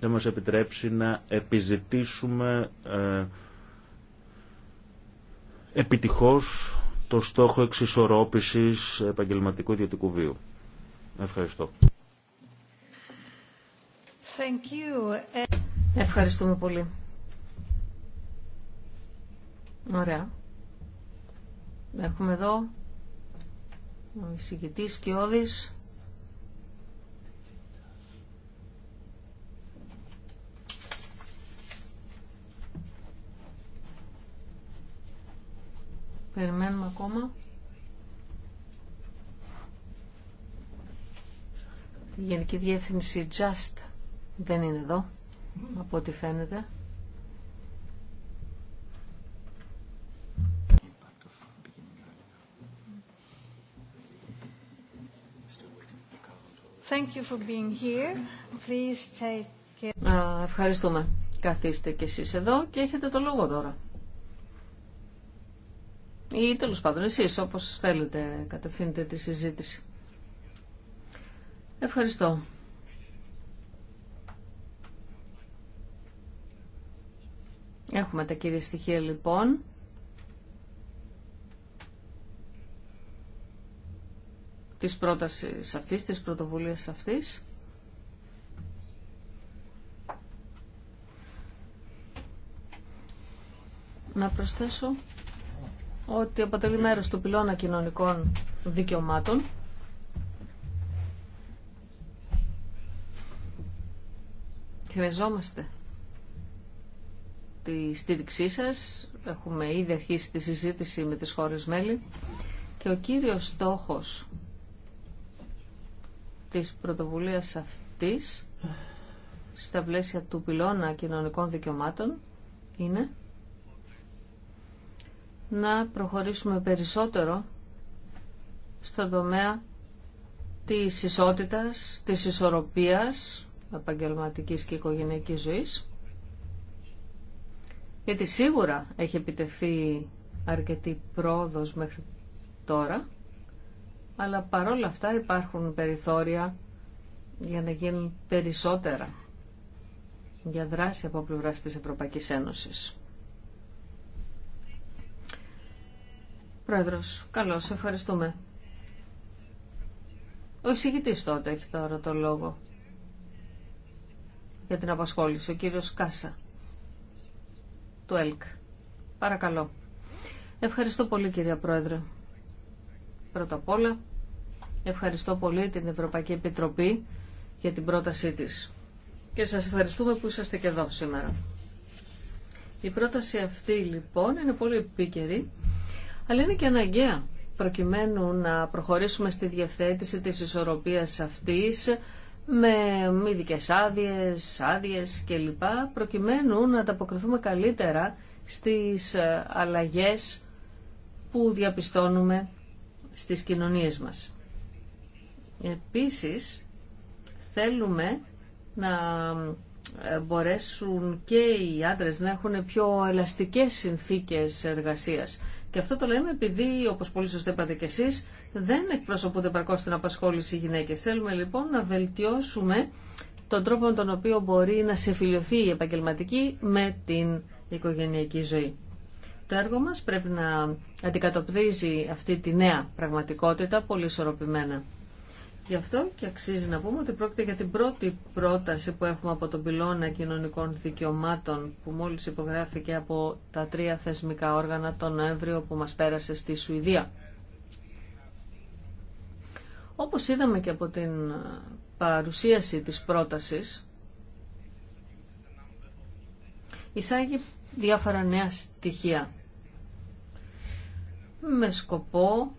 θα μας επιτρέψει να επιζητήσουμε ε, επιτυχώς το στόχο εξισορρόπησης επαγγελματικού ιδιωτικού βίου. Ευχαριστώ. Thank you. Ευχαριστούμε πολύ. Ωραία. Έχουμε εδώ ο εισηγητής Κιώδης. Περιμένουμε ακόμα. Η Γενική Διεύθυνση Just δεν είναι εδώ, από ό,τι φαίνεται. Thank you for being here. Please take... ευχαριστούμε. Καθίστε κι εσείς εδώ και έχετε το λόγο τώρα. Ή τέλος πάντων εσείς όπως θέλετε κατευθύνετε τη συζήτηση. Ευχαριστώ. Έχουμε τα κύρια στοιχεία λοιπόν. της πρότασης αυτής, της πρωτοβουλίας αυτής. Να προσθέσω ότι αποτελεί μέρος του πυλώνα κοινωνικών δικαιωμάτων χρειαζόμαστε τη στήριξή σας. Έχουμε ήδη αρχίσει τη συζήτηση με τις χώρες μέλη και ο κύριος στόχος της πρωτοβουλίας αυτής στα πλαίσια του πυλώνα κοινωνικών δικαιωμάτων είναι να προχωρήσουμε περισσότερο στο τομέα της ισότητας, της ισορροπίας επαγγελματικής και οικογενειακής ζωής γιατί σίγουρα έχει επιτευχθεί αρκετή πρόοδος μέχρι τώρα αλλά παρόλα αυτά υπάρχουν περιθώρια για να γίνουν περισσότερα για δράση από πλευρά της Ευρωπαϊκής Ένωσης. Πρόεδρος, καλώς, ευχαριστούμε. Ο εισηγητής τότε έχει τώρα το λόγο για την απασχόληση, ο κύριος Κάσα του ΕΛΚ. Παρακαλώ. Ευχαριστώ πολύ κυρία Πρόεδρε. Πρώτα απ' όλα, ευχαριστώ πολύ την Ευρωπαϊκή Επιτροπή για την πρότασή της. Και σας ευχαριστούμε που είσαστε και εδώ σήμερα. Η πρόταση αυτή λοιπόν είναι πολύ επίκαιρη αλλά είναι και αναγκαία προκειμένου να προχωρήσουμε στη διευθέτηση της ισορροπίας αυτής με μυδικέ άδειε, άδειε κλπ. προκειμένου να ανταποκριθούμε καλύτερα στις ε, αλλαγές που διαπιστώνουμε στις κοινωνίες μας. Επίσης, θέλουμε να ε, μπορέσουν και οι άντρες να έχουν πιο ελαστικές συνθήκες εργασίας. Και αυτό το λέμε επειδή, όπω πολύ σωστά είπατε κι εσεί, δεν εκπροσωπούνται παρκώ στην απασχόληση οι γυναίκε. Θέλουμε λοιπόν να βελτιώσουμε τον τρόπο με τον οποίο μπορεί να συμφιλειωθεί η επαγγελματική με την οικογενειακή ζωή. Το έργο μας πρέπει να αντικατοπτρίζει αυτή τη νέα πραγματικότητα πολύ ισορροπημένα. Γι' αυτό και αξίζει να πούμε ότι πρόκειται για την πρώτη πρόταση που έχουμε από τον πυλώνα κοινωνικών δικαιωμάτων που μόλις υπογράφηκε από τα τρία θεσμικά όργανα τον Νοέμβριο που μας πέρασε στη Σουηδία. Όπως είδαμε και από την παρουσίαση της πρότασης, εισάγει διάφορα νέα στοιχεία με σκοπό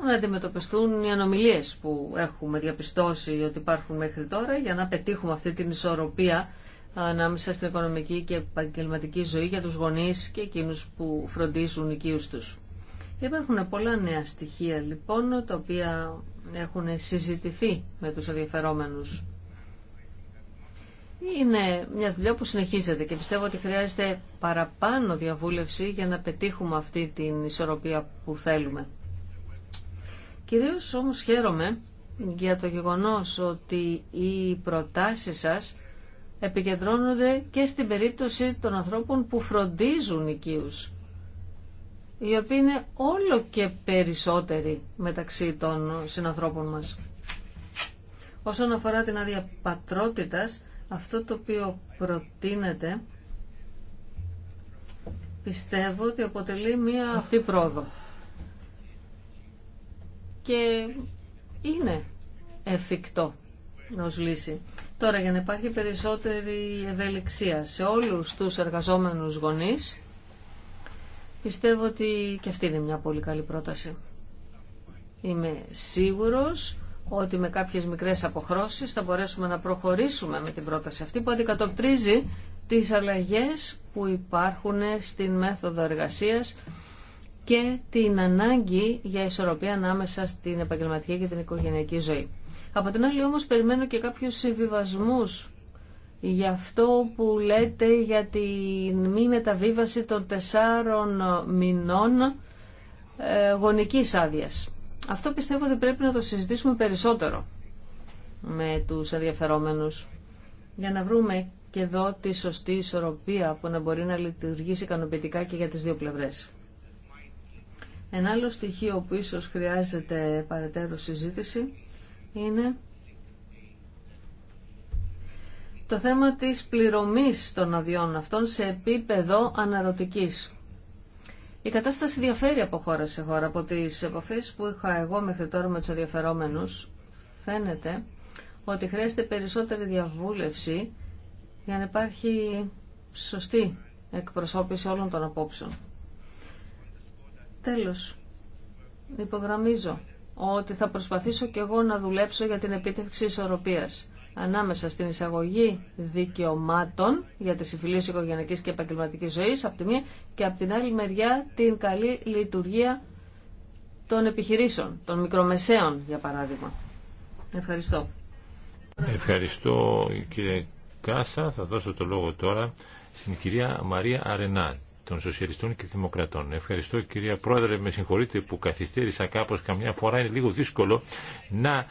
να αντιμετωπιστούν οι ανομιλίε που έχουμε διαπιστώσει ότι υπάρχουν μέχρι τώρα για να πετύχουμε αυτή την ισορροπία ανάμεσα στην οικονομική και επαγγελματική ζωή για τους γονείς και εκείνους που φροντίζουν οικείους τους. Υπάρχουν πολλά νέα στοιχεία λοιπόν τα οποία έχουν συζητηθεί με τους ενδιαφερόμενους. Είναι μια δουλειά που συνεχίζεται και πιστεύω ότι χρειάζεται παραπάνω διαβούλευση για να πετύχουμε αυτή την ισορροπία που θέλουμε. Κυρίως όμως χαίρομαι για το γεγονός ότι οι προτάσεις σας επικεντρώνονται και στην περίπτωση των ανθρώπων που φροντίζουν οικείους, οι οποίοι είναι όλο και περισσότεροι μεταξύ των συνανθρώπων μας. Όσον αφορά την άδεια πατρότητας, αυτό το οποίο προτείνεται πιστεύω ότι αποτελεί μία αυτή πρόοδο και είναι εφικτό ως λύση. Τώρα για να υπάρχει περισσότερη ευελιξία σε όλους τους εργαζόμενους γονείς πιστεύω ότι και αυτή είναι μια πολύ καλή πρόταση. Είμαι σίγουρος ότι με κάποιες μικρές αποχρώσεις θα μπορέσουμε να προχωρήσουμε με την πρόταση αυτή που αντικατοπτρίζει τις αλλαγές που υπάρχουν στην μέθοδο εργασίας και την ανάγκη για ισορροπία ανάμεσα στην επαγγελματική και την οικογενειακή ζωή. Από την άλλη όμως περιμένω και κάποιους συμβιβασμού για αυτό που λέτε για τη μη μεταβίβαση των τεσσάρων μηνών ε, γονικής άδεια. Αυτό πιστεύω ότι πρέπει να το συζητήσουμε περισσότερο με τους ενδιαφερόμενους για να βρούμε και εδώ τη σωστή ισορροπία που να μπορεί να λειτουργήσει ικανοποιητικά και για τις δύο πλευρές. Ένα άλλο στοιχείο που ίσως χρειάζεται παρατέρω συζήτηση είναι το θέμα της πληρωμής των αδειών αυτών σε επίπεδο αναρωτικής. Η κατάσταση διαφέρει από χώρα σε χώρα. Από τις επαφές που είχα εγώ μέχρι τώρα με τους ενδιαφερόμενους φαίνεται ότι χρειάζεται περισσότερη διαβούλευση για να υπάρχει σωστή εκπροσώπηση όλων των απόψεων. Τέλος, υπογραμμίζω ότι θα προσπαθήσω και εγώ να δουλέψω για την επίτευξη ισορροπίας ανάμεσα στην εισαγωγή δικαιωμάτων για τη συμφιλίωση οικογενειακής και επαγγελματικής ζωής από και από την άλλη μεριά την καλή λειτουργία των επιχειρήσεων, των μικρομεσαίων για παράδειγμα. Ευχαριστώ. Ευχαριστώ κύριε Κάσα. Θα δώσω το λόγο τώρα στην κυρία Μαρία Αρενά, των Σοσιαλιστών και Δημοκρατών. Ευχαριστώ κυρία Πρόεδρε, με συγχωρείτε που καθυστέρησα κάπως, καμιά φορά είναι λίγο δύσκολο να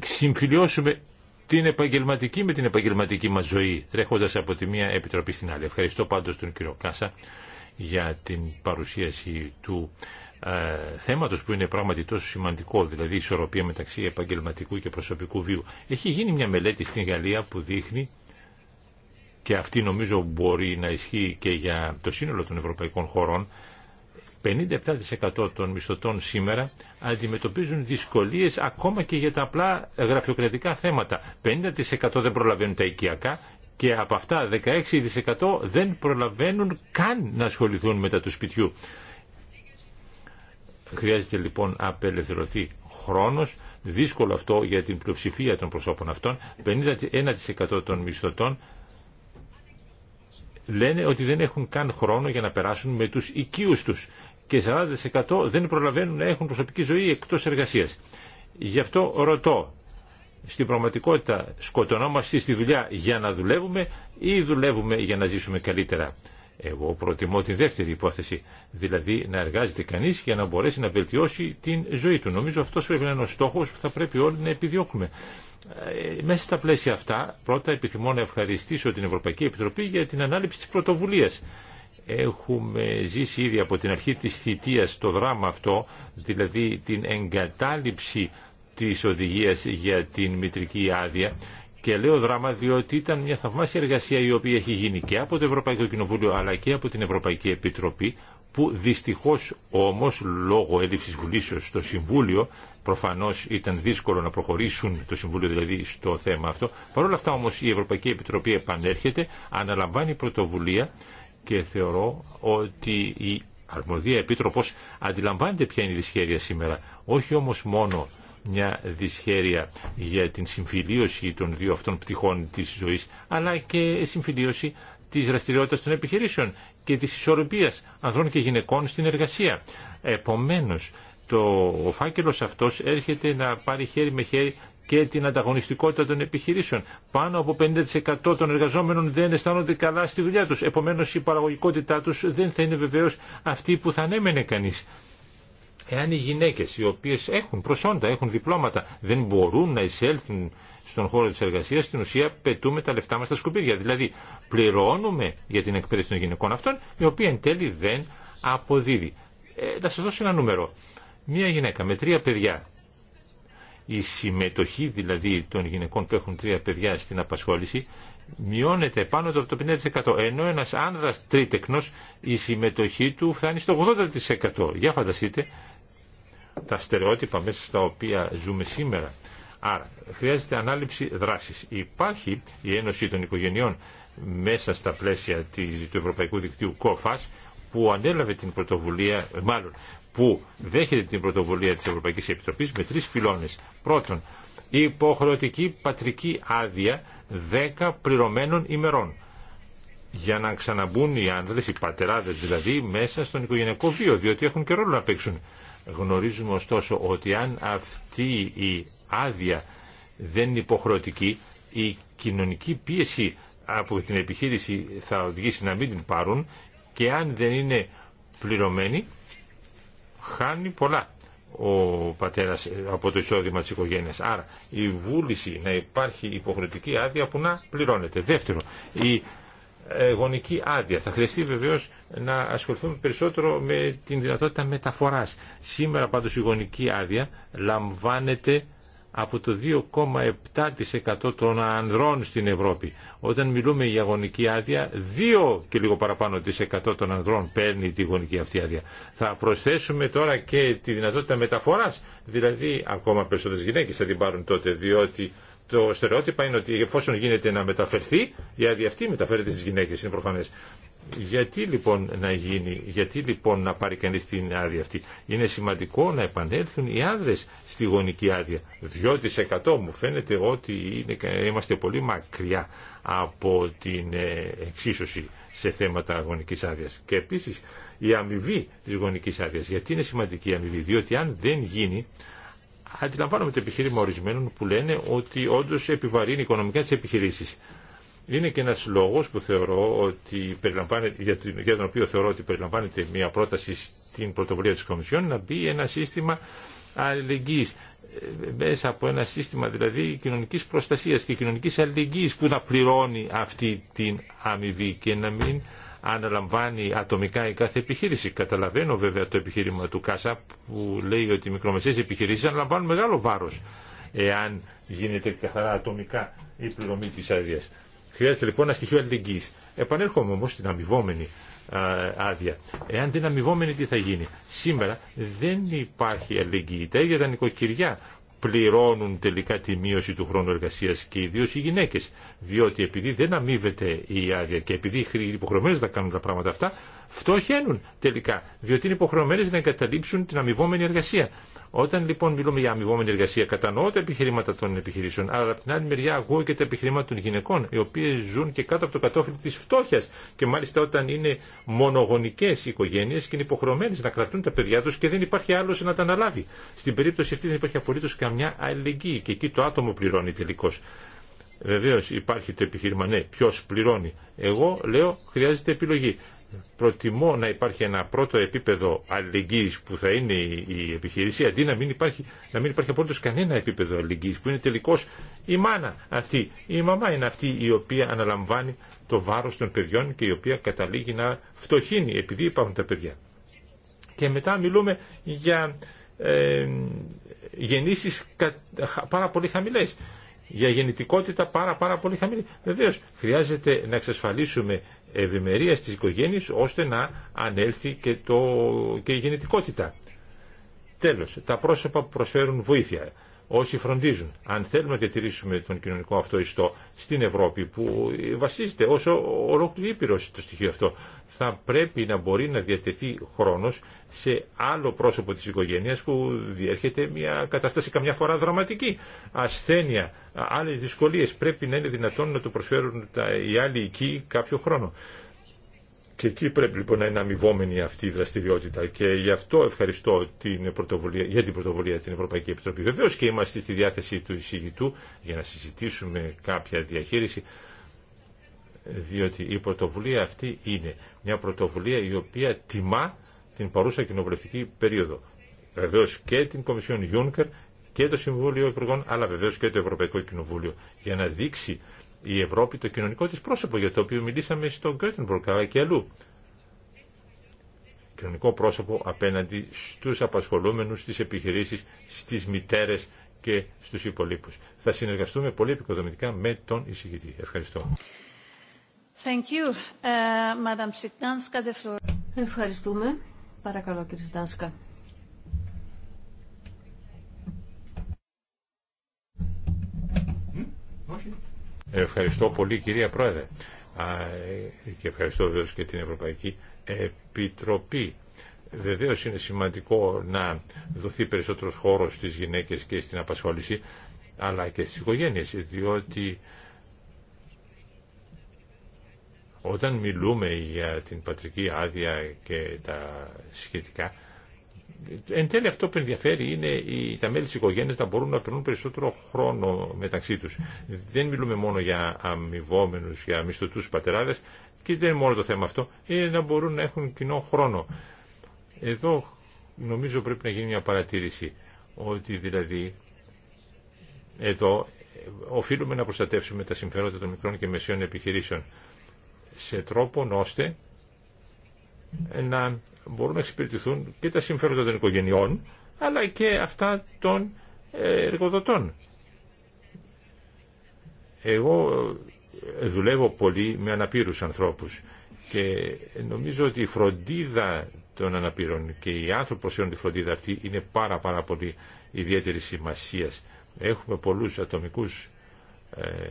συμφιλιώσουμε την επαγγελματική με την επαγγελματική μας ζωή, τρέχοντας από τη μία επιτροπή στην άλλη. Ευχαριστώ πάντως τον κύριο Κάσα για την παρουσίαση του ε, θέματος που είναι πράγματι τόσο σημαντικό, δηλαδή η ισορροπία μεταξύ επαγγελματικού και προσωπικού βίου. Έχει γίνει μια μελέτη στην Γαλλία που δείχνει και αυτή νομίζω μπορεί να ισχύει και για το σύνολο των ευρωπαϊκών χωρών, 57% των μισθωτών σήμερα αντιμετωπίζουν δυσκολίες ακόμα και για τα απλά γραφειοκρατικά θέματα. 50% δεν προλαβαίνουν τα οικιακά και από αυτά 16% δεν προλαβαίνουν καν να ασχοληθούν μετά του σπιτιού. Χρειάζεται λοιπόν απελευθερωθεί χρόνος, δύσκολο αυτό για την πλειοψηφία των προσώπων αυτών, 51% των μισθωτών λένε ότι δεν έχουν καν χρόνο για να περάσουν με τους οικείους τους και 40% δεν προλαβαίνουν να έχουν προσωπική ζωή εκτός εργασίας. Γι' αυτό ρωτώ, στην πραγματικότητα σκοτωνόμαστε στη δουλειά για να δουλεύουμε ή δουλεύουμε για να ζήσουμε καλύτερα. Εγώ προτιμώ την δεύτερη υπόθεση, δηλαδή να εργάζεται κανείς για να μπορέσει να βελτιώσει την ζωή του. Νομίζω αυτός πρέπει να είναι ο στόχος που θα πρέπει όλοι να επιδιώκουμε. Ε, μέσα στα πλαίσια αυτά, πρώτα επιθυμώ να ευχαριστήσω την Ευρωπαϊκή Επιτροπή για την ανάληψη της πρωτοβουλίας. Έχουμε ζήσει ήδη από την αρχή της θητείας το δράμα αυτό, δηλαδή την εγκατάληψη της οδηγίας για την μητρική άδεια. Και λέω δράμα διότι ήταν μια θαυμάσια εργασία η οποία έχει γίνει και από το Ευρωπαϊκό Κοινοβούλιο αλλά και από την Ευρωπαϊκή Επιτροπή που δυστυχώς όμως λόγω έλλειψης βουλήσεως στο Συμβούλιο προφανώς ήταν δύσκολο να προχωρήσουν το Συμβούλιο δηλαδή στο θέμα αυτό. παρόλα αυτά όμως η Ευρωπαϊκή Επιτροπή επανέρχεται, αναλαμβάνει πρωτοβουλία και θεωρώ ότι η Αρμοδία Επίτροπος αντιλαμβάνεται ποια είναι η δυσχέρεια σήμερα. Όχι όμως μόνο μια δυσχέρεια για την συμφιλίωση των δύο αυτών πτυχών της ζωής, αλλά και συμφιλίωση της δραστηριότητας των επιχειρήσεων και της ισορροπίας ανδρών και γυναικών στην εργασία. Επομένως, το, ο φάκελος αυτός έρχεται να πάρει χέρι με χέρι και την ανταγωνιστικότητα των επιχειρήσεων. Πάνω από 50% των εργαζόμενων δεν αισθάνονται καλά στη δουλειά τους. Επομένως η παραγωγικότητά τους δεν θα είναι βεβαίως αυτή που θα ανέμενε κανείς. Εάν οι γυναίκες οι οποίες έχουν προσόντα, έχουν διπλώματα, δεν μπορούν να εισέλθουν στον χώρο της εργασίας, στην ουσία πετούμε τα λεφτά μας στα σκουπίδια. Δηλαδή πληρώνουμε για την εκπαίδευση των γυναικών αυτών, η οποία εν τέλει δεν αποδίδει. Ε, να σας δώσω ένα νούμερο. Μία γυναίκα με τρία παιδιά, η συμμετοχή δηλαδή των γυναικών που έχουν τρία παιδιά στην απασχόληση μειώνεται πάνω από το 50%. Ενώ ένας άνδρας τρίτεκνος η συμμετοχή του φτάνει στο 80%. Για φανταστείτε τα στερεότυπα μέσα στα οποία ζούμε σήμερα. Άρα χρειάζεται ανάληψη δράσης. Υπάρχει η Ένωση των Οικογενειών μέσα στα πλαίσια του Ευρωπαϊκού Δικτύου ΚΟΦΑΣ που ανέλαβε την πρωτοβουλία, μάλλον που δέχεται την πρωτοβουλία της Ευρωπαϊκής Επιτροπής με τρεις πυλώνες. Πρώτον, υποχρεωτική πατρική άδεια 10 πληρωμένων ημερών για να ξαναμπούν οι άνδρες, οι πατεράδες δηλαδή, μέσα στον οικογενειακό βίο, διότι έχουν και ρόλο να παίξουν. Γνωρίζουμε ωστόσο ότι αν αυτή η άδεια δεν είναι υποχρεωτική, η κοινωνική πίεση από την επιχείρηση θα οδηγήσει να μην την πάρουν και αν δεν είναι πληρωμένη, χάνει πολλά ο πατέρας ε, από το εισόδημα της οικογένειας. Άρα η βούληση να υπάρχει υποχρεωτική άδεια που να πληρώνεται. Δεύτερο, ε, γονική άδεια. Θα χρειαστεί βεβαίως να ασχοληθούμε περισσότερο με την δυνατότητα μεταφοράς. Σήμερα πάντως η γονική άδεια λαμβάνεται από το 2,7% των ανδρών στην Ευρώπη. Όταν μιλούμε για γονική άδεια, 2 και λίγο παραπάνω της εκατό των ανδρών παίρνει τη γονική αυτή άδεια. Θα προσθέσουμε τώρα και τη δυνατότητα μεταφοράς, δηλαδή ακόμα περισσότερες γυναίκες θα την πάρουν τότε, διότι το στερεότυπα είναι ότι εφόσον γίνεται να μεταφερθεί, η άδεια αυτή μεταφέρεται στις γυναίκες, είναι προφανές. Γιατί λοιπόν να γίνει, γιατί λοιπόν να πάρει κανεί την άδεια αυτή. Είναι σημαντικό να επανέλθουν οι άνδρες στη γονική άδεια. 2% μου φαίνεται ότι είναι, είμαστε πολύ μακριά από την ε, εξίσωση σε θέματα γονικής άδεια. Και επίση η αμοιβή τη γονικής άδεια. Γιατί είναι σημαντική η αμοιβή, διότι αν δεν γίνει αντιλαμβάνομαι το επιχείρημα ορισμένων που λένε ότι όντω επιβαρύνει οικονομικά τι επιχειρήσει. Είναι και ένα λόγο που θεωρώ ότι περιλαμβάνεται, για τον οποίο θεωρώ ότι περιλαμβάνεται μια πρόταση στην πρωτοβουλία τη Κομισιόν να μπει ένα σύστημα αλληλεγγύη. Ε, μέσα από ένα σύστημα δηλαδή κοινωνική προστασία και κοινωνική αλληλεγγύη που να πληρώνει αυτή την αμοιβή και να μην αναλαμβάνει ατομικά η κάθε επιχείρηση. Καταλαβαίνω βέβαια το επιχείρημα του Κάσα που λέει ότι οι μικρομεσαίες επιχειρήσεις αναλαμβάνουν μεγάλο βάρος εάν γίνεται καθαρά ατομικά η πληρωμή τη άδεια. Χρειάζεται λοιπόν ένα στοιχείο αλληλεγγύης. Επανέρχομαι όμω στην αμοιβόμενη άδεια. Εάν δεν αμοιβόμενη τι θα γίνει. Σήμερα δεν υπάρχει αλληλεγγύη. Τα ίδια τα νοικοκυριά πληρώνουν τελικά τη μείωση του χρόνου εργασίας και ιδίω οι γυναίκε, Διότι επειδή δεν αμείβεται η άδεια και επειδή υποχρεωμένε να κάνουν τα πράγματα αυτά, φτωχαίνουν τελικά, διότι είναι υποχρεωμένε να εγκαταλείψουν την αμοιβόμενη εργασία. Όταν λοιπόν μιλούμε για αμοιβόμενη εργασία, κατανοώ τα επιχειρήματα των επιχειρήσεων, αλλά από την άλλη μεριά ακούω και τα επιχειρήματα των γυναικών, οι οποίε ζουν και κάτω από το κατόφλι τη φτώχεια. Και μάλιστα όταν είναι μονογονικέ οι οικογένειε και είναι υποχρεωμένε να κρατούν τα παιδιά του και δεν υπάρχει άλλο να τα αναλάβει. Στην περίπτωση αυτή δεν υπάρχει απολύτω καμιά αλληλεγγύη και εκεί το άτομο πληρώνει τελικώ. Βεβαίω υπάρχει το επιχείρημα, ναι, ποιο πληρώνει. Εγώ λέω χρειάζεται επιλογή προτιμώ να υπάρχει ένα πρώτο επίπεδο αλληλεγγύης που θα είναι η επιχείρηση αντί να μην υπάρχει, να μην υπάρχει απολύτως κανένα επίπεδο αλληλεγγύης που είναι τελικώς η μάνα αυτή, η μαμά είναι αυτή η οποία αναλαμβάνει το βάρος των παιδιών και η οποία καταλήγει να φτωχύνει επειδή υπάρχουν τα παιδιά. Και μετά μιλούμε για ε, γεννήσεις πάρα πολύ χαμηλές για γεννητικότητα πάρα πάρα πολύ χαμηλή. Βεβαίως χρειάζεται να εξασφαλίσουμε ευημερία της οικογένειες ώστε να ανέλθει και, το, και η γενετικότητα. Τέλος, τα πρόσωπα που προσφέρουν βοήθεια όσοι φροντίζουν. Αν θέλουμε να διατηρήσουμε τον κοινωνικό αυτό ιστό στην Ευρώπη που βασίζεται όσο ολόκληρη ήπειρο το στοιχείο αυτό, θα πρέπει να μπορεί να διατεθεί χρόνος σε άλλο πρόσωπο της οικογένειας που διέρχεται μια κατάσταση καμιά φορά δραματική. Ασθένεια, άλλες δυσκολίες πρέπει να είναι δυνατόν να του προσφέρουν τα, οι άλλοι εκεί κάποιο χρόνο. Και εκεί πρέπει λοιπόν να είναι αμοιβόμενη αυτή η δραστηριότητα και γι' αυτό ευχαριστώ την πρωτοβουλία, για την πρωτοβουλία την Ευρωπαϊκή Επιτροπή. Βεβαίω και είμαστε στη διάθεση του εισηγητού για να συζητήσουμε κάποια διαχείριση διότι η πρωτοβουλία αυτή είναι μια πρωτοβουλία η οποία τιμά την παρούσα κοινοβουλευτική περίοδο. Βεβαίω και την Κομισιόν Juncker και το Συμβούλιο Υπουργών, αλλά βεβαίω και το Ευρωπαϊκό Κοινοβούλιο για να δείξει η Ευρώπη το κοινωνικό της πρόσωπο για το οποίο μιλήσαμε στο Γκέτενμπουργκ αλλά και αλλού. Κοινωνικό πρόσωπο απέναντι στους απασχολούμενους, στις επιχειρήσεις, στις μητέρες και στους υπολείπους. Θα συνεργαστούμε πολύ επικοδομητικά με τον εισηγητή. Ευχαριστώ. Thank you. Ε, Ευχαριστούμε. Παρακαλώ κύριε Στάνσκα. Ευχαριστώ πολύ κυρία Πρόεδρε και ευχαριστώ βεβαίω και την Ευρωπαϊκή Επιτροπή. Βεβαίω είναι σημαντικό να δοθεί περισσότερος χώρος στις γυναίκες και στην απασχόληση αλλά και στις οικογένειες διότι όταν μιλούμε για την πατρική άδεια και τα σχετικά Εν τέλει αυτό που ενδιαφέρει είναι οι, τα μέλη της οικογένειας να μπορούν να περνούν περισσότερο χρόνο μεταξύ τους. Δεν μιλούμε μόνο για αμοιβόμενους, για μισθωτούς πατεράδες και δεν είναι μόνο το θέμα αυτό, είναι να μπορούν να έχουν κοινό χρόνο. Εδώ νομίζω πρέπει να γίνει μια παρατήρηση ότι δηλαδή εδώ οφείλουμε να προστατεύσουμε τα συμφέροντα των μικρών και μεσαίων επιχειρήσεων σε τρόπο ώστε να μπορούν να εξυπηρετηθούν και τα συμφέροντα των οικογενειών αλλά και αυτά των ε, εργοδοτών. Εγώ ε, δουλεύω πολύ με αναπήρους ανθρώπους και νομίζω ότι η φροντίδα των αναπήρων και οι άνθρωποι που προσφέρουν τη φροντίδα αυτή είναι πάρα πάρα πολύ ιδιαίτερη σημασία. Έχουμε πολλούς ατομικούς ε,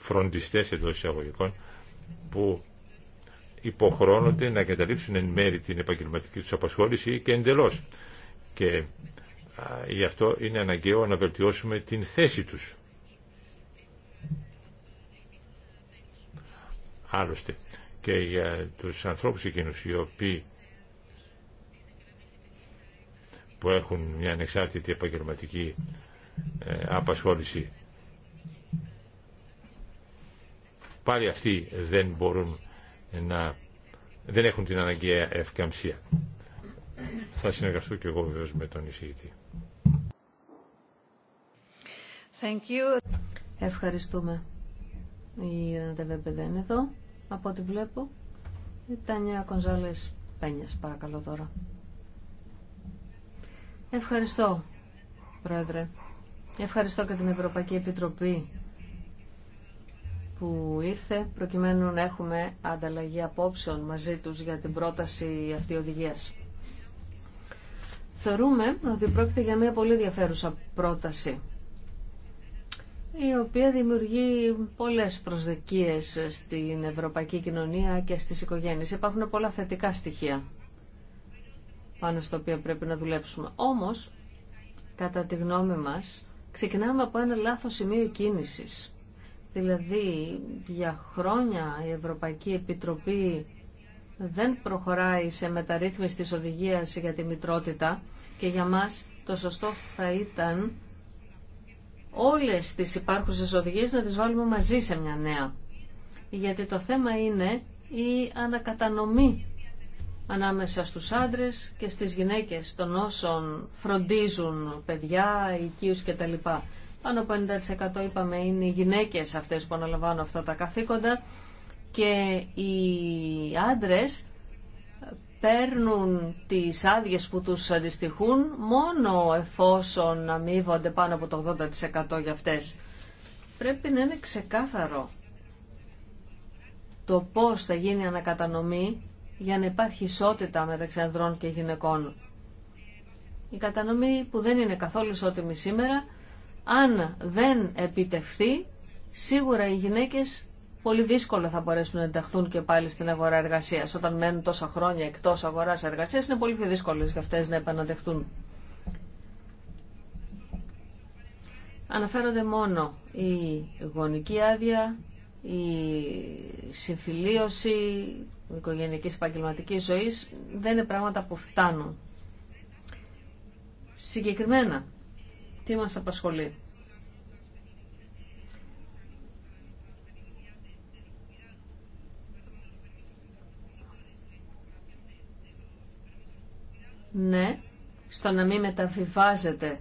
φροντιστές εντό εισαγωγικών που υποχρώνονται να καταλήξουν εν μέρη την επαγγελματική τους απασχόληση και εντελώς. Και γι' αυτό είναι αναγκαίο να βελτιώσουμε την θέση τους. Άλλωστε, και για τους ανθρώπους εκείνους οι οποίοι που έχουν μια ανεξάρτητη επαγγελματική ε, απασχόληση πάλι αυτοί δεν μπορούν να δεν έχουν την αναγκαία ευκαμψία. Θα συνεργαστώ και εγώ βεβαίως με τον εισηγητή. Thank you. Ευχαριστούμε. Η Ραντεβέμπε δεν είναι εδώ, από ό,τι βλέπω. Η Τάνια Κονζάλες Πένιας, παρακαλώ τώρα. Ευχαριστώ, Πρόεδρε. Ευχαριστώ και την Ευρωπαϊκή Επιτροπή που ήρθε προκειμένου να έχουμε ανταλλαγή απόψεων μαζί τους για την πρόταση αυτή οδηγίας. Θεωρούμε ότι πρόκειται για μια πολύ ενδιαφέρουσα πρόταση η οποία δημιουργεί πολλές προσδοκίες στην ευρωπαϊκή κοινωνία και στις οικογένειες. Υπάρχουν πολλά θετικά στοιχεία πάνω στο οποία πρέπει να δουλέψουμε. Όμως, κατά τη γνώμη μας, ξεκινάμε από ένα λάθος σημείο κίνησης. Δηλαδή για χρόνια η Ευρωπαϊκή Επιτροπή δεν προχωράει σε μεταρρύθμιση της οδηγίας για τη μητρότητα και για μας το σωστό θα ήταν όλες τις υπάρχουσες οδηγίες να τις βάλουμε μαζί σε μια νέα. Γιατί το θέμα είναι η ανακατανομή ανάμεσα στους άντρες και στις γυναίκες των όσων φροντίζουν παιδιά, οικείους κτλ. Πάνω από 50% είπαμε είναι οι γυναίκες αυτές που αναλαμβάνουν αυτά τα καθήκοντα και οι άντρες παίρνουν τις άδειε που τους αντιστοιχούν μόνο εφόσον αμείβονται πάνω από το 80% για αυτές. Πρέπει να είναι ξεκάθαρο το πώς θα γίνει η ανακατανομή για να υπάρχει ισότητα μεταξύ ανδρών και γυναικών. Η κατανομή που δεν είναι καθόλου ισότιμη σήμερα αν δεν επιτευχθεί, σίγουρα οι γυναίκες πολύ δύσκολα θα μπορέσουν να ενταχθούν και πάλι στην αγορά εργασίας. Όταν μένουν τόσα χρόνια εκτός αγοράς εργασίας, είναι πολύ πιο δύσκολες για αυτές να επαναδεχτούν. Αναφέρονται μόνο η γονική άδεια, η συμφιλίωση οικογενειακή επαγγελματική ζωή, δεν είναι πράγματα που φτάνουν. Συγκεκριμένα, τι μας απασχολεί. Ναι, στο να μην μεταβιβάζεται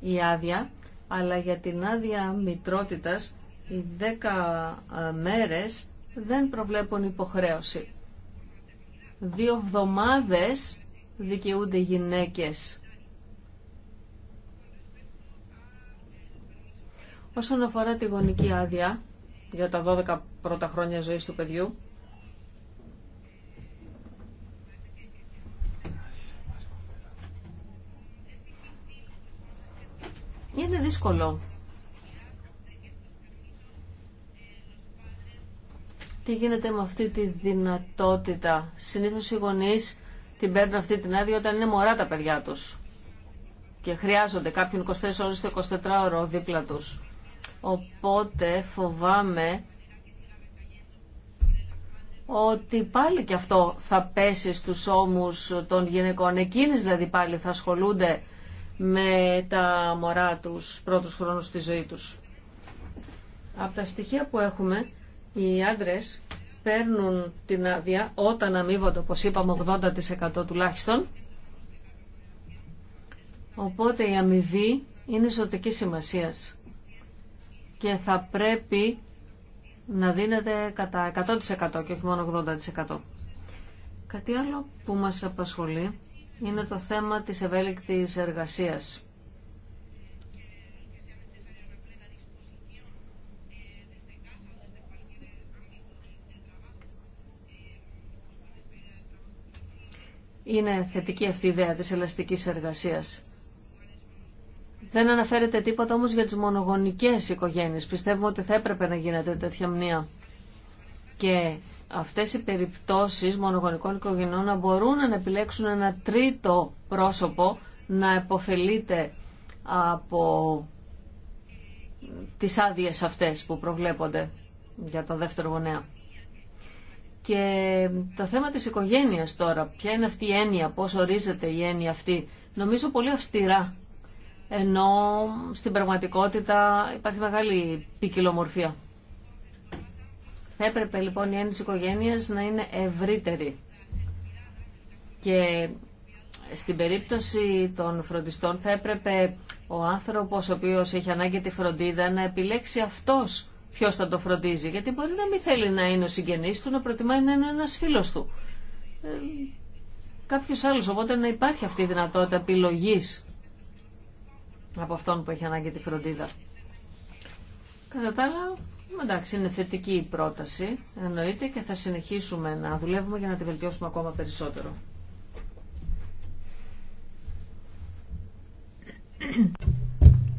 η άδεια, αλλά για την άδεια μητρότητας οι 10 ε, μέρες δεν προβλέπουν υποχρέωση. Δύο εβδομάδες δικαιούνται οι γυναίκες Όσον αφορά τη γονική άδεια για τα 12 πρώτα χρόνια ζωής του παιδιού, είναι δύσκολο. Τι γίνεται με αυτή τη δυνατότητα. Συνήθως οι γονείς την παίρνουν αυτή την άδεια όταν είναι μωρά τα παιδιά τους και χρειάζονται κάποιον 24 ώρες το 24 ώρο δίπλα τους. Οπότε φοβάμαι ότι πάλι και αυτό θα πέσει στους ώμους των γυναικών. Εκείνες δηλαδή πάλι θα ασχολούνται με τα μωρά τους πρώτους χρόνους της ζωής τους. Από τα στοιχεία που έχουμε, οι άντρες παίρνουν την άδεια όταν αμείβονται, όπως είπαμε, 80% τουλάχιστον. Οπότε η αμοιβή είναι ζωτική σημασίας και θα πρέπει να δίνεται κατά 100% και όχι μόνο 80%. Κάτι άλλο που μας απασχολεί είναι το θέμα της ευέλικτης εργασίας. Είναι θετική αυτή η ιδέα της ελαστικής εργασίας. Δεν αναφέρεται τίποτα όμως για τις μονογονικές οικογένειες. Πιστεύουμε ότι θα έπρεπε να γίνεται τέτοια μνήμα. Και αυτές οι περιπτώσεις μονογονικών οικογενειών να μπορούν να επιλέξουν ένα τρίτο πρόσωπο να επωφελείται από τις άδειε αυτές που προβλέπονται για το δεύτερο γονέα. Και το θέμα της οικογένειας τώρα, ποια είναι αυτή η έννοια, πώς ορίζεται η έννοια αυτή, νομίζω πολύ αυστηρά ενώ στην πραγματικότητα υπάρχει μεγάλη ποικιλομορφία. Θα έπρεπε λοιπόν η έννοια οικογένεια να είναι ευρύτερη και στην περίπτωση των φροντιστών θα έπρεπε ο άνθρωπος ο οποίος έχει ανάγκη τη φροντίδα να επιλέξει αυτός ποιος θα το φροντίζει. Γιατί μπορεί να μην θέλει να είναι ο συγγενής του, να προτιμάει να είναι ένας φίλος του. Ε, κάποιος άλλος, οπότε να υπάρχει αυτή η δυνατότητα επιλογής από αυτόν που έχει ανάγκη τη φροντίδα. Κατά τα άλλα, εντάξει, είναι θετική η πρόταση, εννοείται, και θα συνεχίσουμε να δουλεύουμε για να τη βελτιώσουμε ακόμα περισσότερο.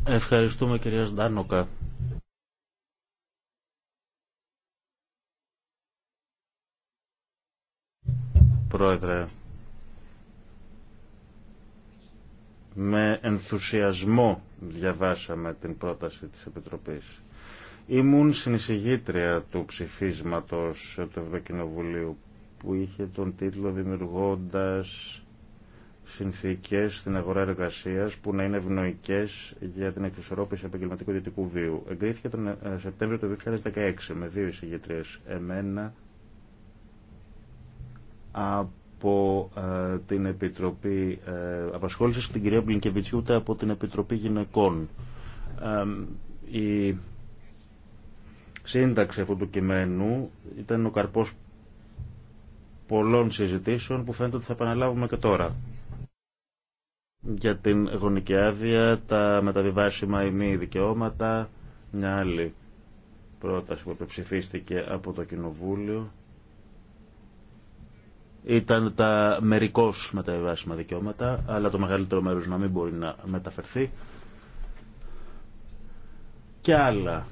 Ευχαριστούμε κυρία Σντάνοκα. Πρόεδρε, Με ενθουσιασμό διαβάσαμε την πρόταση της Επιτροπής. Ήμουν συνεισηγήτρια του ψηφίσματος του Ευρωκοινοβουλίου που είχε τον τίτλο «Δημιουργώντας συνθήκες στην αγορά εργασία που να είναι ευνοϊκές για την εξισορρόπηση επαγγελματικού ιδιωτικού βίου». Εγκρίθηκε τον ε, Σεπτέμβριο του 2016 με δύο εισηγήτριες. Εμένα από ε, την Επιτροπή ε, Απασχόλησης και την κυρία Μπλινκεβιτσιούτα από την Επιτροπή Γυναικών. Ε, η σύνταξη αυτού του κειμένου ήταν ο καρπός πολλών συζητήσεων που φαίνεται ότι θα επαναλάβουμε και τώρα. Για την γονική άδεια, τα μεταβιβάσιμα ή μη δικαιώματα, μια άλλη πρόταση που επεψηφίστηκε από το Κοινοβούλιο ήταν τα μερικώς μεταβιβάσιμα δικαιώματα, αλλά το μεγαλύτερο μέρος να μην μπορεί να μεταφερθεί. Και άλλα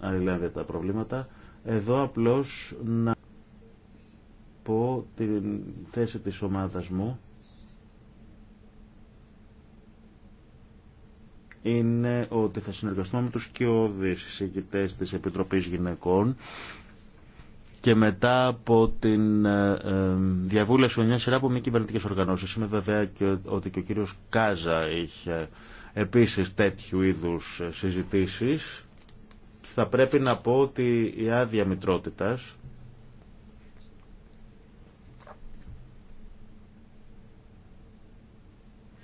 αλληλένδετα προβλήματα. Εδώ απλώς να πω την θέση της ομάδας μου. είναι ότι θα συνεργαστούμε με τους κοιόδης εισηγητές της Επιτροπής Γυναικών και μετά από την ε, ε, διαβούλευση με μια σειρά από μη κυβερνητικέ οργανώσεις. Είμαι βέβαια και, ότι και ο κύριος Κάζα είχε επίσης τέτοιου είδους ε, συζητήσεις. Θα πρέπει να πω ότι η άδεια μητρότητα.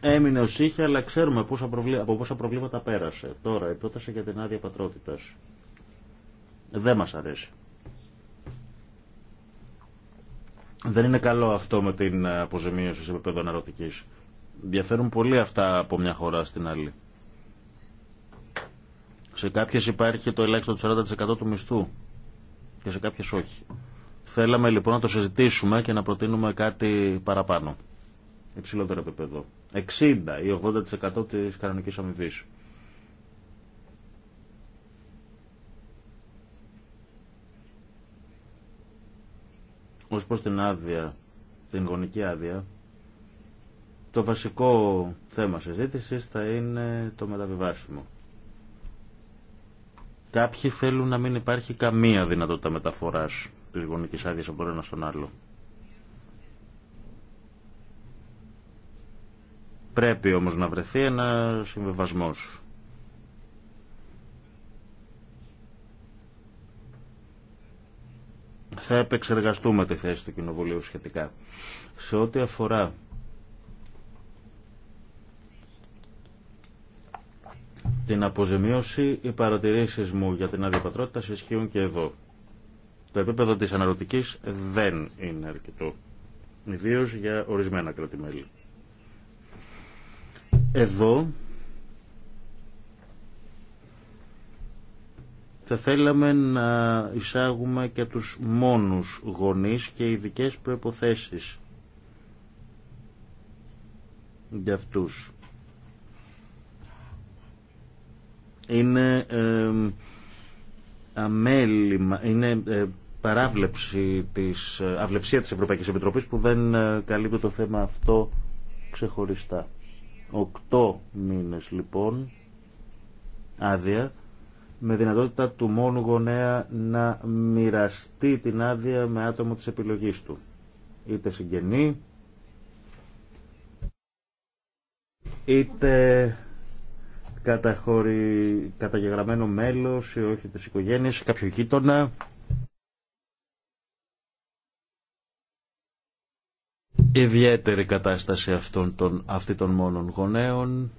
έμεινε ως είχε, αλλά ξέρουμε πόσα από πόσα προβλήματα πέρασε. Τώρα η πρόταση για την άδεια πατρότητας δεν μας αρέσει. Δεν είναι καλό αυτό με την αποζημίωση σε επίπεδο αναρωτική. Διαφέρουν πολύ αυτά από μια χώρα στην άλλη. Σε κάποιε υπάρχει το ελάχιστο 40% του μισθού και σε κάποιε όχι. Θέλαμε λοιπόν να το συζητήσουμε και να προτείνουμε κάτι παραπάνω. Υψηλότερο επίπεδο. 60 ή 80% τη κανονική αμοιβή. ως προς την άδεια, την γονική άδεια, το βασικό θέμα συζήτηση θα είναι το μεταβιβάσιμο. Κάποιοι θέλουν να μην υπάρχει καμία δυνατότητα μεταφοράς της γονικής άδειας από ένα στον άλλο. Πρέπει όμως να βρεθεί ένα συμβιβασμός. θα επεξεργαστούμε τη θέση του Κοινοβουλίου σχετικά. Σε ό,τι αφορά την αποζημίωση, οι παρατηρήσεις μου για την αδιαπατρότητα ισχύουν και εδώ. Το επίπεδο της αναρωτικής δεν είναι αρκετό, ιδίω για ορισμένα κρατημέλη. Εδώ θα θέλαμε να εισάγουμε και τους μόνους γονείς και ειδικέ προϋποθέσεις για αυτούς. Είναι ε, αμέλημα, είναι ε, παράβλεψη της, ε, αυλεψία της Ευρωπαϊκής Επιτροπής που δεν ε, καλύπτει το θέμα αυτό ξεχωριστά. Οκτώ μήνες λοιπόν άδεια με δυνατότητα του μόνου γονέα να μοιραστεί την άδεια με άτομο της επιλογής του. Είτε συγγενή, είτε καταχωρη... καταγεγραμμένο μέλος ή όχι της οικογένειας, κάποιο γείτονα. Ιδιαίτερη κατάσταση αυτών των, αυτή των μόνων γονέων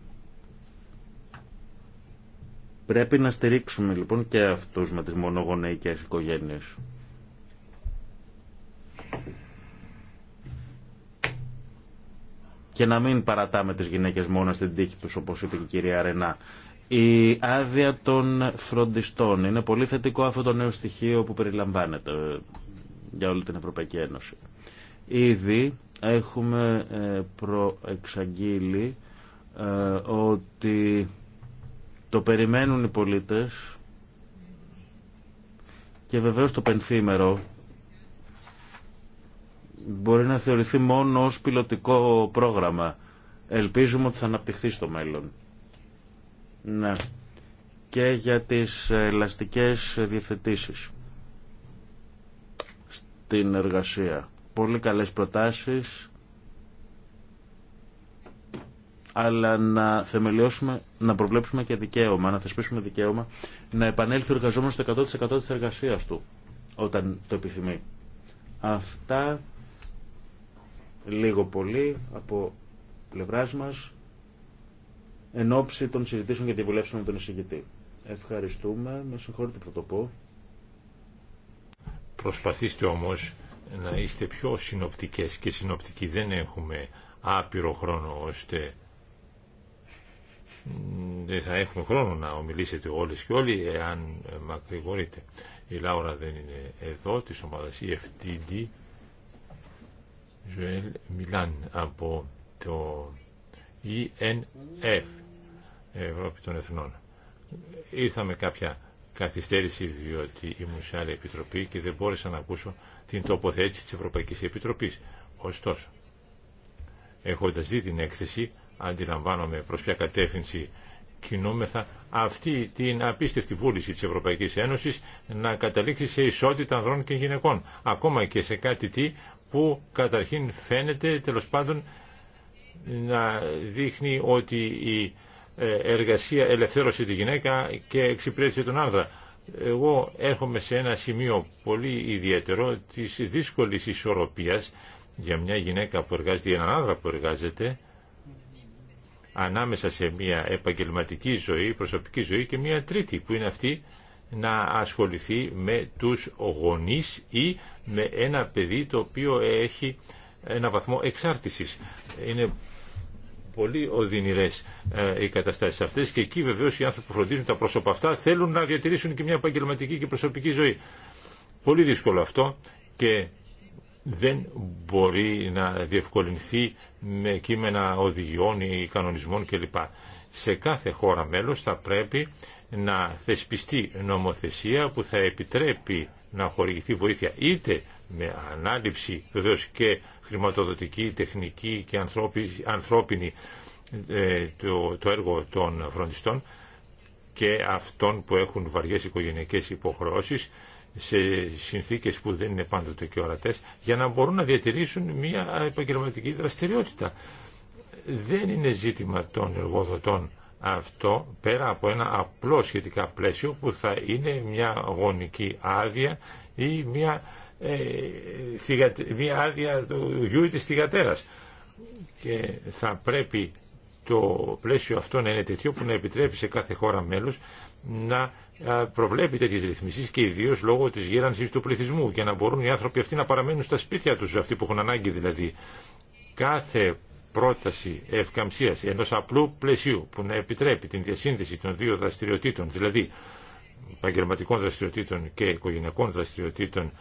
Πρέπει να στηρίξουμε λοιπόν και αυτούς με τις μονογονεϊκές οικογένειες. Και να μην παρατάμε τις γυναίκες μόνο στην τύχη τους όπως είπε η κυρία Ρενά. Η άδεια των φροντιστών. Είναι πολύ θετικό αυτό το νέο στοιχείο που περιλαμβάνεται ε, για όλη την Ευρωπαϊκή Ένωση. Ήδη έχουμε ε, προεξαγγείλει ε, ότι το περιμένουν οι πολίτες και βεβαίως το πενθήμερο μπορεί να θεωρηθεί μόνο ως πιλωτικό πρόγραμμα. Ελπίζουμε ότι θα αναπτυχθεί στο μέλλον. Ναι. Και για τις ελαστικές διευθετήσεις στην εργασία. Πολύ καλές προτάσεις αλλά να θεμελιώσουμε, να προβλέψουμε και δικαίωμα, να θεσπίσουμε δικαίωμα να επανέλθει ο εργαζόμενος στο 100% της εργασίας του, όταν το επιθυμεί. Αυτά λίγο πολύ από πλευράς μας εν ώψη των συζητήσεων και διαβουλεύσεων με τον εισηγητή. Ευχαριστούμε. Με συγχωρείτε που το πω. Προσπαθήστε όμως να είστε πιο συνοπτικές και συνοπτικοί. Δεν έχουμε άπειρο χρόνο ώστε δεν θα έχουμε χρόνο να ομιλήσετε όλες και όλοι εάν ε, μακρηγορείτε. Η Λάουρα δεν είναι εδώ, της ομάδας EFTD. Ζουέλ Μιλάν από το ENF, Ευρώπη των Εθνών. Ήρθαμε κάποια καθυστέρηση διότι ήμουν σε άλλη επιτροπή και δεν μπόρεσα να ακούσω την τοποθέτηση της Ευρωπαϊκής Επιτροπής. Ωστόσο, έχοντας δει την έκθεση, αντιλαμβάνομαι προς ποια κατεύθυνση κινούμεθα αυτή την απίστευτη βούληση της Ευρωπαϊκής Ένωσης να καταλήξει σε ισότητα ανδρών και γυναικών ακόμα και σε κάτι τι που καταρχήν φαίνεται τέλος πάντων να δείχνει ότι η ε, εργασία ελευθέρωσε τη γυναίκα και εξυπηρέτησε τον άνδρα. Εγώ έρχομαι σε ένα σημείο πολύ ιδιαίτερο της δύσκολης ισορροπίας για μια γυναίκα που εργάζεται ή έναν άνδρα που εργάζεται ανάμεσα σε μια επαγγελματική ζωή, προσωπική ζωή και μια τρίτη που είναι αυτή να ασχοληθεί με τους γονείς ή με ένα παιδί το οποίο έχει ένα βαθμό εξάρτησης. Είναι πολύ οδυνηρές ε, οι καταστάσεις αυτές και εκεί βεβαίως οι άνθρωποι που φροντίζουν τα πρόσωπα αυτά θέλουν να διατηρήσουν και μια επαγγελματική και προσωπική ζωή. Πολύ δύσκολο αυτό και δεν μπορεί να διευκολυνθεί με κείμενα οδηγιών ή κανονισμών κλπ. Σε κάθε χώρα μέλος θα πρέπει να θεσπιστεί νομοθεσία που θα επιτρέπει να χορηγηθεί βοήθεια είτε με ανάληψη βεβαίω και χρηματοδοτική, τεχνική και ανθρώπινη ε, το, το έργο των φροντιστών και αυτών που έχουν βαριές οικογενειακές υποχρεώσεις σε συνθήκες που δεν είναι πάντοτε και ορατές για να μπορούν να διατηρήσουν μια επαγγελματική δραστηριότητα. Δεν είναι ζήτημα των εργοδοτών αυτό πέρα από ένα απλό σχετικά πλαίσιο που θα είναι μια γονική άδεια ή μια, ε, μια άδεια του γιού ή της θυγατέρας. Και θα πρέπει το πλαίσιο αυτό να είναι τέτοιο που να επιτρέπει σε κάθε χώρα μέλους να ε, προβλέπει τέτοιε ρυθμίσει και ιδίω λόγω τη γύρανση του πληθυσμού για να μπορούν οι άνθρωποι αυτοί να παραμένουν στα σπίτια του, αυτοί που έχουν ανάγκη δηλαδή. Κάθε πρόταση ευκαμψία ενό απλού πλαισίου που να επιτρέπει την διασύνδεση των δύο δραστηριοτήτων, δηλαδή επαγγελματικών δραστηριοτήτων και οικογενειακών δραστηριοτήτων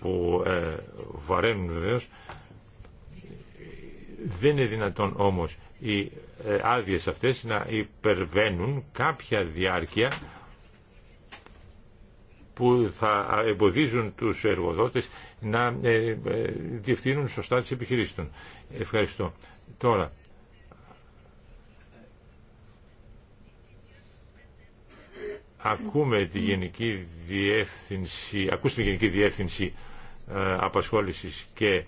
που ε, βαραίνουν βεβαίω, δεν είναι δυνατόν όμως οι ε, άδειε αυτές να υπερβαίνουν κάποια διάρκεια που θα εμποδίζουν τους εργοδότες να ε, ε, διευθύνουν σωστά τις επιχειρήσεις Ευχαριστώ. Τώρα, ακούμε τη Γενική Διεύθυνση, ακούστε τη Γενική Διεύθυνση ε, Απασχόλησης και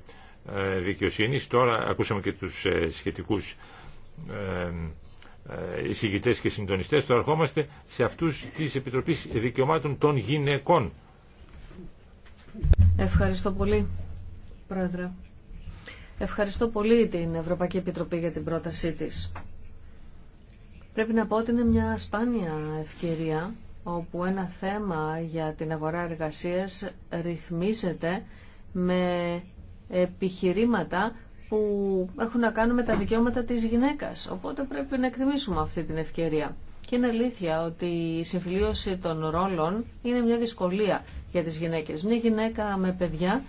Δικαιοσύνης. Τώρα ακούσαμε και τους σχετικούς ε, εισηγητέ και συντονιστές, τώρα ερχόμαστε σε αυτού τη επιτροπή Δικαιωμάτων των Γυναικών. Ευχαριστώ πολύ, Πρόεδρε. Ευχαριστώ πολύ την Ευρωπαϊκή Επιτροπή για την πρότασή της. Πρέπει να πω ότι είναι μια σπάνια ευκαιρία όπου ένα θέμα για την αγορά εργασίας ρυθμίζεται με επιχειρήματα που έχουν να κάνουν με τα δικαιώματα της γυναίκας. Οπότε πρέπει να εκτιμήσουμε αυτή την ευκαιρία. Και είναι αλήθεια ότι η συμφιλίωση των ρόλων είναι μια δυσκολία για τις γυναίκες. Μια γυναίκα με παιδιά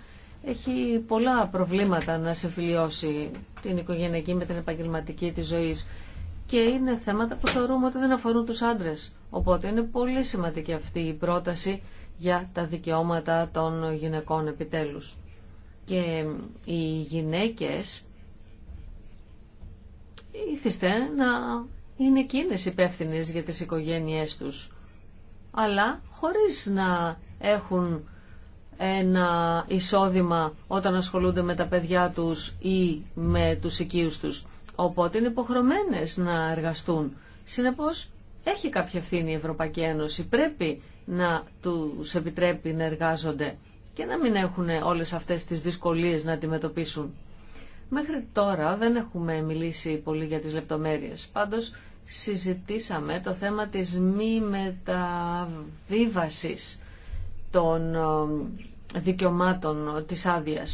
έχει πολλά προβλήματα να συμφιλιώσει την οικογενειακή με την επαγγελματική της ζωής και είναι θέματα που θεωρούμε ότι δεν αφορούν τους άντρες. Οπότε είναι πολύ σημαντική αυτή η πρόταση για τα δικαιώματα των γυναικών επιτέλους και οι γυναίκες ήθιστε να είναι εκείνες υπεύθυνε για τις οικογένειές τους αλλά χωρίς να έχουν ένα εισόδημα όταν ασχολούνται με τα παιδιά τους ή με τους οικείους τους. Οπότε είναι υποχρεωμένες να εργαστούν. Συνεπώς έχει κάποια ευθύνη η Ευρωπαϊκή Ένωση. Πρέπει να τους επιτρέπει να εργάζονται και να μην έχουν όλες αυτές τις δυσκολίες να αντιμετωπίσουν. Μέχρι τώρα δεν έχουμε μιλήσει πολύ για τις λεπτομέρειες. Πάντως συζητήσαμε το θέμα της μη μεταβίβασης των δικαιωμάτων της άδεια.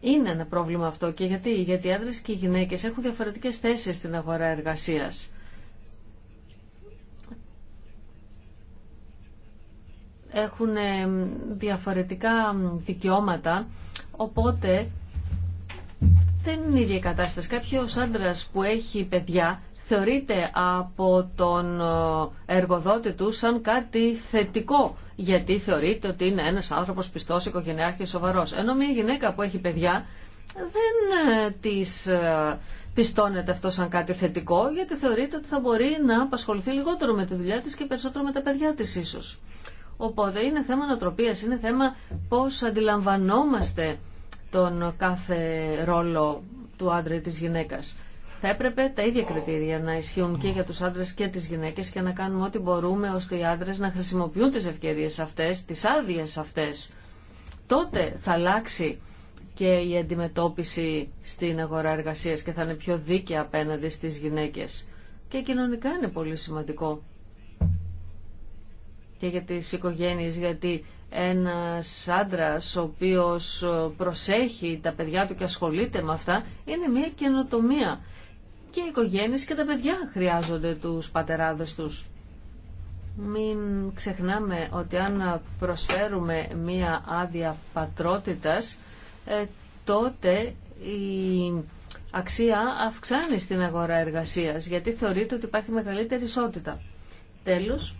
Είναι ένα πρόβλημα αυτό και γιατί, γιατί οι άντρες και οι γυναίκες έχουν διαφορετικές θέσεις στην αγορά εργασίας. έχουν ε, διαφορετικά δικαιώματα, οπότε δεν είναι η ίδια κατάσταση. Κάποιος άντρας που έχει παιδιά θεωρείται από τον ε, εργοδότη του σαν κάτι θετικό, γιατί θεωρείται ότι είναι ένας άνθρωπος πιστός, οικογενειάρχης, σοβαρός. Ενώ μια γυναίκα που έχει παιδιά δεν ε, της πιστώνεται αυτό σαν κάτι θετικό, γιατί θεωρείται ότι θα μπορεί να απασχοληθεί λιγότερο με τη δουλειά της και περισσότερο με τα παιδιά της ίσως. Οπότε είναι θέμα νοοτροπίας, είναι θέμα πώς αντιλαμβανόμαστε τον κάθε ρόλο του άντρα ή της γυναίκας. Θα έπρεπε τα ίδια κριτήρια να ισχύουν και για τους άντρες και τις γυναίκες και να κάνουμε ό,τι μπορούμε ώστε οι άντρες να χρησιμοποιούν τις ευκαιρίες αυτές, τις άδειε αυτές. Τότε θα αλλάξει και η αντιμετώπιση στην αγορά εργασίας και θα είναι πιο δίκαια απέναντι στις γυναίκες. Και κοινωνικά είναι πολύ σημαντικό και για τις οικογένειες γιατί ένας άντρα ο οποίος προσέχει τα παιδιά του και ασχολείται με αυτά είναι μια καινοτομία και οι οικογένειες και τα παιδιά χρειάζονται τους πατεράδες τους. Μην ξεχνάμε ότι αν προσφέρουμε μία άδεια πατρότητας, ε, τότε η αξία αυξάνει στην αγορά εργασίας, γιατί θεωρείται ότι υπάρχει μεγαλύτερη ισότητα. Τέλος,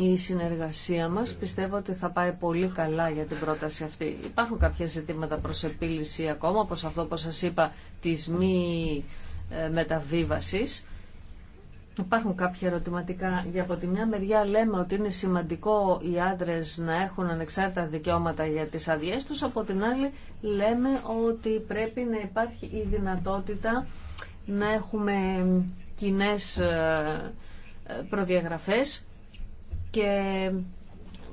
η συνεργασία μας πιστεύω ότι θα πάει πολύ καλά για την πρόταση αυτή. Υπάρχουν κάποια ζητήματα προς επίλυση ακόμα, όπως αυτό που σας είπα, της μη ε, μεταβίβασης. Υπάρχουν κάποια ερωτηματικά. Για από τη μια μεριά λέμε ότι είναι σημαντικό οι άντρε να έχουν ανεξάρτητα δικαιώματα για τις άδειέ τους. Από την άλλη λέμε ότι πρέπει να υπάρχει η δυνατότητα να έχουμε κοινέ ε, προδιαγραφές και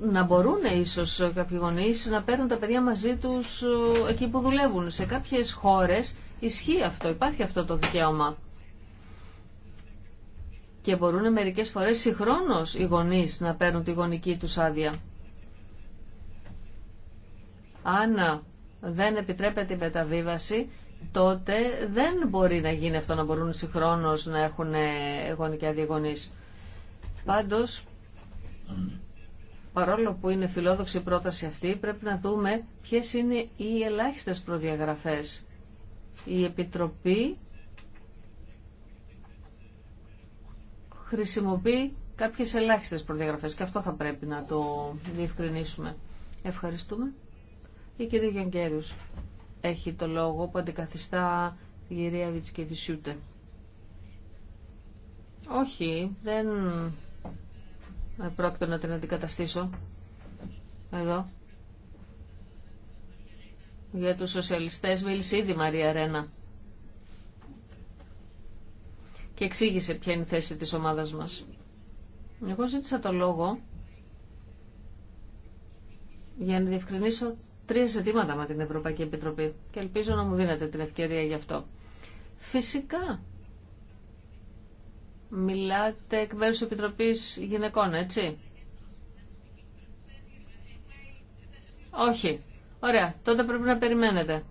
να μπορούν ίσως κάποιοι γονείς να παίρνουν τα παιδιά μαζί τους ε, εκεί που δουλεύουν. Σε κάποιες χώρες ισχύει αυτό, υπάρχει αυτό το δικαίωμα. Και μπορούν μερικές φορές συγχρόνως οι γονείς να παίρνουν τη γονική τους άδεια. Αν δεν επιτρέπεται η μεταβίβαση, τότε δεν μπορεί να γίνει αυτό να μπορούν συγχρόνως να έχουν ε, γονική άδεια γονείς. Πάντως Παρόλο που είναι φιλόδοξη η πρόταση αυτή, πρέπει να δούμε ποιες είναι οι ελάχιστες προδιαγραφές. Η Επιτροπή χρησιμοποιεί κάποιες ελάχιστες προδιαγραφές και αυτό θα πρέπει να το διευκρινίσουμε. Ευχαριστούμε. Η κυρία Γιαγκέριος έχει το λόγο που αντικαθιστά η κυρία Βιτσκεβισιούτε. Όχι, δεν ε, πρόκειται να την αντικαταστήσω εδώ. Για τους σοσιαλιστές μίλησε ήδη Μαρία Ρένα και εξήγησε ποια είναι η θέση της ομάδας μας. Εγώ ζήτησα το λόγο για να διευκρινίσω τρία ζητήματα με την Ευρωπαϊκή Επιτροπή και ελπίζω να μου δίνετε την ευκαιρία γι' αυτό. Φυσικά Μιλάτε εκ μέρους της Επιτροπής Γυναικών, έτσι. Όχι. Ωραία. Τότε πρέπει να περιμένετε.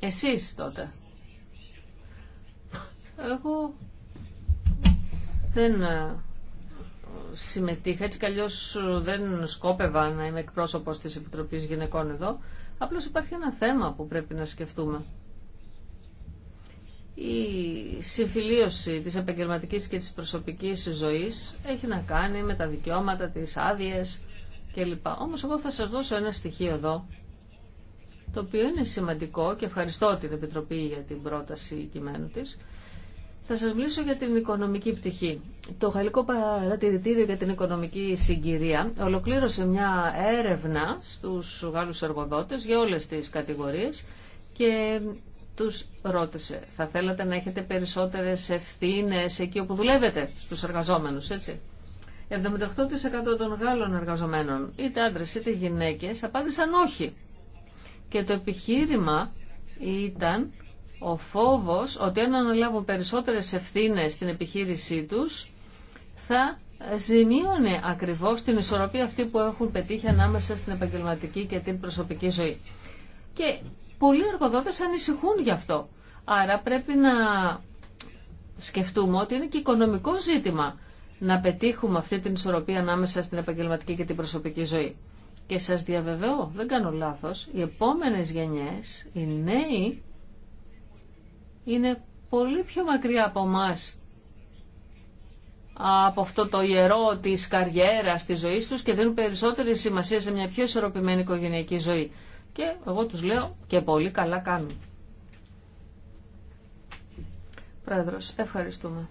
Εσείς τότε. Εγώ δεν ε, συμμετείχα, έτσι καλλιώς δεν σκόπευα να είμαι εκπρόσωπος της Επιτροπής Γυναικών εδώ. Απλώς υπάρχει ένα θέμα που πρέπει να σκεφτούμε. Η συμφιλίωση της επαγγελματική και της προσωπικής ζωής έχει να κάνει με τα δικαιώματα, τις άδειε κλπ. Όμως εγώ θα σας δώσω ένα στοιχείο εδώ, το οποίο είναι σημαντικό και ευχαριστώ την Επιτροπή για την πρόταση κειμένου της. Θα σας μιλήσω για την οικονομική πτυχή. Το Γαλλικό Παρατηρητήριο για την Οικονομική Συγκυρία ολοκλήρωσε μια έρευνα στους Γάλλους εργοδότες για όλες τις κατηγορίες και τους ρώτησε, θα θέλατε να έχετε περισσότερες ευθύνες εκεί όπου δουλεύετε, στους εργαζόμενους, έτσι. 78% των Γάλλων εργαζομένων, είτε άντρες είτε γυναίκες, απάντησαν όχι. Και το επιχείρημα ήταν ο φόβος ότι αν αναλάβουν περισσότερες ευθύνες στην επιχείρησή τους θα ζημίωνε ακριβώς την ισορροπία αυτή που έχουν πετύχει ανάμεσα στην επαγγελματική και την προσωπική ζωή. Και πολλοί εργοδότες ανησυχούν γι' αυτό. Άρα πρέπει να σκεφτούμε ότι είναι και οικονομικό ζήτημα να πετύχουμε αυτή την ισορροπία ανάμεσα στην επαγγελματική και την προσωπική ζωή. Και σας διαβεβαιώ, δεν κάνω λάθος, οι επόμενες γενιές, οι νέοι είναι πολύ πιο μακριά από εμά από αυτό το ιερό της καριέρας, της ζωής τους και δίνουν περισσότερη σημασία σε μια πιο ισορροπημένη οικογενειακή ζωή. Και εγώ τους λέω και πολύ καλά κάνουν. Πρόεδρος, ευχαριστούμε.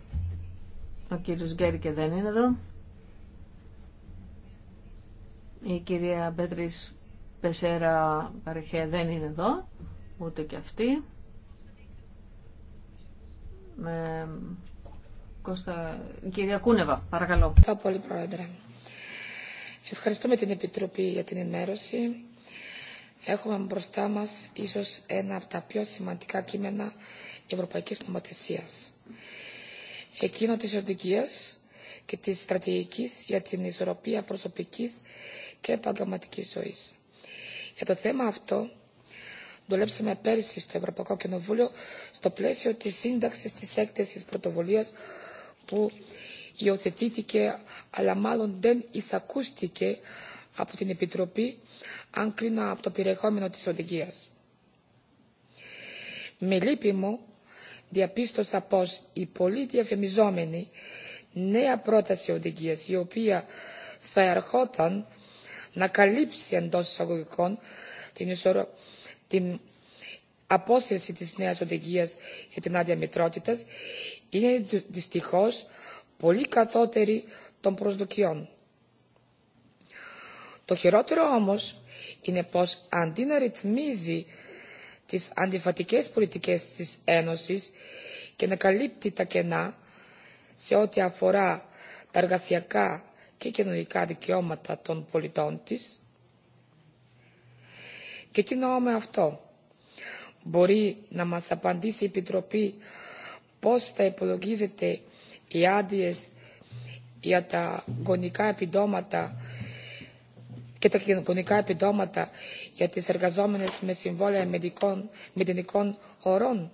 Ο κύριος και δεν είναι εδώ. Η κυρία Μπέτρης Πεσέρα Παρεχέ δεν είναι εδώ, ούτε και αυτή με Κώστα... Κυρία παρακαλώ. Ευχαριστώ πολύ, Πρόεδρε. Ευχαριστούμε την Επιτροπή για την ενημέρωση. Έχουμε μπροστά μας ίσως ένα από τα πιο σημαντικά κείμενα ευρωπαϊκής νομοθεσίας. Εκείνο της οδηγίας και της στρατηγικής για την ισορροπία προσωπική και επαγγελματικής ζωής. Για το θέμα αυτό Δουλέψαμε πέρσι στο Ευρωπαϊκό Κοινοβούλιο στο πλαίσιο της σύνταξης της έκθεσης πρωτοβουλίας που υιοθετήθηκε αλλά μάλλον δεν εισακούστηκε από την Επιτροπή αν κρίνω από το περιεχόμενο της οδηγίας. Με λύπη μου διαπίστωσα πως η πολύ διαφημιζόμενη νέα πρόταση οδηγίας η οποία θα ερχόταν να καλύψει εντός εισαγωγικών την την απόσυρση της νέας οδηγίας για την άδεια μητρότητας είναι δυστυχώς πολύ κατώτερη των προσδοκιών. Το χειρότερο όμως είναι πως αντί να ρυθμίζει τις αντιφατικές πολιτικές της Ένωσης και να καλύπτει τα κενά σε ό,τι αφορά τα εργασιακά και κοινωνικά δικαιώματα των πολιτών της, και τι με αυτό. Μπορεί να μας απαντήσει η Επιτροπή πώς θα υπολογίζεται οι άδειε για τα γονικά επιδόματα και τα γονικά επιδόματα για τις εργαζόμενες με συμβόλαια μηδενικών ορών.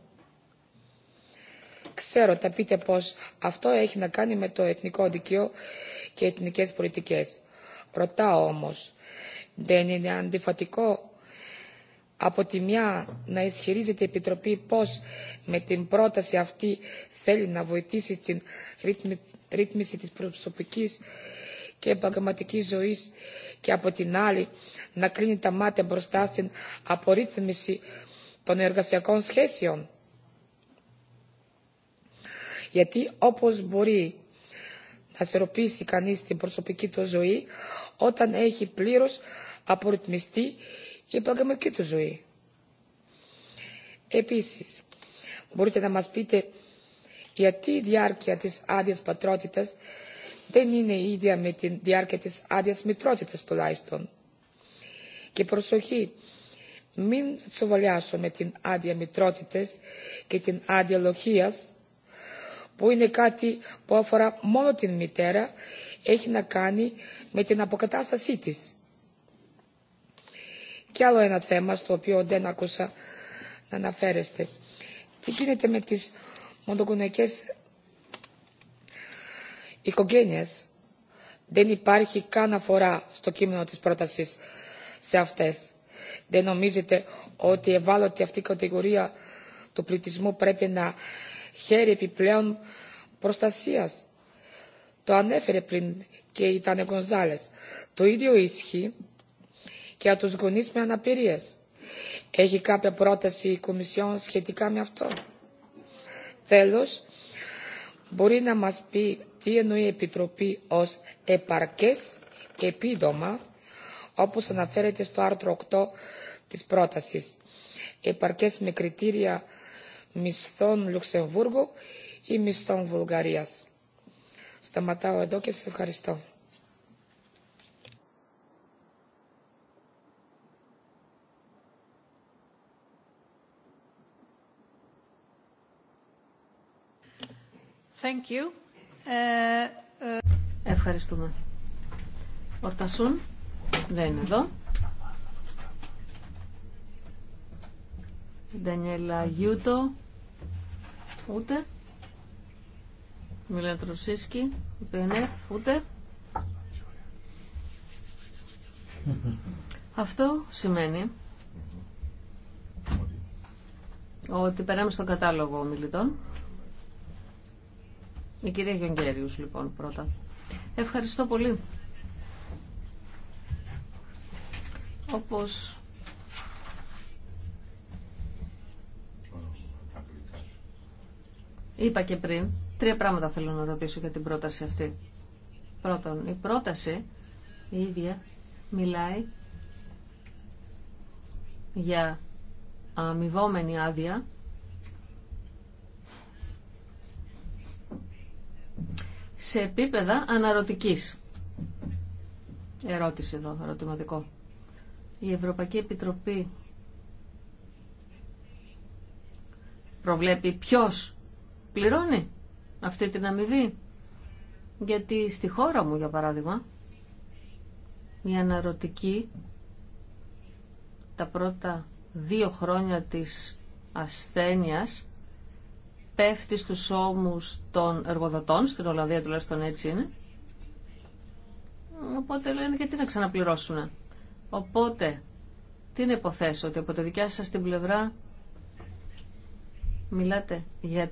Ξέρω, θα πείτε πως αυτό έχει να κάνει με το εθνικό δικαίο και εθνικές πολιτικές. Ρωτάω όμως, δεν είναι αντιφατικό από τη μια να ισχυρίζεται η Επιτροπή πως με την πρόταση αυτή θέλει να βοηθήσει στην ρύθμιση της προσωπικής και επαγγελματικής ζωής και από την άλλη να κλείνει τα μάτια μπροστά στην απορρίθμιση των εργασιακών σχέσεων. Γιατί όπως μπορεί να σερωπήσει κανείς την προσωπική του ζωή όταν έχει πλήρως απορριθμιστεί η επαγγελματική του ζωή. Επίσης, μπορείτε να μας πείτε γιατί η διάρκεια της άδεια πατρότητας δεν είναι ίδια με τη διάρκεια της άδεια μητρότητας τουλάχιστον. Και προσοχή, μην με την άδεια μητρότητας και την άδεια λοχίας, που είναι κάτι που αφορά μόνο την μητέρα, έχει να κάνει με την αποκατάστασή της. Και άλλο ένα θέμα στο οποίο δεν άκουσα να αναφέρεστε. Τι γίνεται με τις μονογονεϊκές οικογένειες. Δεν υπάρχει καν αφορά στο κείμενο της πρότασης σε αυτές. Δεν νομίζετε ότι η ευάλωτη αυτή κατηγορία του πληθυσμού πρέπει να χαίρει επιπλέον προστασίας. Το ανέφερε πριν και ήταν Γκονζάλες. Το ίδιο ισχύει και για τους γονείς με αναπηρίες. Έχει κάποια πρόταση η Κομισιόν σχετικά με αυτό. Τέλος, μπορεί να μας πει τι εννοεί η Επιτροπή ως επαρκές επίδομα, όπως αναφέρεται στο άρθρο 8 της πρότασης. Επαρκές με κριτήρια μισθών Λουξεμβούργου ή μισθών Βουλγαρίας. Σταματάω εδώ και σε ευχαριστώ. Ε, ε, ευχαριστούμε. Ορτασούν. Δεν είναι εδώ. Ντανιέλα Γιούτο. Ούτε. Μιλένα Τροσίσκι, Ούτε. Ούτε. Αυτό σημαίνει ότι περάμε στο κατάλογο ομιλητών. Η κυρία Γιονγκέριους λοιπόν πρώτα. Ευχαριστώ πολύ. Όπως είπα και πριν, τρία πράγματα θέλω να ρωτήσω για την πρόταση αυτή. Πρώτον, η πρόταση η ίδια μιλάει για αμοιβόμενη άδεια σε επίπεδα αναρωτικής. Ερώτηση εδώ, ερωτηματικό. Η Ευρωπαϊκή Επιτροπή προβλέπει ποιος πληρώνει αυτή την αμοιβή. Γιατί στη χώρα μου, για παράδειγμα, η αναρωτική τα πρώτα δύο χρόνια της ασθένειας πέφτει στους ώμους των εργοδοτών, στην Ολλανδία τουλάχιστον έτσι είναι. Οπότε λένε γιατί να ξαναπληρώσουν. Οπότε, τι να υποθέσω, ότι από τη δικιά σας την πλευρά μιλάτε για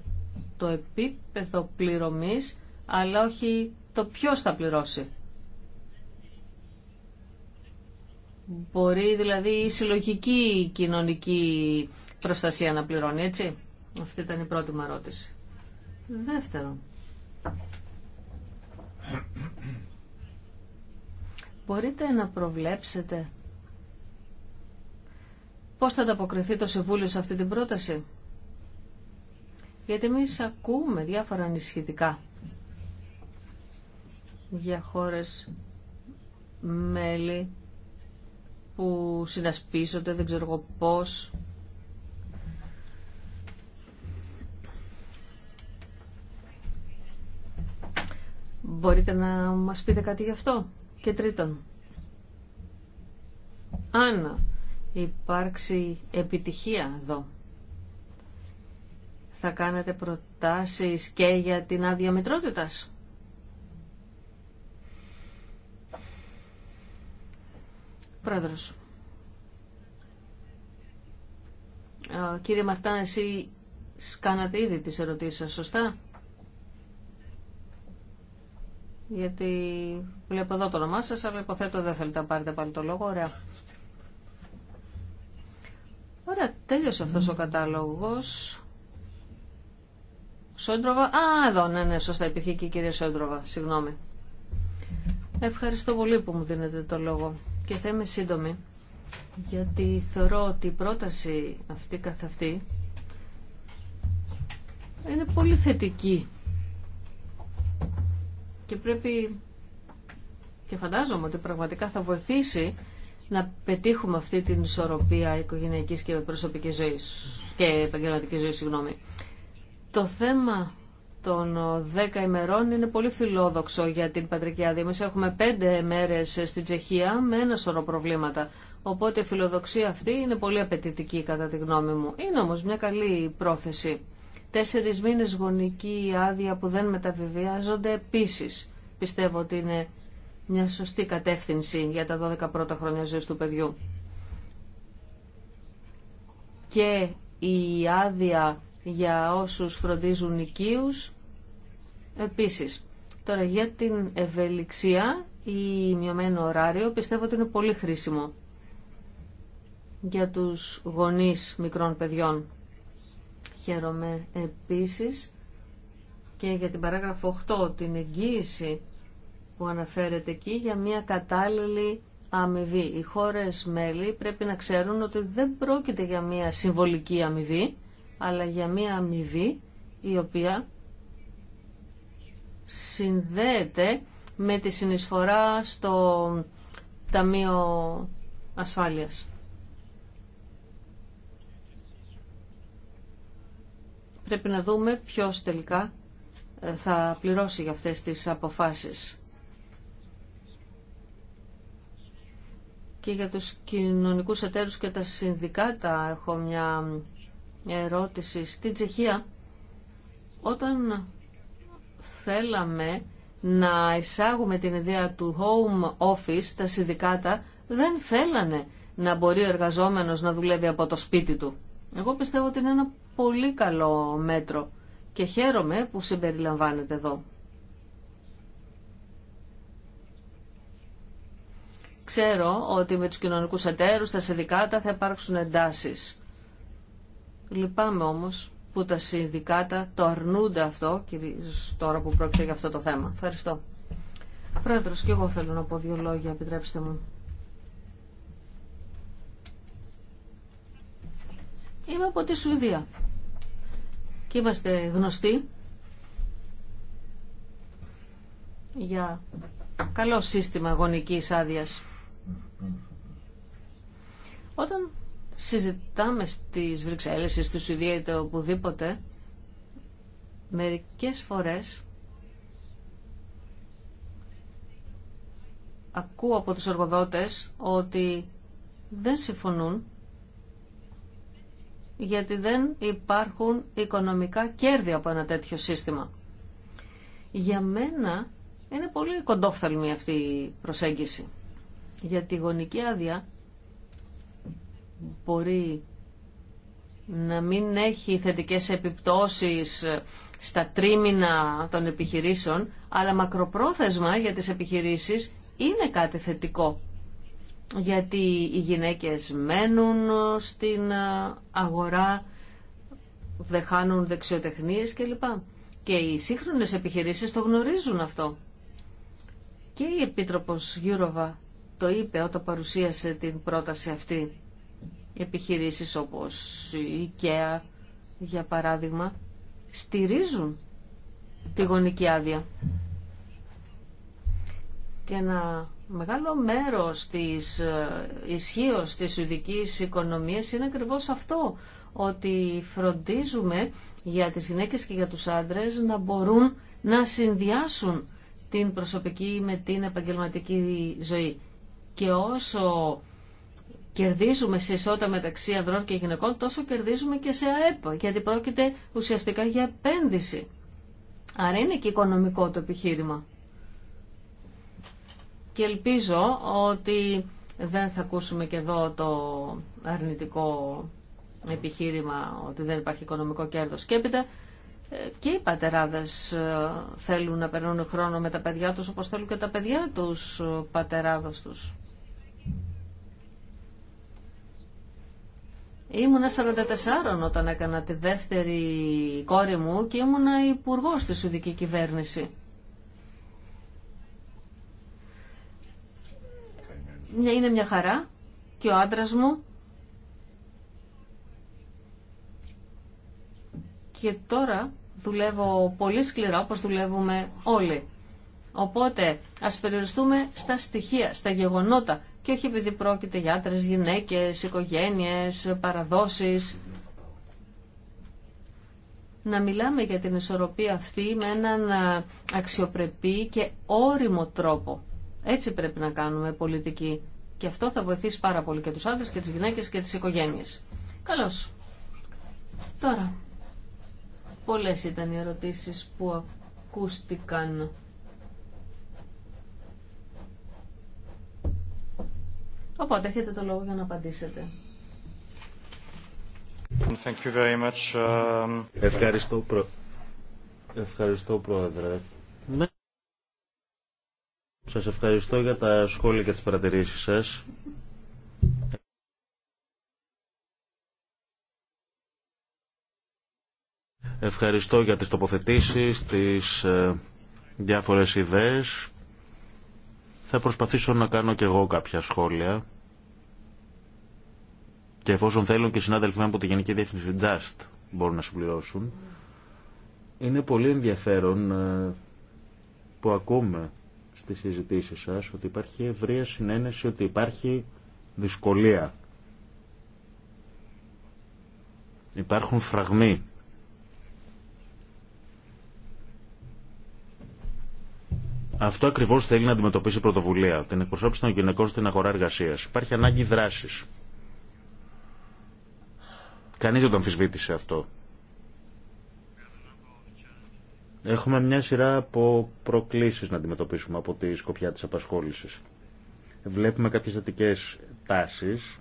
το επίπεδο πληρωμής, αλλά όχι το ποιος θα πληρώσει. Μπορεί δηλαδή η συλλογική κοινωνική προστασία να πληρώνει, έτσι. Αυτή ήταν η πρώτη μου ερώτηση. Δεύτερον, μπορείτε να προβλέψετε πώς θα ανταποκριθεί το Συμβούλιο σε αυτή την πρόταση. Γιατί εμεί ακούμε διάφορα ανησυχητικά για χώρες μέλη που συνασπίζονται, δεν ξέρω εγώ πώς, Μπορείτε να μας πείτε κάτι γι' αυτό. Και τρίτον, αν υπάρξει επιτυχία εδώ, θα κάνετε προτάσεις και για την άδεια μητρότητας. Πρόεδρος. Κύριε Μαρτάν, εσύ σκάνατε ήδη τις ερωτήσεις σωστά γιατί βλέπω εδώ το όνομά σας, αλλά υποθέτω δεν θέλετε να πάρετε πάλι το λόγο. Ωραία. Ωραία, τέλειωσε αυτός ο κατάλογος. Σόντροβα. Α, εδώ, ναι, ναι, σωστά, υπήρχε και η κυρία Σόντροβα. Συγγνώμη. Ευχαριστώ πολύ που μου δίνετε το λόγο και θα είμαι σύντομη, γιατί θεωρώ ότι η πρόταση αυτή καθ' αυτή είναι πολύ θετική και πρέπει και φαντάζομαι ότι πραγματικά θα βοηθήσει να πετύχουμε αυτή την ισορροπία οικογενειακής και προσωπικής ζωής και επαγγελματικής ζωής, συγγνώμη. Το θέμα των 10 ημερών είναι πολύ φιλόδοξο για την πατρική άδεια. Εμείς έχουμε 5 μέρες στην Τσεχία με ένα σωρό προβλήματα. Οπότε η φιλοδοξία αυτή είναι πολύ απαιτητική κατά τη γνώμη μου. Είναι όμως μια καλή πρόθεση. Τέσσερις μήνες γονική άδεια που δεν μεταβιβιάζονται επίση, Πιστεύω ότι είναι μια σωστή κατεύθυνση για τα 12 πρώτα χρόνια ζωής του παιδιού. Και η άδεια για όσους φροντίζουν οικείους επίσης. Τώρα για την ευελιξία ή μειωμένο ωράριο πιστεύω ότι είναι πολύ χρήσιμο για τους γονείς μικρών παιδιών. Χαίρομαι επίσης και για την παράγραφο 8, την εγγύηση που αναφέρεται εκεί για μια κατάλληλη αμοιβή. Οι χώρες μέλη πρέπει να ξέρουν ότι δεν πρόκειται για μια συμβολική αμοιβή, αλλά για μια αμοιβή η οποία συνδέεται με τη συνεισφορά στο Ταμείο Ασφάλειας. πρέπει να δούμε ποιος τελικά ε, θα πληρώσει για αυτές τις αποφάσεις. Και για τους κοινωνικούς εταίρους και τα συνδικάτα έχω μια ερώτηση. Στην Τσεχία, όταν θέλαμε να εισάγουμε την ιδέα του home office, τα συνδικάτα δεν θέλανε να μπορεί ο εργαζόμενος να δουλεύει από το σπίτι του. Εγώ πιστεύω ότι είναι ένα πολύ καλό μέτρο και χαίρομαι που συμπεριλαμβάνεται εδώ. Ξέρω ότι με τους κοινωνικούς εταίρους, τα συνδικάτα θα υπάρξουν εντάσεις. Λυπάμαι όμως που τα συνδικάτα το αρνούνται αυτό, κυρίως τώρα που πρόκειται για αυτό το θέμα. Ευχαριστώ. Πρόεδρος, και εγώ θέλω να πω δύο λόγια, επιτρέψτε μου. Είμαι από τη Σουηδία είμαστε γνωστοί για καλό σύστημα γονικής άδειας. Όταν συζητάμε στις Βρυξέλλες ή στη Σουηδία οπουδήποτε, μερικές φορές ακούω από τους εργοδότες ότι δεν συμφωνούν γιατί δεν υπάρχουν οικονομικά κέρδη από ένα τέτοιο σύστημα. Για μένα είναι πολύ κοντόφθαλμη αυτή η προσέγγιση. Γιατί η γονική άδεια μπορεί να μην έχει θετικές επιπτώσεις στα τρίμηνα των επιχειρήσεων, αλλά μακροπρόθεσμα για τις επιχειρήσεις είναι κάτι θετικό γιατί οι γυναίκες μένουν στην ε, αγορά, δεχάνουν χάνουν δεξιοτεχνίες κλπ. Και οι σύγχρονες επιχειρήσεις το γνωρίζουν αυτό. Και η Επίτροπος Γιούροβα το είπε όταν παρουσίασε την πρόταση αυτή. Επιχειρήσεις όπως η IKEA, για παράδειγμα, στηρίζουν τη γονική άδεια. Και να Μεγάλο μέρος της ε, ισχύω της ειδικής οικονομίας είναι ακριβώς αυτό, ότι φροντίζουμε για τις γυναίκες και για τους άντρες να μπορούν να συνδυάσουν την προσωπική με την επαγγελματική ζωή. Και όσο κερδίζουμε σε ισότητα μεταξύ ανδρών και γυναικών, τόσο κερδίζουμε και σε ΑΕΠ, γιατί πρόκειται ουσιαστικά για επένδυση. Άρα είναι και οικονομικό το επιχείρημα και ελπίζω ότι δεν θα ακούσουμε και εδώ το αρνητικό επιχείρημα ότι δεν υπάρχει οικονομικό κέρδος. Και έπειτα ε, και οι πατεράδες ε, θέλουν να περνούν χρόνο με τα παιδιά τους όπως θέλουν και τα παιδιά τους ε, πατεράδες τους. Ήμουνα 44 όταν έκανα τη δεύτερη κόρη μου και ήμουνα υπουργό στη Σουδική κυβέρνηση. μια είναι μια χαρά και ο άντρας μου και τώρα δουλεύω πολύ σκληρά όπως δουλεύουμε όλοι. Οπότε ας περιοριστούμε στα στοιχεία, στα γεγονότα και όχι επειδή πρόκειται για άντρες, γυναίκες, οικογένειες, παραδόσεις. Να μιλάμε για την ισορροπία αυτή με έναν αξιοπρεπή και όριμο τρόπο. Έτσι πρέπει να κάνουμε πολιτική. Και αυτό θα βοηθήσει πάρα πολύ και τους άντρες και τις γυναίκες και τις οικογένειες. Καλώς. Τώρα, πολλές ήταν οι ερωτήσεις που ακούστηκαν. Οπότε έχετε το λόγο για να απαντήσετε. Thank you very much. Um, Ευχαριστώ, προ... Ευχαριστώ Πρόεδρε. Σας ευχαριστώ για τα σχόλια και τις παρατηρήσεις σας. Ευχαριστώ για τις τοποθετήσεις, τις ε, διάφορες ιδέες. Θα προσπαθήσω να κάνω και εγώ κάποια σχόλια. Και εφόσον θέλουν και οι συνάδελφοι από τη Γενική Διεύθυνση Just μπορούν να συμπληρώσουν. Είναι πολύ ενδιαφέρον ε, που ακούμε στις συζητήσεις σας ότι υπάρχει ευρεία συνένεση ότι υπάρχει δυσκολία. Υπάρχουν φραγμοί. Αυτό ακριβώ θέλει να αντιμετωπίσει η πρωτοβουλία, την εκπροσώπηση των γυναικών στην αγορά εργασία. Υπάρχει ανάγκη δράση. Κανεί δεν το αμφισβήτησε αυτό. Έχουμε μια σειρά από προκλήσεις να αντιμετωπίσουμε από τη σκοπιά της απασχόλησης. Βλέπουμε κάποιες θετικέ τάσεις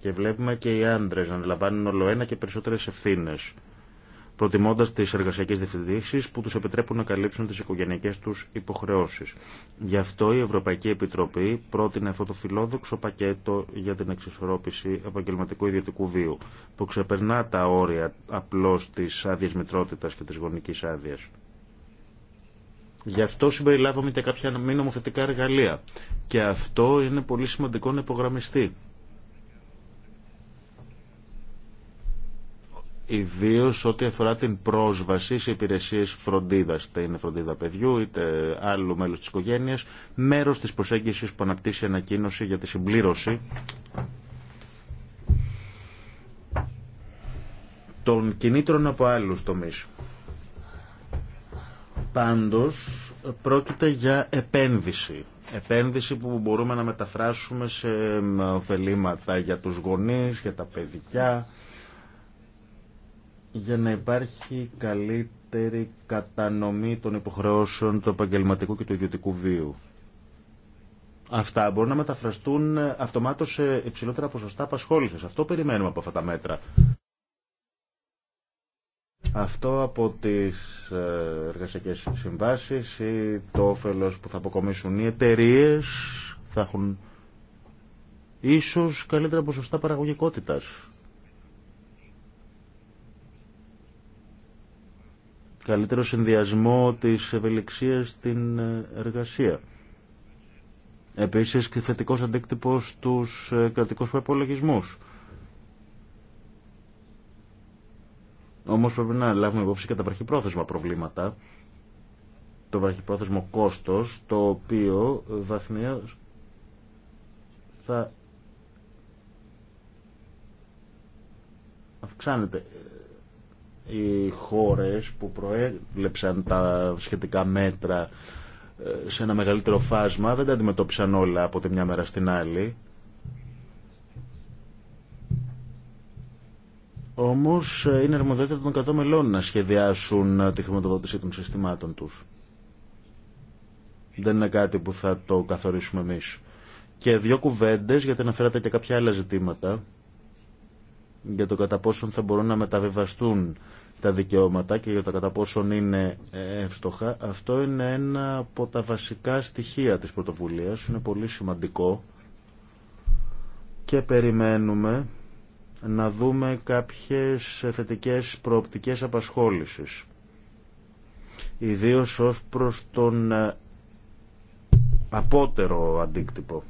και βλέπουμε και οι άντρες να λαμβάνουν όλο ένα και περισσότερες ευθύνες προτιμώντα τι εργασιακέ διευθυντήσει που του επιτρέπουν να καλύψουν τι οικογενειακέ του υποχρεώσει. Γι' αυτό η Ευρωπαϊκή Επιτροπή πρότεινε αυτό το φιλόδοξο πακέτο για την εξισορρόπηση επαγγελματικού ιδιωτικού βίου, που ξεπερνά τα όρια απλώ τη άδεια μητρότητα και τη γονική άδεια. Γι' αυτό συμπεριλάβαμε και κάποια μη νομοθετικά εργαλεία. Και αυτό είναι πολύ σημαντικό να υπογραμμιστεί. Ιδίω ό,τι αφορά την πρόσβαση σε υπηρεσίες φροντίδας, είτε είναι φροντίδα παιδιού είτε άλλου μέλου τη οικογένεια, μέρο τη προσέγγιση που αναπτύσσει η ανακοίνωση για τη συμπλήρωση των κινήτρων από άλλους τομεί. Πάντως, πρόκειται για επένδυση. Επένδυση που μπορούμε να μεταφράσουμε σε ωφελήματα για τους γονείς, για τα παιδιά, για να υπάρχει καλύτερη κατανομή των υποχρεώσεων του επαγγελματικού και του ιδιωτικού βίου. Αυτά μπορούν να μεταφραστούν αυτομάτως σε υψηλότερα ποσοστά απασχόλησης. Αυτό περιμένουμε από αυτά τα μέτρα. Αυτό από τις ε, εργασιακές συμβάσεις ή το όφελος που θα αποκομίσουν οι εταιρείε θα έχουν ίσως καλύτερα ποσοστά παραγωγικότητας καλύτερο συνδυασμό της ευελιξίας στην εργασία. Επίσης και θετικός αντίκτυπος στους ε, κρατικούς προπολογισμού. Όμως πρέπει να λάβουμε υπόψη και τα βραχυπρόθεσμα προβλήματα, το βραχυπρόθεσμο κόστος, το οποίο ε, βαθμία θα αυξάνεται οι χώρες που προέβλεψαν τα σχετικά μέτρα ε, σε ένα μεγαλύτερο φάσμα δεν τα αντιμετώπισαν όλα από τη μια μέρα στην άλλη. Όμως ε, είναι αρμοδιότητα των 100 μελών να σχεδιάσουν ε, τη χρηματοδότηση των συστημάτων τους. Δεν είναι κάτι που θα το καθορίσουμε εμείς. Και δύο κουβέντες, γιατί αναφέρατε και κάποια άλλα ζητήματα, για το κατά πόσον θα μπορούν να μεταβιβαστούν τα δικαιώματα και για το κατά πόσον είναι εύστοχα. Αυτό είναι ένα από τα βασικά στοιχεία της πρωτοβουλίας. Είναι πολύ σημαντικό και περιμένουμε να δούμε κάποιες θετικές προοπτικές απασχόλησης. Ιδίως ως προς τον απότερο αντίκτυπο.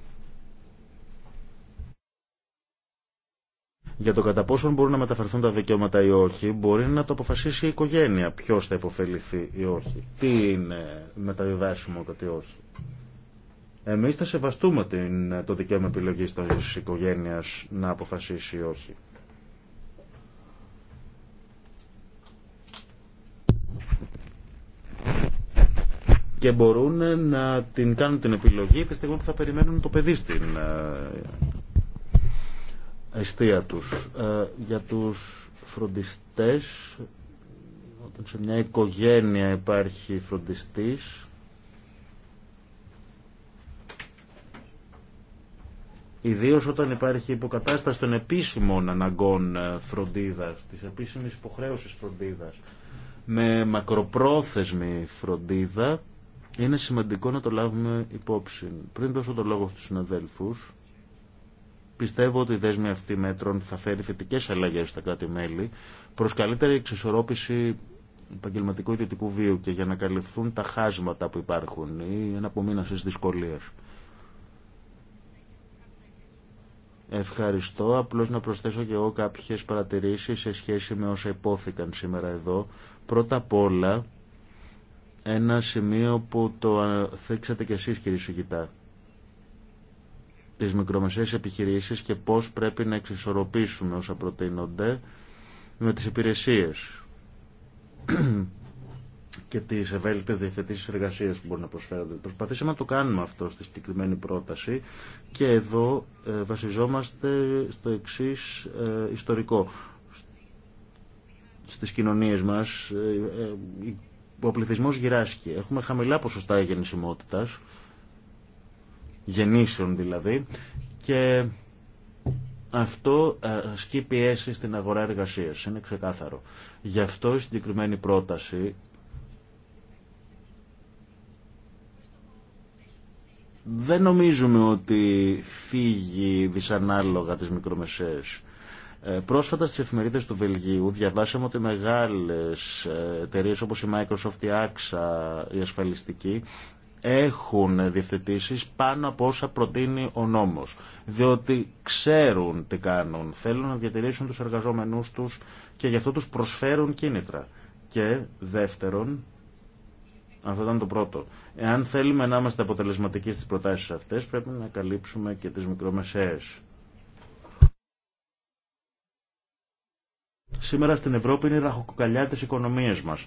Για το κατά πόσον μπορούν να μεταφερθούν τα δικαιώματα ή όχι, μπορεί να το αποφασίσει η οικογένεια ποιο θα υποφεληθεί ή όχι. Τι είναι μεταβιβάσιμο και τι όχι. Εμεί θα σεβαστούμε την, το δικαίωμα επιλογή τη οικογένεια να αποφασίσει ή όχι. και μπορούν να την κάνουν την επιλογή τη στιγμή που θα περιμένουν το παιδί στην ε, αιστεία τους. Ε, για τους φροντιστές, όταν σε μια οικογένεια υπάρχει φροντιστής, Ιδίω όταν υπάρχει υποκατάσταση των επίσημων αναγκών ε, φροντίδας, της επίσημης υποχρέωσης φροντίδας, με μακροπρόθεσμη φροντίδα, είναι σημαντικό να το λάβουμε υπόψη. Πριν δώσω το λόγο στους συναδέλφους, Πιστεύω ότι η δέσμη αυτή μέτρων θα φέρει θετικέ αλλαγέ στα κράτη-μέλη προ καλύτερη εξισορρόπηση επαγγελματικού ιδιωτικού βίου και για να καλυφθούν τα χάσματα που υπάρχουν ή εναπομείνασε δυσκολίε. Ευχαριστώ. Απλώς να προσθέσω και εγώ κάποιες παρατηρήσεις σε σχέση με όσα υπόθηκαν σήμερα εδώ. Πρώτα απ' όλα, ένα σημείο που το θέξατε κι εσείς κύριε Σιγητά τις μικρομεσαίες επιχειρήσεις και πώς πρέπει να εξισορροπήσουμε όσα προτείνονται με τις υπηρεσίες και τι ευέλικτε διευθετήσει εργασία που μπορούν να προσφέρονται. Προσπαθήσαμε να το κάνουμε αυτό στη συγκεκριμένη πρόταση και εδώ ε, βασιζόμαστε στο εξή ε, ιστορικό. Στι κοινωνίε μα ε, ο πληθυσμό γυράσκει. Έχουμε χαμηλά ποσοστά γεννησιμότητα γεννήσεων δηλαδή, και αυτό ε, ασκεί πιέσει στην αγορά εργασίας, είναι ξεκάθαρο. Γι' αυτό η συγκεκριμένη πρόταση δεν νομίζουμε ότι φύγει δυσανάλογα τις μικρομεσαίες. Ε, πρόσφατα στις εφημερίδες του Βελγίου διαβάσαμε ότι μεγάλες ε, εταιρείε όπως η Microsoft, η AXA, η ασφαλιστική έχουν διευθετήσεις πάνω από όσα προτείνει ο νόμος. Διότι ξέρουν τι κάνουν, θέλουν να διατηρήσουν τους εργαζόμενούς τους και γι' αυτό τους προσφέρουν κίνητρα. Και δεύτερον, αυτό ήταν το πρώτο. Εάν θέλουμε να είμαστε αποτελεσματικοί στις προτάσεις αυτές, πρέπει να καλύψουμε και τις μικρομεσαίες. Σήμερα στην Ευρώπη είναι η ραχοκοκαλιά της οικονομίας μας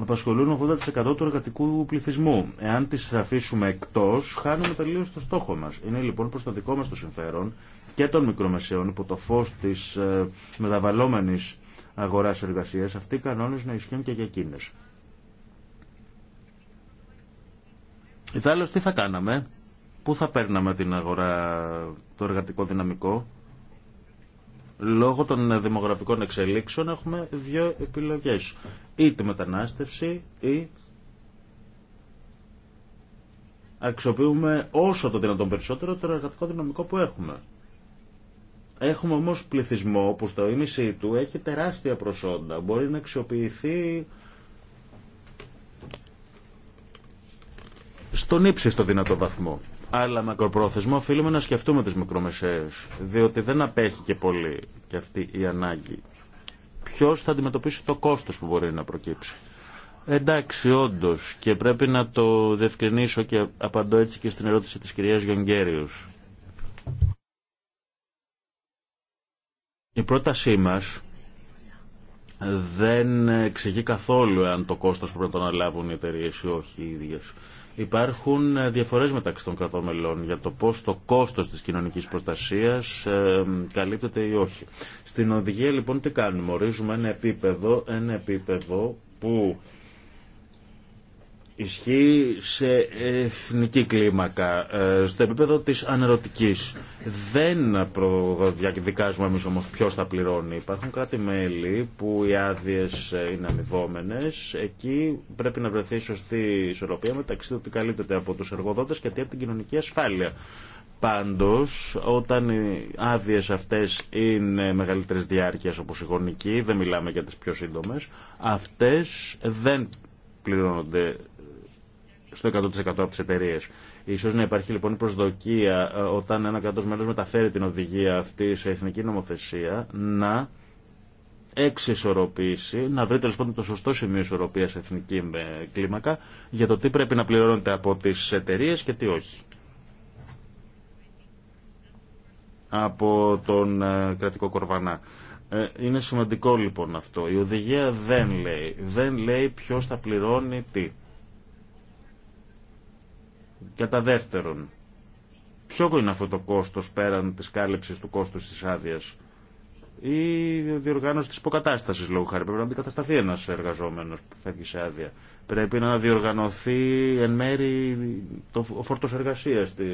απασχολούν 80% του εργατικού πληθυσμού. Εάν τις αφήσουμε εκτός, χάνουμε τελείως το στόχο μας. Είναι λοιπόν προς το δικό μας το συμφέρον και των μικρομεσαίων υπό το φως της ε, μεταβαλλόμενης αγοράς εργασίας αυτοί οι κανόνες να ισχύουν και για εκείνες. Ιδάλλως τι θα κάναμε, πού θα παίρναμε την αγορά το εργατικό δυναμικό, Λόγω των δημογραφικών εξελίξεων έχουμε δύο επιλογές. τη μετανάστευση ή αξιοποιούμε όσο το δυνατόν περισσότερο το εργατικό δυναμικό που έχουμε. Έχουμε όμως πληθυσμό που στο ίμιση του έχει τεράστια προσόντα. Μπορεί να αξιοποιηθεί στον ύψιστο δυνατό βαθμό. Αλλά μακροπρόθεσμα οφείλουμε να σκεφτούμε τις μικρομεσαίες, διότι δεν απέχει και πολύ και αυτή η ανάγκη. Ποιος θα αντιμετωπίσει το κόστος που μπορεί να προκύψει. Εντάξει, όντω, και πρέπει να το διευκρινίσω και απαντώ έτσι και στην ερώτηση της κυρίας Γιονγκέριος. Η πρότασή μας δεν εξηγεί καθόλου αν το κόστος πρέπει να το αναλάβουν οι εταιρείε ή όχι οι ίδιες. Υπάρχουν ε, διαφορές μεταξύ των κρατών για το πώς το κόστος της κοινωνικής προστασίας ε, καλύπτεται ή όχι. Στην οδηγία λοιπόν τι κάνουμε, ορίζουμε ένα επίπεδο, ένα επίπεδο που ισχύει σε εθνική κλίμακα, ε, στο επίπεδο της ανερωτικής. Δεν διακδικάζουμε εμείς όμως ποιος θα πληρώνει. Υπάρχουν κάτι μέλη που οι άδειε είναι αμοιβόμενες. Εκεί πρέπει να βρεθεί σωστή ισορροπία μεταξύ του ότι καλύπτεται από τους εργοδότες και από την κοινωνική ασφάλεια. Πάντως, όταν οι άδειε αυτές είναι μεγαλύτερες διάρκειας όπως η γονική, δεν μιλάμε για τις πιο σύντομες, αυτές δεν πληρώνονται στο 100% από τι εταιρείε. Ίσως να υπάρχει λοιπόν προσδοκία ε, όταν ένα κράτο μέλο μεταφέρει την οδηγία αυτή σε εθνική νομοθεσία να εξισορροπήσει, να βρείτε λοιπόν το σωστό σημείο ισορροπία εθνική ε, κλίμακα για το τι πρέπει να πληρώνεται από τι εταιρείε και τι όχι. Από τον ε, κρατικό κορβανά. Είναι σημαντικό λοιπόν αυτό. Η οδηγία δεν λέει. Δεν λέει ποιο θα πληρώνει τι. Κατά δεύτερον, ποιο είναι αυτό το κόστος πέραν της κάλυψης του κόστους της άδεια ή διοργάνωση της υποκατάστασης λόγω χάρη. Πρέπει να αντικατασταθεί ένας εργαζόμενος που θα σε άδεια. Πρέπει να διοργανωθεί εν μέρη το φόρτος εργασίας στη,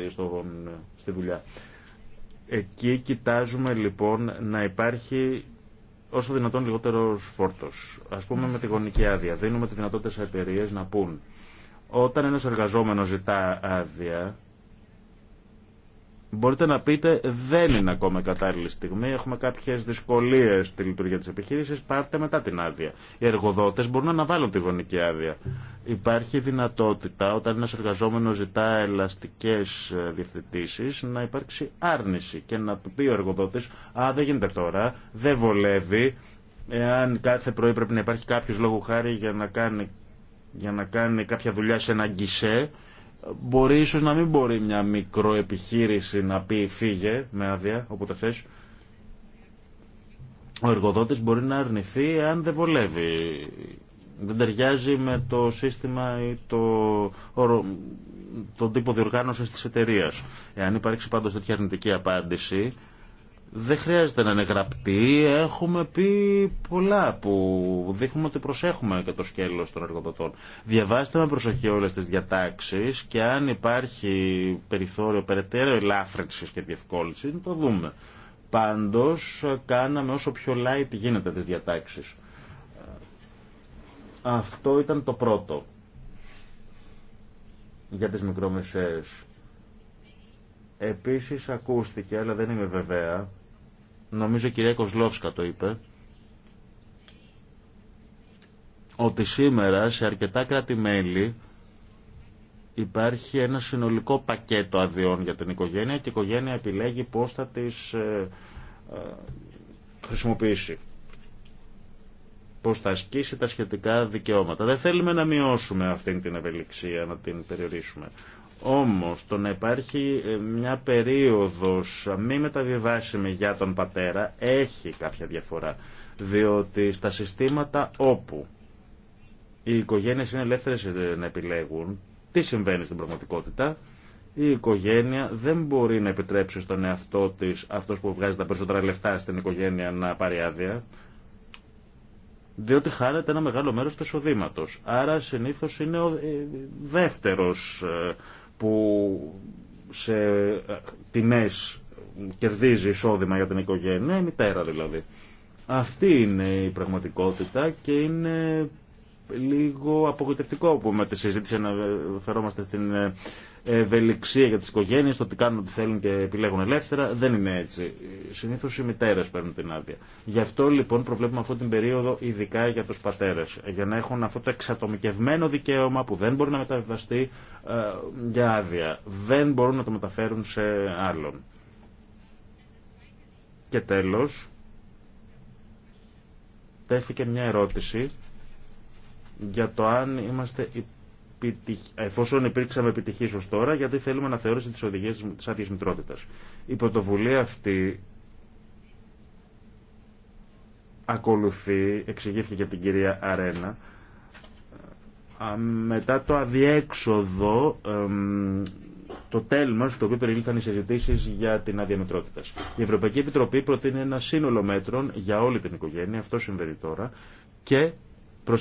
στη δουλειά. Εκεί κοιτάζουμε λοιπόν να υπάρχει όσο δυνατόν λιγότερος φόρτος. Ας πούμε με τη γονική άδεια. Δίνουμε τη δυνατότητα σε εταιρείε να πούν όταν ένας εργαζόμενος ζητά άδεια, μπορείτε να πείτε δεν είναι ακόμα κατάλληλη στιγμή, έχουμε κάποιες δυσκολίες στη λειτουργία της επιχείρησης, πάρτε μετά την άδεια. Οι εργοδότες μπορούν να αναβάλουν τη γονική άδεια. Υπάρχει δυνατότητα όταν ένας εργαζόμενος ζητά ελαστικές ε, διευθετήσεις να υπάρξει άρνηση και να του πει ο εργοδότης «Α, δεν γίνεται τώρα, δεν βολεύει, εάν κάθε πρωί πρέπει να υπάρχει κάποιο λόγου χάρη για να κάνει για να κάνει κάποια δουλειά σε ένα γκισέ, μπορεί ίσως να μην μπορεί μια μικροεπιχείρηση να πει φύγε με άδεια, όποτε θες. Ο εργοδότης μπορεί να αρνηθεί αν δεν βολεύει. Δεν ταιριάζει με το σύστημα ή το, τον τύπο διοργάνωσης της εταιρείας. Εάν υπάρξει πάντως τέτοια αρνητική απάντηση, δεν χρειάζεται να είναι γραπτή. Έχουμε πει πολλά που δείχνουμε ότι προσέχουμε και το σκέλος των εργοδοτών. Διαβάστε με προσοχή όλες τις διατάξεις και αν υπάρχει περιθώριο περαιτέρω ελάφρυνσης και να το δούμε. Πάντως, κάναμε όσο πιο light γίνεται τις διατάξεις. Αυτό ήταν το πρώτο για τις μικρομεσαίες. Επίσης ακούστηκε, αλλά δεν είμαι βεβαία, νομίζω η κυρία Κοσλόφσκα το είπε, ότι σήμερα σε αρκετά κράτη-μέλη υπάρχει ένα συνολικό πακέτο αδειών για την οικογένεια και η οικογένεια επιλέγει πώς θα τις ε, ε, χρησιμοποιήσει. Πώς θα ασκήσει τα σχετικά δικαιώματα. Δεν θέλουμε να μειώσουμε αυτή την ευελιξία, να την περιορίσουμε. Όμως το να υπάρχει ε, μια περίοδος μη μεταβιβάσιμη για τον πατέρα έχει κάποια διαφορά. Διότι στα συστήματα όπου οι οικογένειες είναι ελεύθερες ε, να επιλέγουν τι συμβαίνει στην πραγματικότητα, η οικογένεια δεν μπορεί να επιτρέψει στον εαυτό της, αυτός που βγάζει τα περισσότερα λεφτά στην οικογένεια, να πάρει άδεια, διότι χάνεται ένα μεγάλο μέρος του εισοδήματο. Άρα συνήθως είναι ο ε, δεύτερος που σε ε, τιμές κερδίζει εισόδημα για την οικογένεια, η μητέρα δηλαδή. Αυτή είναι η πραγματικότητα και είναι λίγο απογοητευτικό που με τη συζήτηση αναφερόμαστε στην ε, ευελιξία για τις οικογένειες, το ότι κάνουν ό,τι θέλουν και επιλέγουν ελεύθερα. Δεν είναι έτσι. Συνήθως οι μητέρε παίρνουν την άδεια. Γι' αυτό λοιπόν προβλέπουμε αυτή την περίοδο ειδικά για τους πατέρες, για να έχουν αυτό το εξατομικευμένο δικαίωμα που δεν μπορεί να μεταβιβαστεί ε, για άδεια. Δεν μπορούν να το μεταφέρουν σε άλλον. Και τέλος, τέθηκε μια ερώτηση για το αν είμαστε εφόσον υπήρξαμε επιτυχεί ω τώρα, γιατί θέλουμε να θεωρήσει τι οδηγίε τη άδεια μητρότητα. Η πρωτοβουλία αυτή ακολουθεί, εξηγήθηκε από την κυρία Αρένα, μετά το αδιέξοδο, το τέλμα στο οποίο περιλήφθαν οι συζητήσει για την άδεια μητρότητα. Η Ευρωπαϊκή Επιτροπή προτείνει ένα σύνολο μέτρων για όλη την οικογένεια, αυτό συμβαίνει τώρα, και Προ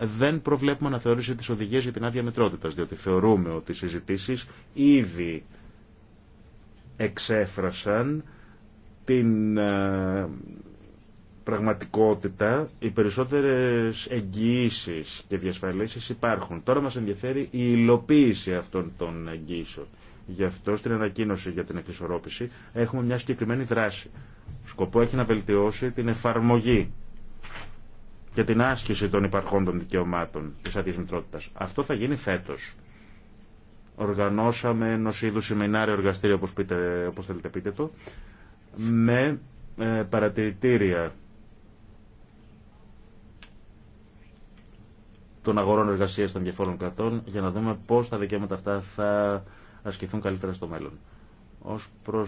δεν προβλέπουμε αναθεώρηση τη οδηγία για την άδεια μετρότητα, διότι θεωρούμε ότι οι συζητήσει ήδη εξέφρασαν την ε, πραγματικότητα οι περισσότερες εγγυήσει και διασφαλίσεις υπάρχουν. Τώρα μας ενδιαφέρει η υλοποίηση αυτών των εγγύησεων. Γι' αυτό στην ανακοίνωση για την εξισορρόπηση έχουμε μια συγκεκριμένη δράση. Σκοπό έχει να βελτιώσει την εφαρμογή και την άσκηση των υπαρχόντων δικαιωμάτων τη άδειας μητρότητας. Αυτό θα γίνει φέτος. Οργανώσαμε ενό είδου σεμινάριο εργαστήριο, όπω όπως θέλετε πείτε το, με ε, παρατηρητήρια των αγορών εργασία των διαφόρων κρατών για να δούμε πώ τα δικαιώματα αυτά θα ασκηθούν καλύτερα στο μέλλον. Ω προ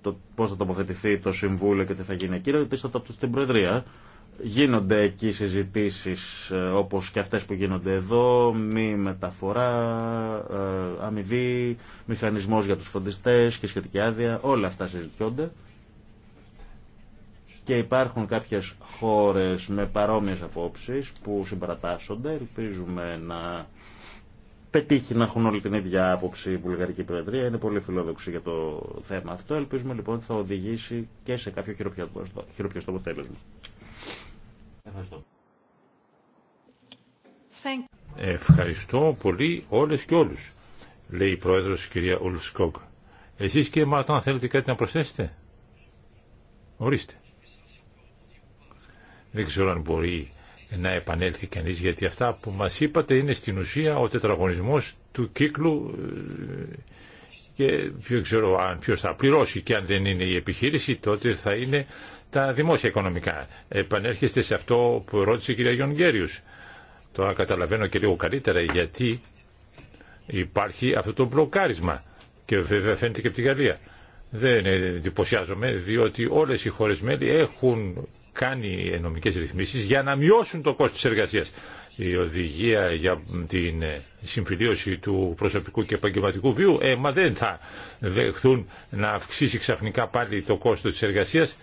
το πώ θα τοποθετηθεί το Συμβούλιο και τι θα γίνει εκεί, ρωτήσατε από την Προεδρία. Γίνονται εκεί συζητήσεις ε, όπως και αυτές που γίνονται εδώ, μη μεταφορά, ε, αμοιβή, μηχανισμός για τους φροντιστές και σχετική άδεια, όλα αυτά συζητιόνται. Και υπάρχουν κάποιες χώρες με παρόμοιες απόψεις που συμπαρατάσσονται, ελπίζουμε να πετύχει να έχουν όλη την ίδια άποψη η Βουλγαρική Προεδρία. Είναι πολύ φιλόδοξη για το θέμα αυτό. Ελπίζουμε λοιπόν ότι θα οδηγήσει και σε κάποιο χειροπιαστό αποτέλεσμα. Ευχαριστώ. Ευχαριστώ πολύ όλες και όλους, λέει η Πρόεδρος κυρία Ουλφσκόγκ. Εσείς κύριε Μαρτάν θέλετε κάτι να προσθέσετε. Ορίστε. Δεν ξέρω αν μπορεί να επανέλθει κανείς γιατί αυτά που μας είπατε είναι στην ουσία ο τετραγωνισμός του κύκλου ε, και ποιο ξέρω αν ποιος θα πληρώσει και αν δεν είναι η επιχείρηση τότε θα είναι τα δημόσια οικονομικά. Επανέρχεστε σε αυτό που ρώτησε η κυρία Γιονγκέριους. Τώρα καταλαβαίνω και λίγο καλύτερα γιατί υπάρχει αυτό το μπλοκάρισμα και βέβαια φαίνεται και από τη Γαλλία. Δεν εντυπωσιάζομαι διότι όλες οι χώρες μέλη έχουν κάνει νομικές ρυθμίσεις για να μειώσουν το κόστος της εργασίας η οδηγία για την συμφιλίωση του προσωπικού και επαγγελματικού βίου, ε, μα δεν θα δεχθούν να αυξήσει ξαφνικά πάλι το κόστος της εργασίας.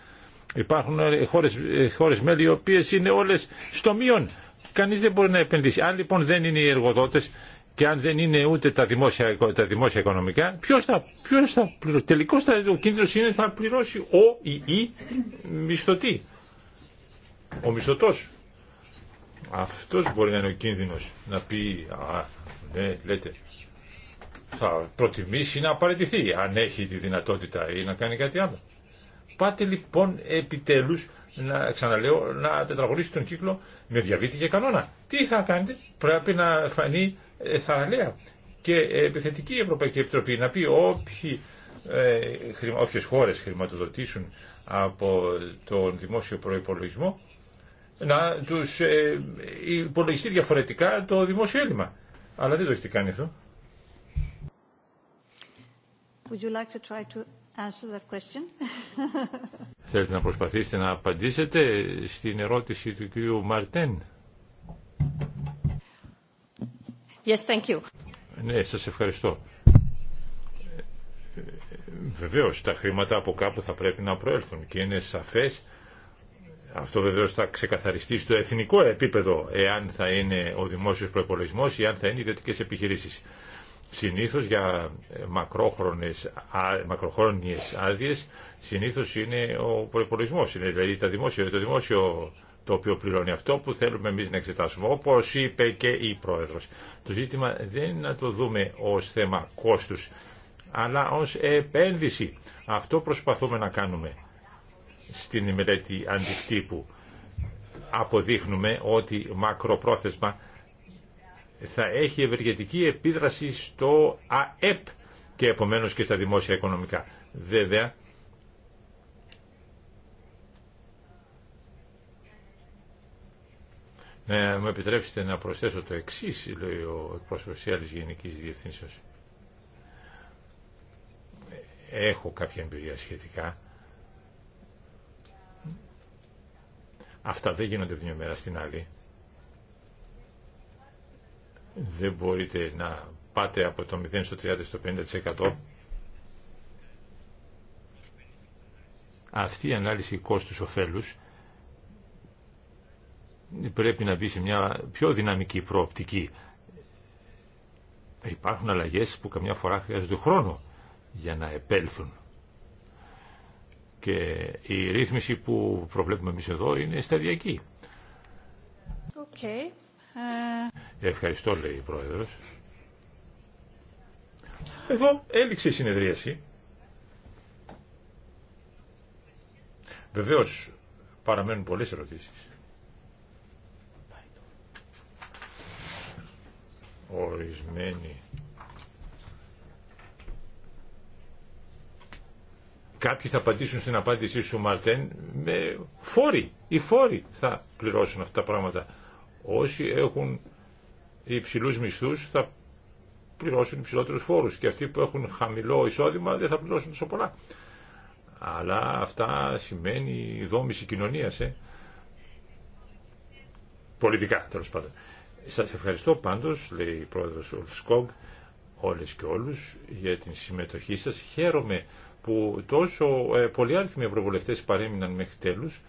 Υπάρχουν ε, χώρες, ε, χώρες μέλη οι οποίες είναι όλες στο μείον. Κανείς δεν μπορεί να επενδύσει. Αν λοιπόν δεν είναι οι εργοδότες και αν δεν είναι ούτε τα δημόσια, τα δημόσια οικονομικά, ποιος θα, ποιος θα πληρώσει. Τελικώς ο κίνδυνος είναι θα πληρώσει ο ή η μισθωτή. Ο μισθωτός αυτός μπορεί να είναι ο κίνδυνος να πει «Α, ναι, λέτε, θα προτιμήσει να απαρατηθεί αν έχει τη δυνατότητα ή να κάνει κάτι άλλο». Πάτε λοιπόν επιτέλους, να, ξαναλέω, να τετραγωνίσει τον κύκλο με διαβήτη και κανόνα. Τι θα κάνετε, πρέπει να φανεί ε, θαραλέα και επιθετική η Ευρωπαϊκή Επιτροπή να πει όποιοι ε, όποιες χώρες χρηματοδοτήσουν από τον δημόσιο προϋπολογισμό να τους ε, υπολογιστεί διαφορετικά το δημόσιο έλλειμμα. Αλλά δεν το έχετε κάνει αυτό. Θέλετε να προσπαθήσετε να απαντήσετε στην ερώτηση του κ. Μαρτέν. Yes, thank you. Ναι, σας ευχαριστώ. Ε, ε, βεβαίως, τα χρήματα από κάπου θα πρέπει να προέλθουν και είναι σαφές αυτό βεβαίω θα ξεκαθαριστεί στο εθνικό επίπεδο εάν θα είναι ο δημόσιο προπολογισμό ή αν θα είναι ιδιωτικές επιχειρήσει. Συνήθω για μακροχρόνιε άδειε, συνήθω είναι ο προπολογισμό. είναι δηλαδή το δημόσιο το οποίο πληρώνει αυτό που θέλουμε εμεί να εξετάσουμε. όπω είπε και η πρόεδρο. το ζήτημα δεν είναι να το δούμε ω θέμα κόστου, αλλά ω επένδυση. Αυτό προσπαθούμε να κάνουμε στην μελέτη αντικτύπου. Αποδείχνουμε ότι μακροπρόθεσμα θα έχει ευεργετική επίδραση στο ΑΕΠ και επομένως και στα δημόσια οικονομικά. Βέβαια, να μου επιτρέψετε να προσθέσω το εξή, λέει ο εκπρόσωπο τη άλλη Γενική Έχω κάποια εμπειρία σχετικά. Αυτά δεν γίνονται μια μέρα στην άλλη. Δεν μπορείτε να πάτε από το 0 στο 30 στο 50%. Αυτή η ανάλυση κόστους κόστους-οφέλους πρέπει να μπει σε μια πιο δυναμική προοπτική. Υπάρχουν αλλαγές που καμιά φορά χρειάζονται χρόνο για να επέλθουν. Και η ρύθμιση που προβλέπουμε εμείς εδώ είναι σταδιακή. Ε. Ευχαριστώ, λέει η Πρόεδρος. Εδώ έληξε η συνεδρίαση. Βεβαίως παραμένουν πολλές ερωτήσεις. Ορισμένοι Κάποιοι θα απαντήσουν στην απάντησή σου, Μαρτέν, με φόροι. Οι φόροι θα πληρώσουν αυτά τα πράγματα. Όσοι έχουν υψηλούς μισθούς θα πληρώσουν υψηλότερου φόρους και αυτοί που έχουν χαμηλό εισόδημα δεν θα πληρώσουν τόσο πολλά. Αλλά αυτά σημαίνει δόμηση κοινωνίας, ε. πολιτικά τέλος πάντων. Σας ευχαριστώ πάντως, λέει η πρόεδρος Ολφ Σκόγκ, όλες και όλους για την συμμετοχή σας. Χαίρομαι που τόσο ε, πολλοί άριθμοι ευρωβουλευτές παρέμειναν μέχρι τέλους,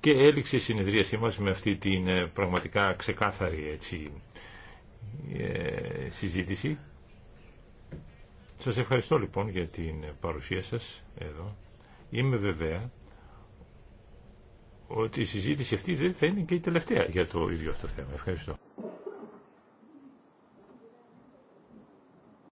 και έληξε η συνεδρίασή μας με αυτή την ε, πραγματικά ξεκάθαρη έτσι, ε, συζήτηση. Σας ευχαριστώ λοιπόν για την παρουσία σας εδώ. Είμαι βεβαία ότι η συζήτηση αυτή δεν θα είναι και η τελευταία για το ίδιο αυτό το θέμα. Ευχαριστώ.